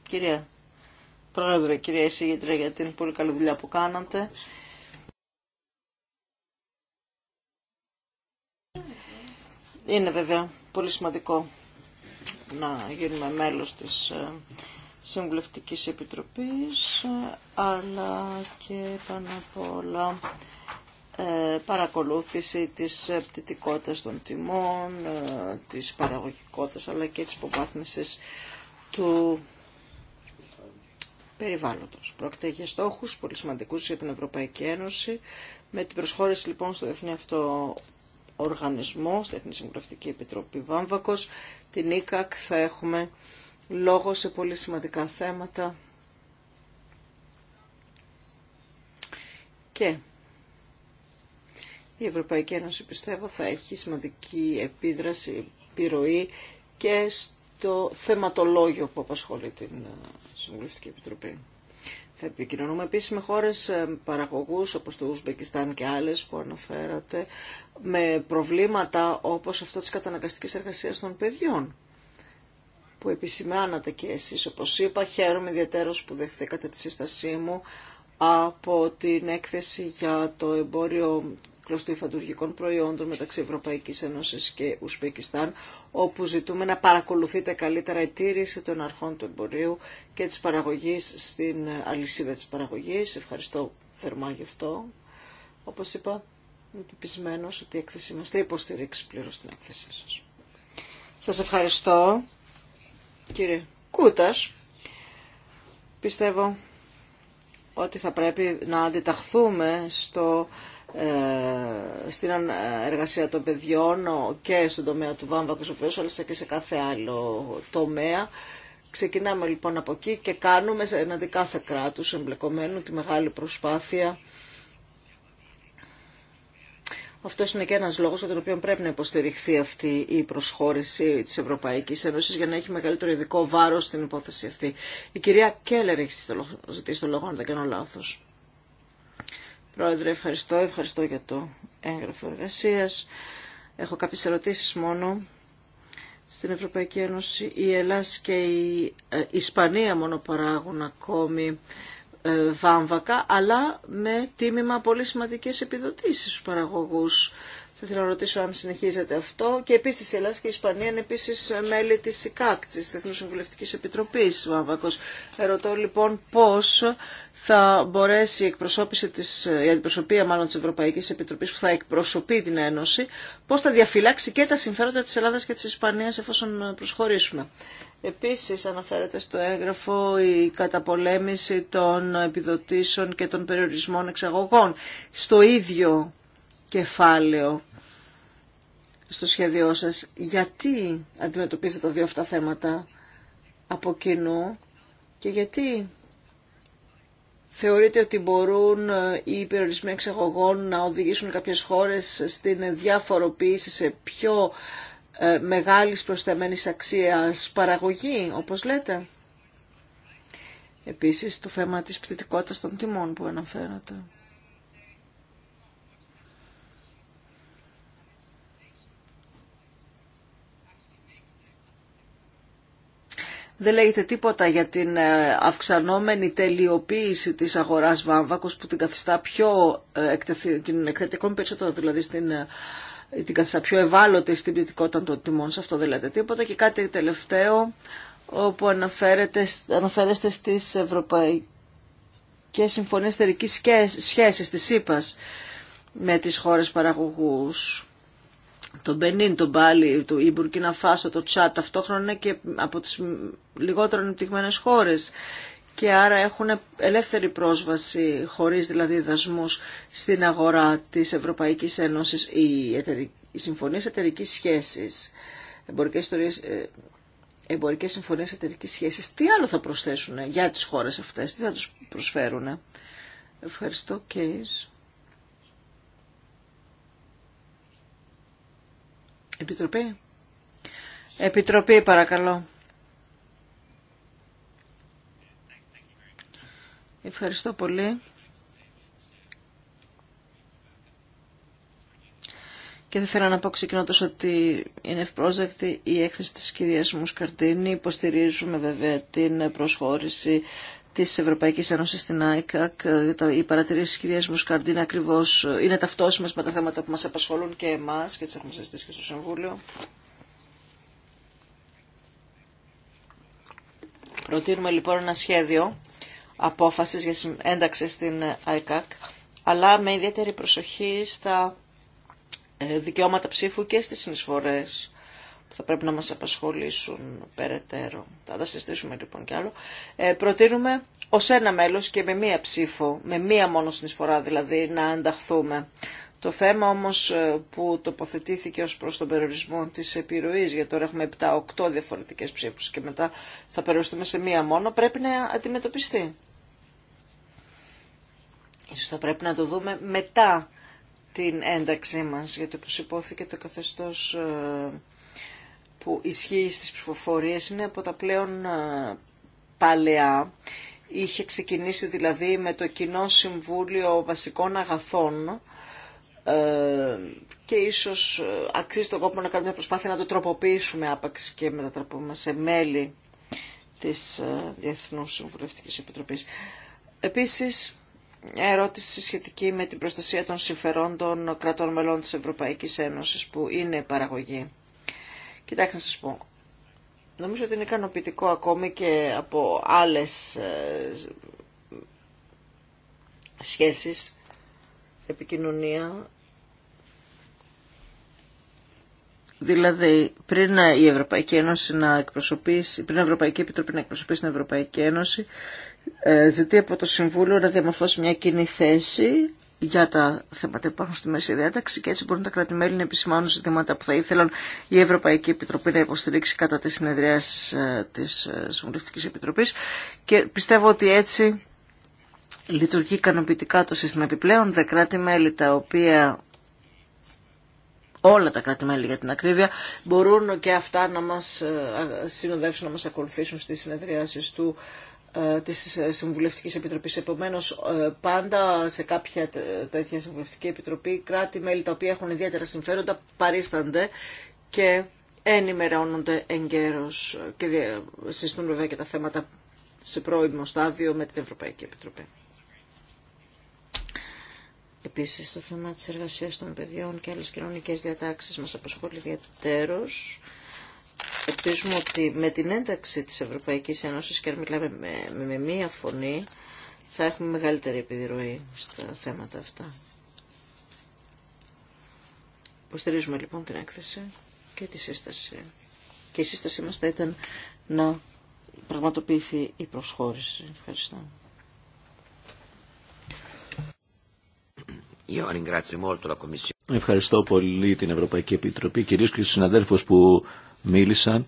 κυρία Πρόεδρε, κυρία Εισηγήτρια για την πολύ καλή δουλειά που κάνατε. Είναι βέβαια πολύ σημαντικό να γίνουμε μέλος της ε, Συμβουλευτικής Επιτροπής, ε, αλλά και πάνω απ' όλα ε, παρακολούθηση της πτυτικότητας των τιμών, της παραγωγικότητας, αλλά και της υποβάθμισης του περιβάλλοντος. Πρόκειται για στόχους πολύ σημαντικούς για την Ευρωπαϊκή Ένωση. Με την προσχώρηση λοιπόν στο Εθνικό αυτό οργανισμό, στην Εθνική Συμβουλευτική Επιτροπή Βάμβακος, την ΙΚΑΚ, θα έχουμε λόγο σε πολύ σημαντικά θέματα. Και η Ευρωπαϊκή Ένωση, πιστεύω, θα έχει σημαντική επίδραση, επιρροή και στο θεματολόγιο που απασχολεί την ε, Συμβουλευτική Επιτροπή. Θα επικοινωνούμε επίσης με χώρες ε, παραγωγούς όπως το Ουσμπεκιστάν και άλλες που αναφέρατε, με προβλήματα όπως αυτό της καταναγκαστικής εργασίας των παιδιών που επισημάνατε και εσείς. Όπως είπα, χαίρομαι ιδιαίτερως που δεχθήκατε τη σύστασή μου από την έκθεση για το εμπόριο κλωστοϊφαντουργικών προϊόντων μεταξύ Ευρωπαϊκής Ένωσης και Ουσπεκιστάν, όπου ζητούμε να παρακολουθείτε καλύτερα η τήρηση των αρχών του εμπορίου και της παραγωγής στην αλυσίδα της παραγωγής. Ευχαριστώ θερμά γι' αυτό. Όπως είπα, είμαι πεπισμένος ότι η έκθεση μας θα υποστηρίξει πλήρως την έκθεσή σας. Σας ευχαριστώ, κύριε Κούτας. Πιστεύω ότι θα πρέπει να αντιταχθούμε στο ε, στην εργασία των παιδιών και στον τομέα του βάμβακου αλλά και σε κάθε άλλο τομέα. Ξεκινάμε λοιπόν από εκεί και κάνουμε εναντί κάθε κράτους εμπλεκομένου τη μεγάλη προσπάθεια. Αυτό είναι και ένας λόγος για τον οποίο πρέπει να υποστηριχθεί αυτή η προσχώρηση της Ευρωπαϊκής Ένωσης για να έχει μεγαλύτερο ειδικό βάρος στην υπόθεση αυτή. Η κυρία Κέλλερ έχει ζητήσει το λόγο, αν δεν κάνω λάθος. Πρόεδρε, ευχαριστώ. Ευχαριστώ για το έγγραφο εργασία. Έχω κάποιες ερωτήσεις μόνο. Στην Ευρωπαϊκή Ένωση η Ελλάς και η ε, Ισπανία μόνο παράγουν ακόμη ε, βάμβακα, αλλά με τίμημα πολύ σημαντικές επιδοτήσεις στους παραγωγούς θα ήθελα να ρωτήσω αν συνεχίζεται αυτό. Και επίση η Ελλάδα και η Ισπανία είναι επίση μέλη τη ΙΚΑΚ, τη Διεθνού Συμβουλευτική Επιτροπή Βάμβακο. Ρωτώ λοιπόν πώ θα μπορέσει η εκπροσώπηση της, η αντιπροσωπεία μάλλον τη Ευρωπαϊκή Επιτροπή που θα εκπροσωπεί την Ένωση, πώ θα διαφυλάξει και τα συμφέροντα τη Ελλάδα και τη Ισπανία εφόσον προσχωρήσουμε. Επίση, αναφέρεται στο έγγραφο η καταπολέμηση των επιδοτήσεων και των περιορισμών εξαγωγών. Στο ίδιο κεφάλαιο στο σχέδιό σας γιατί αντιμετωπίζετε τα δύο αυτά θέματα από κοινού και γιατί θεωρείτε ότι μπορούν ε, οι περιορισμοί εξαγωγών να οδηγήσουν κάποιες χώρες στην διαφοροποίηση σε πιο ε, μεγάλης προσθεμένης αξίας παραγωγή, όπως λέτε. Επίσης, το θέμα της πτυτικότητας των τιμών που αναφέρατε. Δεν λέγεται τίποτα για την ε, αυξανόμενη τελειοποίηση της αγοράς βάμβακος που την καθιστά πιο ε, την εκθέτει περισσότερο, δηλαδή στην, ε, την καθιστά πιο ευάλωτη στην ποιοτικότητα των τιμών. Σε αυτό δεν λέτε τίποτα. Και κάτι τελευταίο όπου αναφέρεται, αναφέρεστε στις ευρωπαϊκές συμφωνίες θερικής σχέσης της ΕΕ με τις χώρες παραγωγούς το Μπενίν, τον Μπάλι, το και να Φάσο, το Τσάτ, ταυτόχρονα και από τις λιγότερο ανεπτυγμένες χώρες και άρα έχουν ελεύθερη πρόσβαση, χωρίς δηλαδή δασμούς, στην αγορά της Ευρωπαϊκής Ένωσης οι, Συμφωνίε οι συμφωνίες εταιρικής σχέσης, εμπορικές, ιστορίες, ε, εμπορικές συμφωνίες εταιρικής σχέσης. Τι άλλο θα προσθέσουν για τις χώρες αυτές, τι θα τους προσφέρουν. Ευχαριστώ, Κέις. Επιτροπή. Επιτροπή παρακαλώ. Ευχαριστώ πολύ. Και θα ήθελα να πω ξεκινώντας ότι είναι ευπρόσδεκτη η έκθεση της κυρίας Μουσκαρτίνη. Υποστηρίζουμε βέβαια την προσχώρηση της Ευρωπαϊκής Ένωσης στην ΆΙΚΑΚ. Οι παρατηρήσει τη κυρίας Μουσκαρντή είναι ακριβώς, είναι ταυτόσιμες με τα θέματα που μας απασχολούν και εμάς και τι έχουμε συζητήσει και στο Συμβούλιο. Προτείνουμε λοιπόν ένα σχέδιο απόφασης για ένταξη στην ΆΙΚΑΚ, αλλά με ιδιαίτερη προσοχή στα ε, δικαιώματα ψήφου και στις συνεισφορές θα πρέπει να μας απασχολήσουν περαιτέρω. Θα τα συστήσουμε λοιπόν κι άλλο. Ε, προτείνουμε ως ένα μέλος και με μία ψήφο, με μία μόνο συνεισφορά δηλαδή, να ενταχθούμε. Το θέμα όμως ε, που τοποθετήθηκε ως προς τον περιορισμό της επιρροής, γιατί τώρα έχουμε 7-8 διαφορετικές ψήφους και μετά θα περιοριστούμε σε μία μόνο, πρέπει να αντιμετωπιστεί. Ίσως θα πρέπει να το δούμε μετά την ένταξή μας, γιατί όπως υπόθηκε το καθεστώς ε, που ισχύει στις ψηφοφορίες είναι από τα πλέον ε, παλαιά. Είχε ξεκινήσει δηλαδή με το Κοινό Συμβούλιο Βασικών Αγαθών ε, και ίσως ε, αξίζει τον κόπο να κάνουμε μια προσπάθεια να το τροποποιήσουμε άπαξ και μετατραπούμε σε μέλη της Διεθνούς Συμβουλευτικής Επιτροπής. Επίσης, μια ερώτηση σχετική με την προστασία των συμφερόντων κρατών μελών της Ευρωπαϊκής Ένωσης που είναι παραγωγή Κοιτάξτε να σας πω. Νομίζω ότι είναι ικανοποιητικό ακόμη και από άλλες ε, σχέσεις, επικοινωνία. Δηλαδή, πριν ε, η Ευρωπαϊκή Ένωση να εκπροσωπήσει, πριν η Ευρωπαϊκή Επιτροπή να εκπροσωπήσει την Ευρωπαϊκή Ένωση, ε, ζητεί από το Συμβούλιο να διαμορφώσει μια κοινή θέση για τα θέματα που υπάρχουν στη μέση διάταξη και έτσι μπορούν τα κράτη-μέλη να επισημάνουν ζητήματα που θα ήθελαν η Ευρωπαϊκή Επιτροπή να υποστηρίξει κατά τη συνεδρία ε, της ε, Συμβουλευτικής Επιτροπής και πιστεύω ότι έτσι λειτουργεί ικανοποιητικά το σύστημα επιπλέον. Τα κράτη-μέλη τα οποία όλα τα κράτη-μέλη για την ακρίβεια μπορούν και αυτά να μας ε, συνοδεύσουν, να μας ακολουθήσουν στις συνεδριάσεις του ε, Τη συμβουλευτική επιτροπή. Επομένω, ε, πάντα σε κάποια τέτοια Συμβουλευτική Επιτροπή, κράτη-μέλη τα οποία έχουν ιδιαίτερα συμφέροντα παρίστανται και ενημερώνονται εγκαίρω και συζητούν βέβαια και τα θέματα σε πρώιμο στάδιο με την Ευρωπαϊκή Επιτροπή. Επίσης, το θέμα της εργασίας των παιδιών και άλλε κοινωνικέ διατάξει μα απασχολεί ιδιαίτερω. Ελπίζουμε ότι με την ένταξη της Ευρωπαϊκής Ένωσης και αν μιλάμε με, με, μία φωνή θα έχουμε μεγαλύτερη επιρροή στα θέματα αυτά. Υποστηρίζουμε λοιπόν την έκθεση και τη σύσταση. Και η σύστασή μας θα ήταν να πραγματοποιηθεί η προσχώρηση. Ευχαριστώ. Ευχαριστώ πολύ την Ευρωπαϊκή Επιτροπή, κυρίως και τους συναδέλφους που μίλησαν.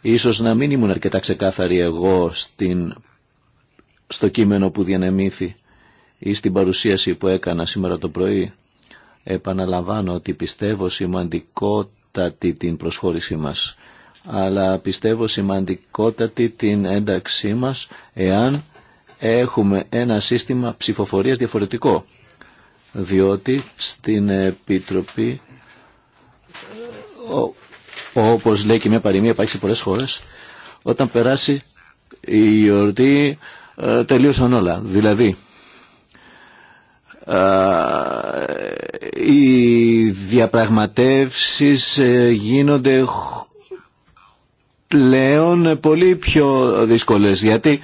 Ίσως να μην ήμουν αρκετά ξεκάθαρη εγώ στην, στο κείμενο που διανεμήθη ή στην παρουσίαση που έκανα σήμερα το πρωί. Επαναλαμβάνω ότι πιστεύω σημαντικότατη την προσχώρησή μας, αλλά πιστεύω σημαντικότατη την ένταξή μας εάν έχουμε ένα σύστημα ψηφοφορίας διαφορετικό, διότι στην Επιτροπή Όπω λέει και μια παροιμία υπάρχει σε πολλές όταν περάσει η γιορτή ε, τελείωσαν όλα. Δηλαδή, ε, οι διαπραγματεύσεις ε, γίνονται πλέον πολύ πιο δύσκολες, γιατί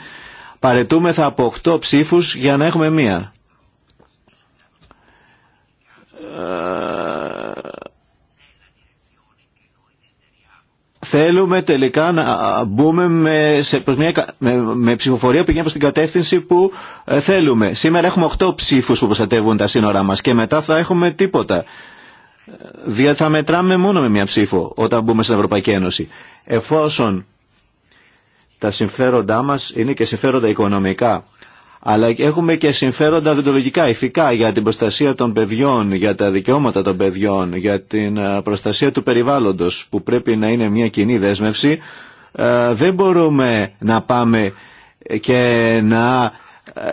παρετούμεθα από 8 ψήφους για να έχουμε μία. θέλουμε τελικά να μπούμε με, σε, με, με ψηφοφορία που πηγαίνει προς την κατεύθυνση που ε, θέλουμε. Σήμερα έχουμε 8 ψήφους που προστατεύουν τα σύνορά μας και μετά θα έχουμε τίποτα. Διότι θα μετράμε μόνο με μια ψήφο όταν μπούμε στην Ευρωπαϊκή Ένωση. Εφόσον τα συμφέροντά μας είναι και συμφέροντα οικονομικά αλλά έχουμε και συμφέροντα διοντολογικά, ηθικά για την προστασία των παιδιών, για τα δικαιώματα των παιδιών, για την ε, προστασία του περιβάλλοντος που πρέπει να είναι μια κοινή δέσμευση. Ε, δεν μπορούμε να πάμε και να,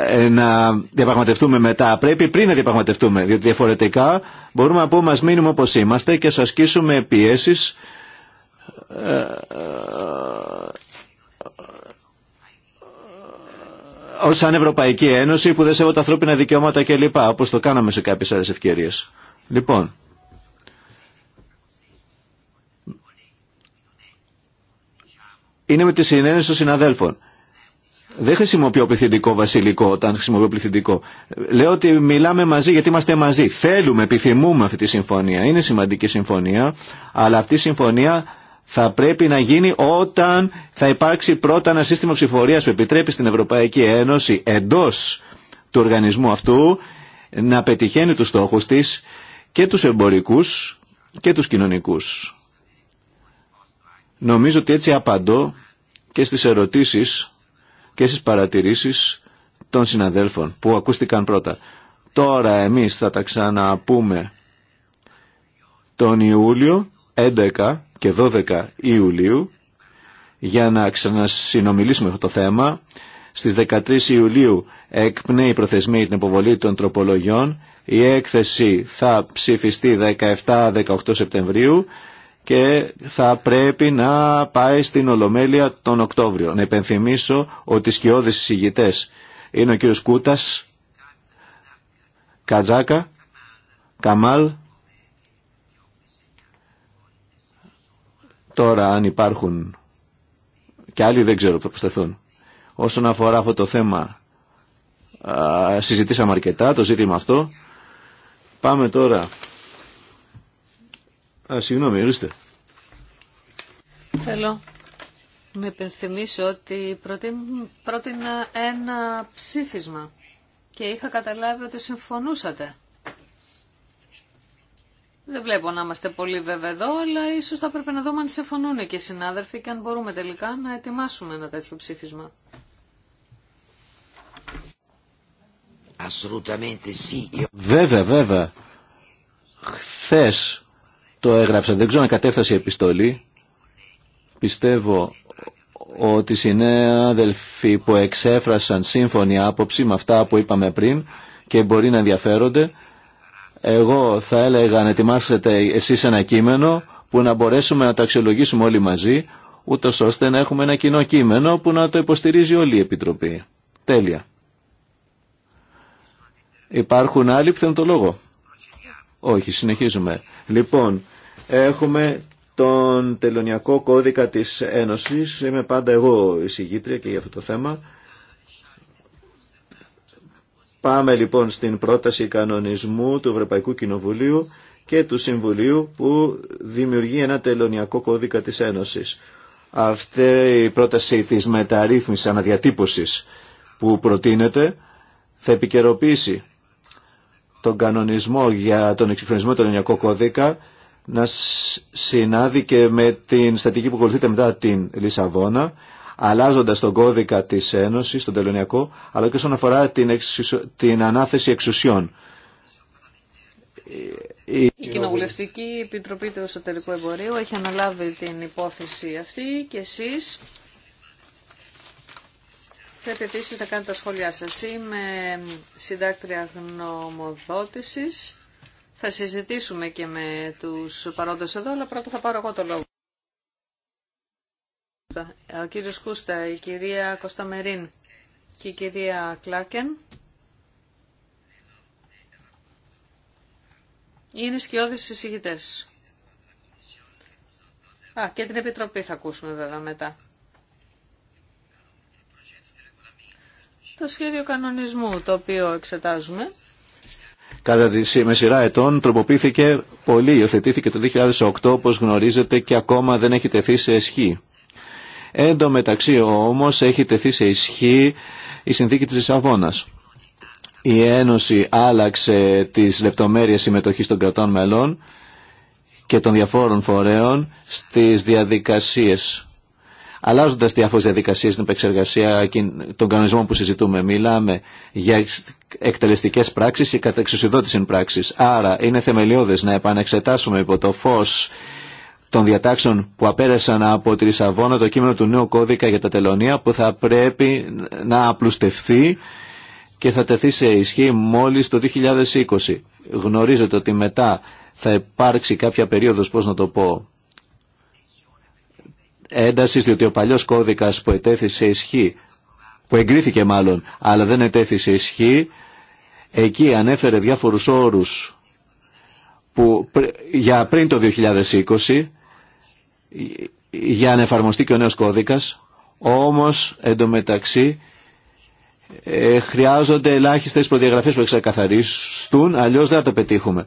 ε, να διαπραγματευτούμε μετά. Πρέπει πριν να διαπραγματευτούμε, διότι διαφορετικά μπορούμε να πούμε μας μείνουμε όπως είμαστε και σας ασκήσουμε πιέσεις Ω σαν Ευρωπαϊκή Ένωση που δεν σέβονται ανθρώπινα δικαιώματα κλπ. Όπως το κάναμε σε κάποιες άλλε ευκαιρίες. Λοιπόν, είναι με τη συνένεση των συναδέλφων. Δεν χρησιμοποιώ πληθυντικό βασιλικό όταν χρησιμοποιώ πληθυντικό. Λέω ότι μιλάμε μαζί γιατί είμαστε μαζί. Θέλουμε, επιθυμούμε αυτή τη συμφωνία. Είναι σημαντική συμφωνία, αλλά αυτή η συμφωνία θα πρέπει να γίνει όταν θα υπάρξει πρώτα ένα σύστημα ψηφορίας που επιτρέπει στην Ευρωπαϊκή Ένωση εντός του οργανισμού αυτού να πετυχαίνει τους στόχους της και τους εμπορικούς και τους κοινωνικούς. Νομίζω ότι έτσι απαντώ και στις ερωτήσεις και στις παρατηρήσεις των συναδέλφων που ακούστηκαν πρώτα. Τώρα εμείς θα τα ξαναπούμε τον Ιούλιο 11 και 12 Ιουλίου για να ξανασυνομιλήσουμε αυτό το θέμα. Στις 13 Ιουλίου εκπνέει η προθεσμία την υποβολή των τροπολογιών. Η έκθεση θα ψηφιστεί 17-18 Σεπτεμβρίου και θα πρέπει να πάει στην Ολομέλεια τον Οκτώβριο. Να υπενθυμίσω ότι οι σκιώδεις συγητές είναι ο κύριος Κούτας, Κατζάκα, Καμάλ, Τώρα αν υπάρχουν και άλλοι δεν ξέρω που θα προσθεθούν. Όσον αφορά αυτό το θέμα συζητήσαμε αρκετά το ζήτημα αυτό. Πάμε τώρα. Α, συγγνώμη, ορίστε. Θέλω να υπενθυμίσω ότι πρότεινα ένα ψήφισμα και είχα καταλάβει ότι συμφωνούσατε. Δεν βλέπω να είμαστε πολύ βέβαια εδώ, αλλά ίσως θα πρέπει να δούμε αν συμφωνούν και οι συνάδελφοι και αν μπορούμε τελικά να ετοιμάσουμε ένα τέτοιο ψήφισμα. Βέβαια, βέβαια. Χθε το έγραψα, δεν ξέρω αν κατέφτασε η επιστολή. Πιστεύω ότι οι συνάδελφοι που εξέφρασαν σύμφωνη άποψη με αυτά που είπαμε πριν και μπορεί να ενδιαφέρονται, εγώ θα έλεγα να ετοιμάσετε εσείς ένα κείμενο που να μπορέσουμε να το αξιολογήσουμε όλοι μαζί, ούτω ώστε να έχουμε ένα κοινό κείμενο που να το υποστηρίζει όλη η Επιτροπή. Τέλεια. Υπάρχουν άλλοι που το λόγο. Όχι, συνεχίζουμε. Λοιπόν, έχουμε τον τελωνιακό κώδικα της Ένωσης. Είμαι πάντα εγώ εισηγήτρια και για αυτό το θέμα. Πάμε λοιπόν στην πρόταση κανονισμού του Ευρωπαϊκού Κοινοβουλίου και του Συμβουλίου που δημιουργεί ένα τελωνιακό κώδικα της Ένωσης. Αυτή η πρόταση της μεταρρύθμισης αναδιατύπωσης που προτείνεται θα επικαιροποιήσει τον κανονισμό για τον εξυγχρονισμό του κώδικα να συνάδει και με την στατική που ακολουθείται μετά την Λισαβόνα αλλάζοντα τον κώδικα τη Ένωση, τον τελωνιακό, αλλά και όσον αφορά την, την ανάθεση εξουσιών. Η, η Κοινοβουλευτική Επιτροπή του Εσωτερικού Εμπορίου έχει αναλάβει την υπόθεση αυτή και εσείς πρέπει επίση να κάνετε τα σχόλιά σα. Είμαι συντάκτρια γνωμοδότησης. Θα συζητήσουμε και με τους παρόντες εδώ, αλλά πρώτα θα πάρω εγώ το λόγο ο η κυρία Κωνσταμερίν και η κυρία Κλάκεν. Είναι σκιώδεις συζητητές. Α, και την Επιτροπή θα ακούσουμε βέβαια μετά. Το σχέδιο κανονισμού το οποίο εξετάζουμε. Κατά τη σειρά ετών τροποποιήθηκε πολύ, υιοθετήθηκε το 2008 όπως γνωρίζετε και ακόμα δεν έχει τεθεί σε ισχύ. Εν τω μεταξύ όμως έχει τεθεί σε ισχύ η συνθήκη της Λισαβόνα. Η Ένωση άλλαξε τις λεπτομέρειες συμμετοχής των κρατών μελών και των διαφόρων φορέων στις διαδικασίες. Αλλάζοντας διάφορες διαδικασίες στην επεξεργασία των κανονισμών που συζητούμε, μιλάμε για εκτελεστικές πράξεις ή κατεξουσιδότηση πράξεις. Άρα είναι θεμελιώδες να επανεξετάσουμε υπό το φως των διατάξεων που απέρασαν από τη Λισαβόνα το κείμενο του νέου κώδικα για τα τελωνία που θα πρέπει να απλουστευθεί και θα τεθεί σε ισχύ μόλις το 2020. Γνωρίζετε ότι μετά θα υπάρξει κάποια περίοδος, πώς να το πω, έντασης, διότι ο παλιός κώδικας που ετέθη σε ισχύ, που εγκρίθηκε μάλλον, αλλά δεν ετέθη σε ισχύ, εκεί ανέφερε διάφορους όρους που, για πριν το 2020 για να εφαρμοστεί και ο νέος κώδικας, όμως εντωμεταξύ ε, χρειάζονται ελάχιστες προδιαγραφές που εξακαθαρίστούν, αλλιώς δεν θα το πετύχουμε.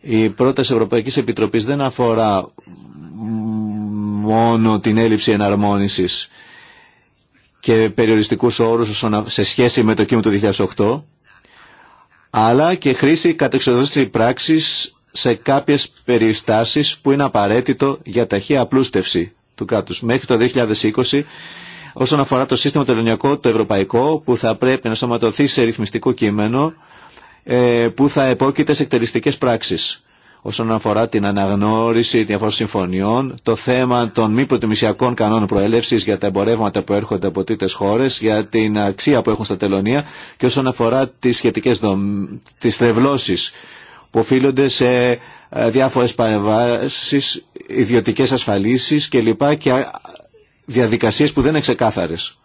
Η πρόταση Ευρωπαϊκής Επιτροπής δεν αφορά μόνο την έλλειψη εναρμόνισης και περιοριστικούς όρους σε σχέση με το κείμενο του 2008, αλλά και χρήση κατεξοδότηση πράξης σε κάποιες περιστάσεις που είναι απαραίτητο για ταχεία απλούστευση του κράτους. Μέχρι το 2020 όσον αφορά το σύστημα το το ευρωπαϊκό, που θα πρέπει να σωματωθεί σε ρυθμιστικό κείμενο, ε, που θα επόκειται σε εκτελεστικές πράξεις όσον αφορά την αναγνώριση διαφόρων συμφωνιών, το θέμα των μη προτιμησιακών κανόνων προέλευση για τα εμπορεύματα που έρχονται από τρίτε χώρε, για την αξία που έχουν στα τελωνία και όσον αφορά τι σχετικέ δομ που οφείλονται σε ε, διάφορες παρεμβάσεις, ιδιωτικές ασφαλίσεις κλπ. και διαδικασίες που δεν είναι ξεκάθαρες.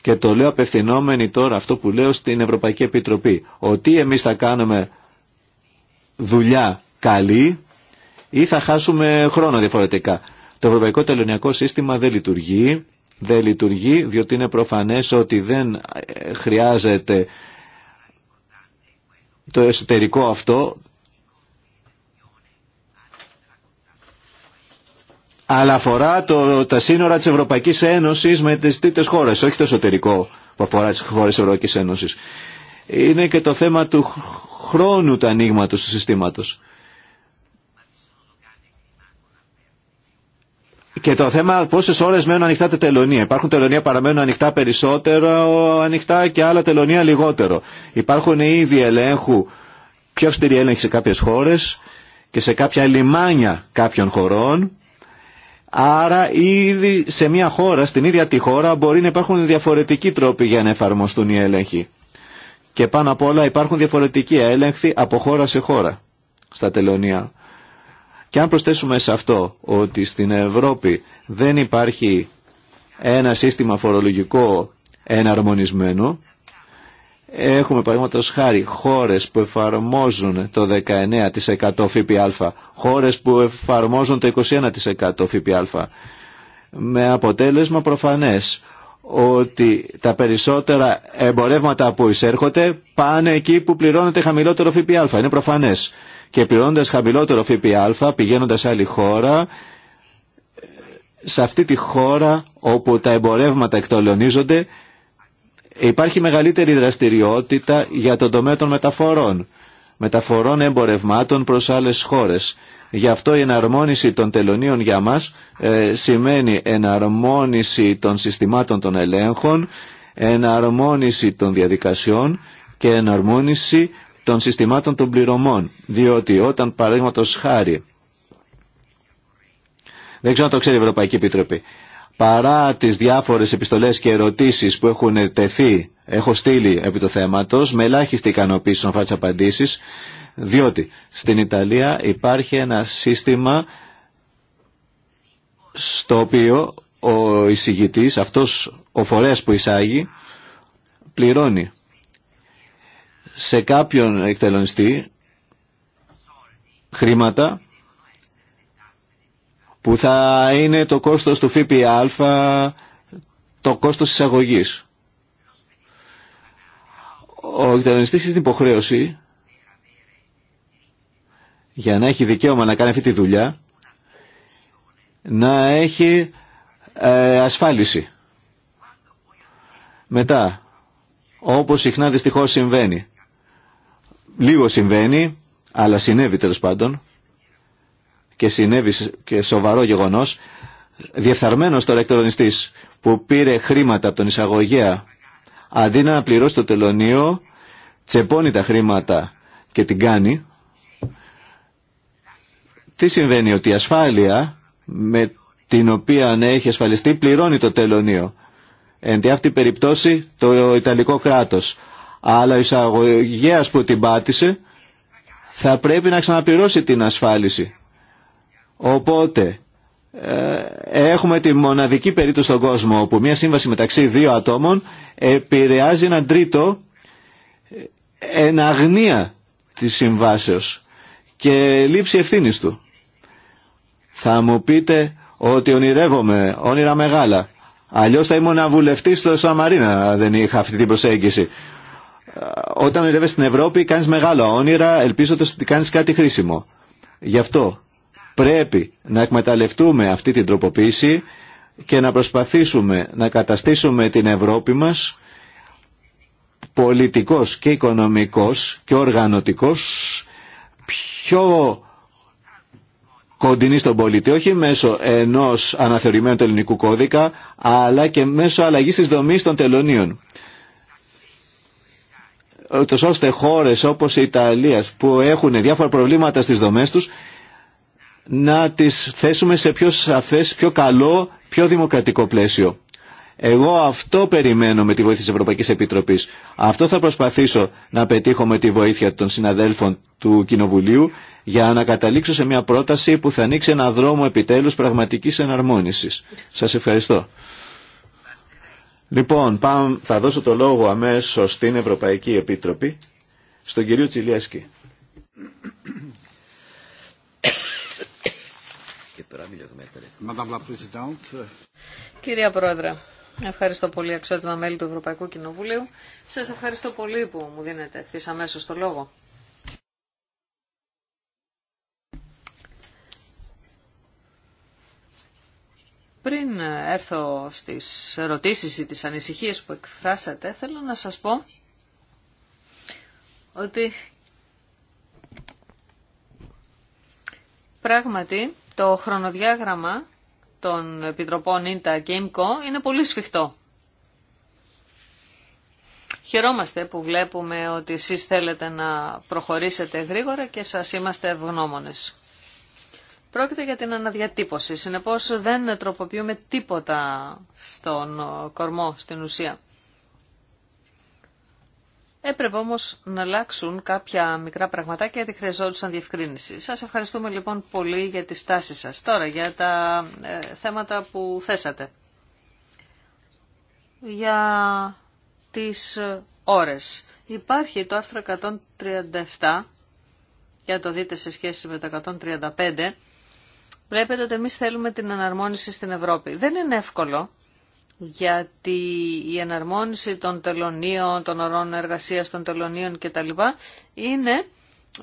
Και το λέω απευθυνόμενοι τώρα αυτό που λέω στην Ευρωπαϊκή Επιτροπή. Ότι εμείς θα κάνουμε δουλειά καλή ή θα χάσουμε χρόνο διαφορετικά. Το Ευρωπαϊκό Τελωνιακό Σύστημα δεν λειτουργεί. Δεν λειτουργεί διότι είναι προφανές ότι δεν ε, χρειάζεται το εσωτερικό αυτό αλλά αφορά το, τα σύνορα της Ευρωπαϊκής Ένωσης με τις τρίτες χώρες, όχι το εσωτερικό που αφορά τις χώρες της Ευρωπαϊκής Ένωσης. Είναι και το θέμα του χρόνου του ανοίγματος του συστήματος. Και το θέμα πόσε ώρε μένουν ανοιχτά τα τελωνία. Υπάρχουν τελωνία που παραμένουν ανοιχτά περισσότερο, ανοιχτά και άλλα τελωνία λιγότερο. Υπάρχουν ήδη ελέγχου, πιο αυστηρή έλεγχη σε κάποιε χώρε και σε κάποια λιμάνια κάποιων χωρών. Άρα ήδη σε μια χώρα, στην ίδια τη χώρα, μπορεί να υπάρχουν διαφορετικοί τρόποι για να εφαρμοστούν οι έλεγχοι. Και πάνω απ' όλα υπάρχουν διαφορετικοί έλεγχοι από χώρα σε χώρα στα τελωνία. Και αν προσθέσουμε σε αυτό ότι στην Ευρώπη δεν υπάρχει ένα σύστημα φορολογικό εναρμονισμένο, Έχουμε παραδείγματο χάρη χώρες που εφαρμόζουν το 19% ΦΠΑ, χώρες που εφαρμόζουν το 21% ΦΠΑ. Με αποτέλεσμα προφανές ότι τα περισσότερα εμπορεύματα που εισέρχονται πάνε εκεί που πληρώνεται χαμηλότερο ΦΠΑ. Είναι προφανές και πληρώνοντα χαμηλότερο ΦΠΑ πηγαίνοντας σε άλλη χώρα σε αυτή τη χώρα όπου τα εμπορεύματα εκτολονίζονται, υπάρχει μεγαλύτερη δραστηριότητα για τον τομέα των μεταφορών μεταφορών εμπορευμάτων προς άλλες χώρες. Γι' αυτό η εναρμόνιση των τελωνίων για μας ε, σημαίνει εναρμόνιση των συστημάτων των ελέγχων, εναρμόνιση των διαδικασιών και εναρμόνιση των συστημάτων των πληρωμών. Διότι όταν παραδείγματο χάρη, δεν ξέρω αν το ξέρει η Ευρωπαϊκή Επιτροπή, παρά τις διάφορες επιστολές και ερωτήσεις που έχουν τεθεί, έχω στείλει επί το θέματος, με ελάχιστη ικανοποίηση στον φάτσα απαντήσεις, διότι στην Ιταλία υπάρχει ένα σύστημα στο οποίο ο εισηγητής, αυτός ο φορέας που εισάγει, πληρώνει σε κάποιον εκτελονιστή χρήματα που θα είναι το κόστος του ΦΠΑ, το κόστος εισαγωγής. Ο εκτελονιστής έχει την υποχρέωση για να έχει δικαίωμα να κάνει αυτή τη δουλειά να έχει ε, ασφάλιση. Μετά, όπως συχνά δυστυχώς συμβαίνει, Λίγο συμβαίνει, αλλά συνέβη τέλο πάντων και συνέβη και σοβαρό γεγονός, Διεφθαρμένο τώρα εκτελονιστή που πήρε χρήματα από τον εισαγωγέα, αντί να πληρώσει το τελωνίο, τσεπώνει τα χρήματα και την κάνει. Τι συμβαίνει, ότι η ασφάλεια με την οποία να έχει ασφαλιστεί πληρώνει το τελωνίο. Εν αυτή περιπτώσει το Ιταλικό κράτος αλλά ο εισαγωγέας που την πάτησε θα πρέπει να ξαναπληρώσει την ασφάλιση. Οπότε ε, έχουμε τη μοναδική περίπτωση στον κόσμο όπου μια σύμβαση μεταξύ δύο ατόμων επηρεάζει έναν τρίτο ε, εν αγνία της συμβάσεως και λήψη ευθύνης του. Θα μου πείτε ότι ονειρεύομαι, όνειρα μεγάλα. Αλλιώς θα ήμουν βουλευτή στο Σαμαρίνα, δεν είχα αυτή την προσέγγιση όταν ονειρεύεσαι στην Ευρώπη κάνεις μεγάλα όνειρα ελπίζοντας ότι κάνεις κάτι χρήσιμο. Γι' αυτό πρέπει να εκμεταλλευτούμε αυτή την τροποποίηση και να προσπαθήσουμε να καταστήσουμε την Ευρώπη μας πολιτικός και οικονομικός και οργανωτικός πιο κοντινή στον πολίτη, όχι μέσω ενός αναθεωρημένου ελληνικού κώδικα, αλλά και μέσω αλλαγής της δομής των τελωνίων. Ε, ώστε χώρες όπως η Ιταλία που έχουν διάφορα προβλήματα στις δομές τους να τις θέσουμε σε πιο σαφές, πιο καλό, πιο δημοκρατικό πλαίσιο. Εγώ αυτό περιμένω με τη βοήθεια της Ευρωπαϊκής Επιτροπής. Αυτό θα προσπαθήσω να πετύχω με τη βοήθεια των συναδέλφων του Κοινοβουλίου για να καταλήξω σε μια πρόταση που θα ανοίξει ένα δρόμο επιτέλους πραγματικής εναρμόνισης. Σας ευχαριστώ. Λοιπόν, πάμε, θα δώσω το λόγο αμέσως στην Ευρωπαϊκή Επίτροπη, στον κύριο Τσιλιασκή. Κυρία Πρόεδρε, ευχαριστώ πολύ αξιότιμα μέλη του Ευρωπαϊκού Κοινοβουλίου. Σας ευχαριστώ πολύ που μου δίνετε ευθύ αμέσως το λόγο. Πριν έρθω στις ερωτήσεις ή τις ανησυχίες που εκφράσατε, θέλω να σας πω ότι πράγματι το χρονοδιάγραμμα των Επιτροπών Ίντα και ΙΜΚΟ είναι πολύ σφιχτό. Χαιρόμαστε που βλέπουμε ότι εσείς θέλετε να προχωρήσετε γρήγορα και σας είμαστε ευγνώμονες. Πρόκειται για την αναδιατύπωση. Συνεπώ δεν τροποποιούμε τίποτα στον ε, κορμό, στην ουσία. Έπρεπε όμως να αλλάξουν κάποια μικρά πραγματάκια γιατί χρειαζόντουσαν διευκρίνηση. Σας ευχαριστούμε λοιπόν πολύ για τη στάση σας. Τώρα για τα ε, θέματα που θέσατε. Για τις ώρες. Υπάρχει το άρθρο 137, για το δείτε σε σχέση με το 135, Βλέπετε ότι εμεί θέλουμε την εναρμόνιση στην Ευρώπη. Δεν είναι εύκολο, γιατί η εναρμόνιση των τελωνίων, των ορών εργασία των τελωνίων κτλ. είναι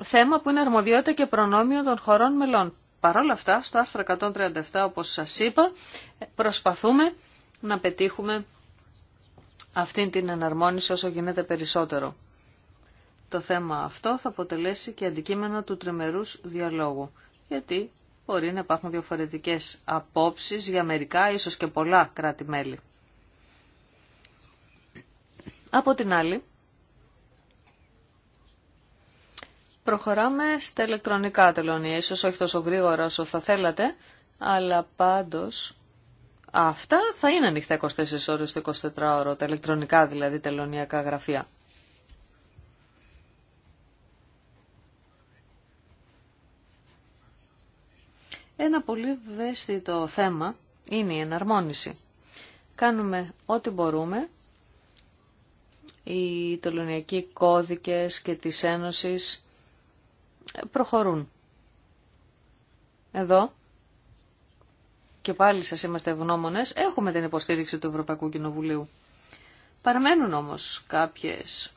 θέμα που είναι αρμοδιότητα και προνόμιο των χωρών μελών. Παρ' όλα αυτά, στο άρθρο 137, όπως σας είπα, προσπαθούμε να πετύχουμε αυτήν την εναρμόνιση όσο γίνεται περισσότερο. Το θέμα αυτό θα αποτελέσει και αντικείμενο του τριμερούς διαλόγου, γιατί μπορεί να υπάρχουν διαφορετικές απόψεις για μερικά, ίσως και πολλά κράτη-μέλη. Από την άλλη, προχωράμε στα ηλεκτρονικά τελωνία, ίσως όχι τόσο γρήγορα όσο θα θέλατε, αλλά πάντως αυτά θα είναι ανοιχτά 24 ώρες 24 ώρο, τα ηλεκτρονικά δηλαδή τελωνιακά γραφεία. Ένα πολύ βέστητο θέμα είναι η εναρμόνιση. Κάνουμε ό,τι μπορούμε. Οι τελωνιακοί κώδικες και τις ένωσεις προχωρούν. Εδώ, και πάλι σας είμαστε ευγνώμονες, έχουμε την υποστήριξη του Ευρωπαϊκού Κοινοβουλίου. Παραμένουν όμως κάποιες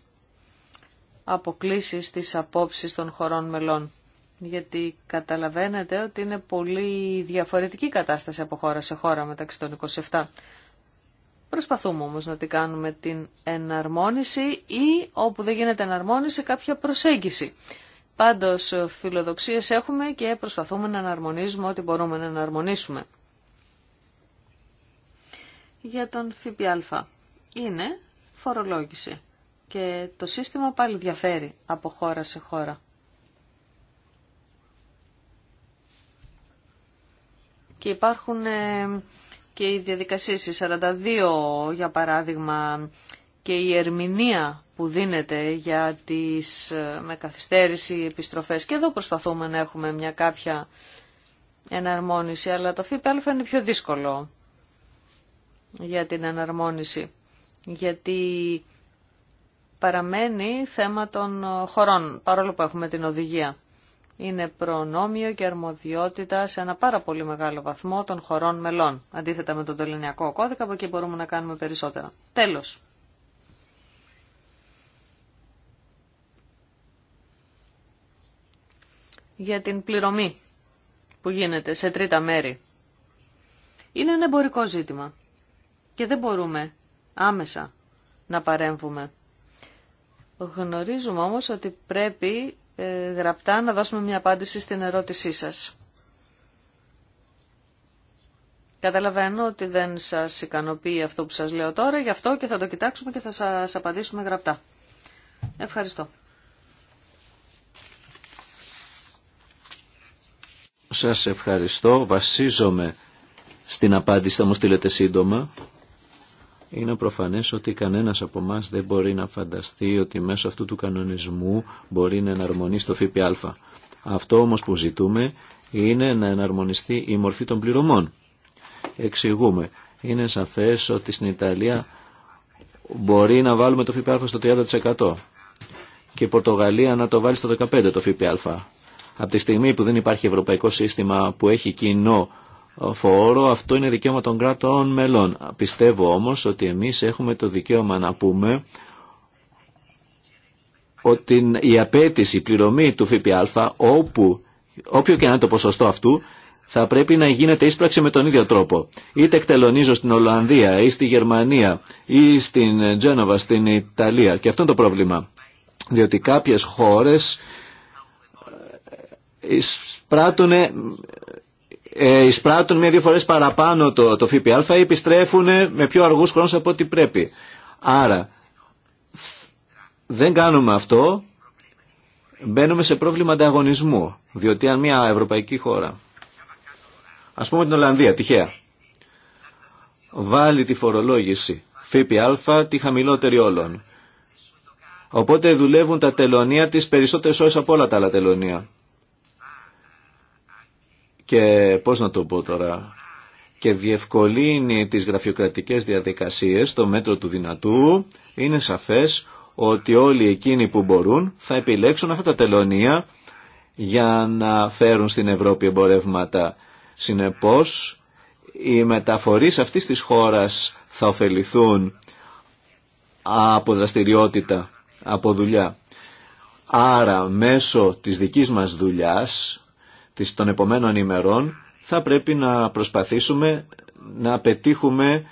αποκλήσεις της απόψης των χωρών μελών γιατί καταλαβαίνετε ότι είναι πολύ διαφορετική κατάσταση από χώρα σε χώρα μεταξύ των 27. Προσπαθούμε όμως να την κάνουμε την εναρμόνιση ή όπου δεν γίνεται εναρμόνιση κάποια προσέγγιση. Πάντως φιλοδοξίες έχουμε και προσπαθούμε να εναρμονίζουμε ό,τι μπορούμε να εναρμονίσουμε. Για τον ΦΠΑ είναι φορολόγηση και το σύστημα πάλι διαφέρει από χώρα σε χώρα. Και υπάρχουν ε, και οι διαδικασίες, 42 για παράδειγμα, και η ερμηνεία που δίνεται για τις ε, με καθυστέρηση επιστροφές. Και εδώ προσπαθούμε να έχουμε μια κάποια εναρμόνιση, αλλά το ΦΠΑ είναι πιο δύσκολο για την εναρμόνιση, γιατί παραμένει θέμα των ε, χωρών, παρόλο που έχουμε την οδηγία είναι προνόμιο και αρμοδιότητα σε ένα πάρα πολύ μεγάλο βαθμό των χωρών μελών. Αντίθετα με τον Τολυνιακό Κώδικα, από εκεί μπορούμε να κάνουμε περισσότερα. Τέλος. Για την πληρωμή που γίνεται σε τρίτα μέρη. Είναι ένα εμπορικό ζήτημα και δεν μπορούμε άμεσα να παρέμβουμε. Γνωρίζουμε όμως ότι πρέπει ε, γραπτά να δώσουμε μια απάντηση στην ερώτησή σας. Καταλαβαίνω ότι δεν σας ικανοποιεί αυτό που σας λέω τώρα, γι' αυτό και θα το κοιτάξουμε και θα σας απαντήσουμε γραπτά. Ευχαριστώ. Σας ευχαριστώ. Βασίζομαι στην απάντηση, θα μου στείλετε σύντομα. Είναι προφανές ότι κανένας από εμά δεν μπορεί να φανταστεί ότι μέσω αυτού του κανονισμού μπορεί να εναρμονίσει το ΦΠΑ. Αυτό όμως που ζητούμε είναι να εναρμονιστεί η μορφή των πληρωμών. Εξηγούμε. Είναι σαφές ότι στην Ιταλία μπορεί να βάλουμε το ΦΠΑ στο 30% και η Πορτογαλία να το βάλει στο 15% το ΦΠΑ. Από τη στιγμή που δεν υπάρχει ευρωπαϊκό σύστημα που έχει κοινό φόρο, αυτό είναι δικαίωμα των κράτων μελών. Πιστεύω όμως ότι εμείς έχουμε το δικαίωμα να πούμε ότι η απέτηση, η πληρωμή του ΦΠΑ, όπου, όποιο και να είναι το ποσοστό αυτού, θα πρέπει να γίνεται ίσπραξη με τον ίδιο τρόπο. Είτε εκτελονίζω στην Ολλανδία ή στη Γερμανία ή στην Τζένοβα, στην Ιταλία. Και αυτό είναι το πρόβλημα. Διότι κάποιες χώρες ε, ε, εισπράττουν ε, εισπράττουν μία-δύο φορές παραπάνω το, το ΦΠΑ ή επιστρέφουν με πιο αργούς χρόνους από ό,τι πρέπει. Άρα, δεν κάνουμε αυτό, μπαίνουμε σε πρόβλημα ανταγωνισμού. Διότι αν μια ευρωπαϊκή χώρα, ας πούμε την Ολλανδία, τυχαία, βάλει τη φορολόγηση ΦΠΑ τη χαμηλότερη όλων. Οπότε δουλεύουν τα τελωνία τις περισσότερες ώρες από όλα τα άλλα τελωνία και πώς να το πω τώρα και διευκολύνει τις γραφειοκρατικές διαδικασίες στο μέτρο του δυνατού είναι σαφές ότι όλοι εκείνοι που μπορούν θα επιλέξουν αυτά τα τελωνία για να φέρουν στην Ευρώπη εμπορεύματα. Συνεπώς, οι μεταφορείς αυτής της χώρας θα ωφεληθούν από δραστηριότητα, από δουλειά. Άρα, μέσω της δικής μας δουλειάς, των επομένων ημερών θα πρέπει να προσπαθήσουμε να πετύχουμε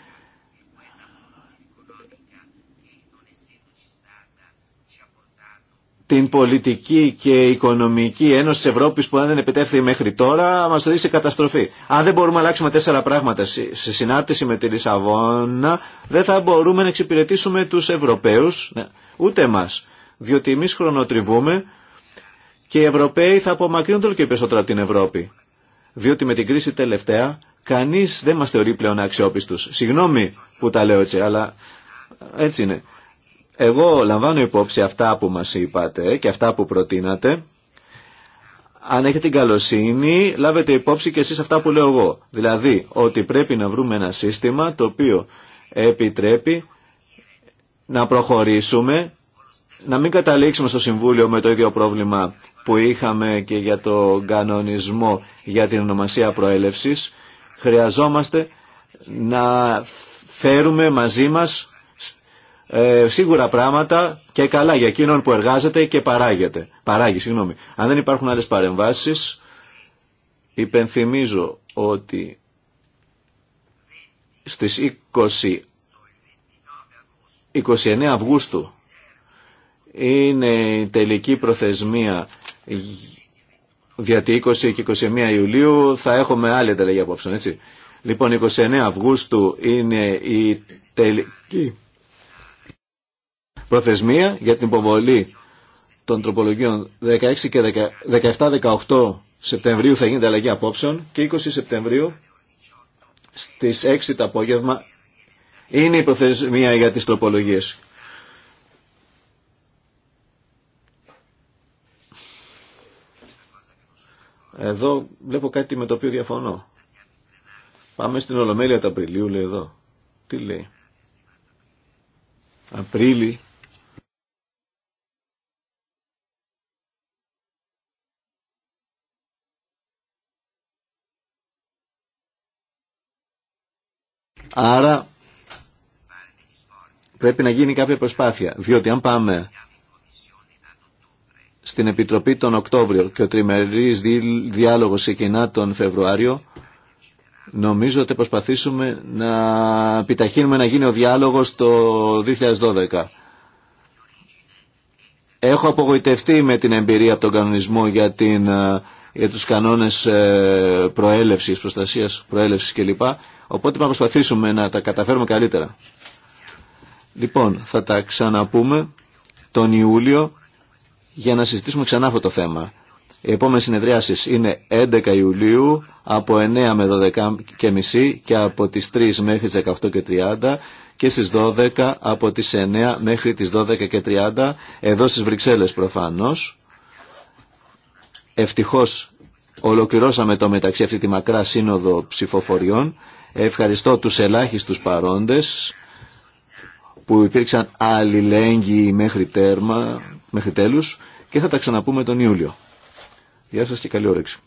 την πολιτική και οικονομική ένωση της Ευρώπης που αν δεν επιτεύχθη μέχρι τώρα μας οδηγεί σε καταστροφή. Αν δεν μπορούμε να αλλάξουμε τέσσερα πράγματα σε συνάρτηση με τη Λισαβόνα δεν θα μπορούμε να εξυπηρετήσουμε τους Ευρωπαίους ναι, ούτε μας. Διότι εμείς χρονοτριβούμε και οι Ευρωπαίοι θα απομακρύνονται όλο και περισσότερο από την Ευρώπη. Διότι με την κρίση τελευταία κανεί δεν μα θεωρεί πλέον αξιόπιστου. Συγγνώμη που τα λέω έτσι, αλλά έτσι είναι. Εγώ λαμβάνω υπόψη αυτά που μας είπατε και αυτά που προτείνατε. Αν έχετε την καλοσύνη, λάβετε υπόψη και εσείς αυτά που λέω εγώ. Δηλαδή, ότι πρέπει να βρούμε ένα σύστημα το οποίο επιτρέπει να προχωρήσουμε να μην καταλήξουμε στο Συμβούλιο με το ίδιο πρόβλημα που είχαμε και για το κανονισμό για την ονομασία προέλευσης. Χρειαζόμαστε να φέρουμε μαζί μας ε, σίγουρα πράγματα και καλά για εκείνον που εργάζεται και παράγεται. Παράγει, συγγνώμη. Αν δεν υπάρχουν άλλες παρεμβάσεις, υπενθυμίζω ότι στις 20, 29 Αυγούστου είναι η τελική προθεσμία γιατί 20 και 21 Ιουλίου θα έχουμε άλλη ανταλλαγή απόψεων, έτσι. Λοιπόν, 29 Αυγούστου είναι η τελική προθεσμία για την υποβολή των τροπολογιών 16 και 17-18 Σεπτεμβρίου θα γίνει ανταλλαγή απόψεων και 20 Σεπτεμβρίου στις 6 το απόγευμα είναι η προθεσμία για τις τροπολογίες. Εδώ βλέπω κάτι με το οποίο διαφωνώ. Πάμε στην Ολομέλεια του Απριλίου, λέει εδώ. Τι λέει. Απρίλη. Άρα πρέπει να γίνει κάποια προσπάθεια. Διότι αν πάμε στην Επιτροπή τον Οκτώβριο και ο τριμερής διάλογος ξεκινά τον Φεβρουάριο, νομίζω ότι προσπαθήσουμε να επιταχύνουμε να γίνει ο διάλογος το 2012. Έχω απογοητευτεί με την εμπειρία από τον κανονισμό για, την, ε, για τους κανόνες ε, προέλευσης, προστασίας προέλευσης κλπ. Οπότε θα προσπαθήσουμε να τα καταφέρουμε καλύτερα. Λοιπόν, θα τα ξαναπούμε τον Ιούλιο για να συζητήσουμε ξανά αυτό το θέμα. Οι επόμενε συνεδριάσει είναι 11 Ιουλίου από 9 με 12 και μισή και από τις 3 μέχρι τις 18 και 30 και στις 12 από τις 9 μέχρι τις 12 και 30 εδώ στις Βρυξέλλες προφανώς. Ευτυχώς ολοκληρώσαμε το μεταξύ αυτή τη μακρά σύνοδο ψηφοφοριών. Ευχαριστώ τους ελάχιστους παρόντες που υπήρξαν αλληλέγγυοι μέχρι τέρμα μέχρι τέλους και θα τα ξαναπούμε τον Ιούλιο. Γεια σας και καλή όρεξη.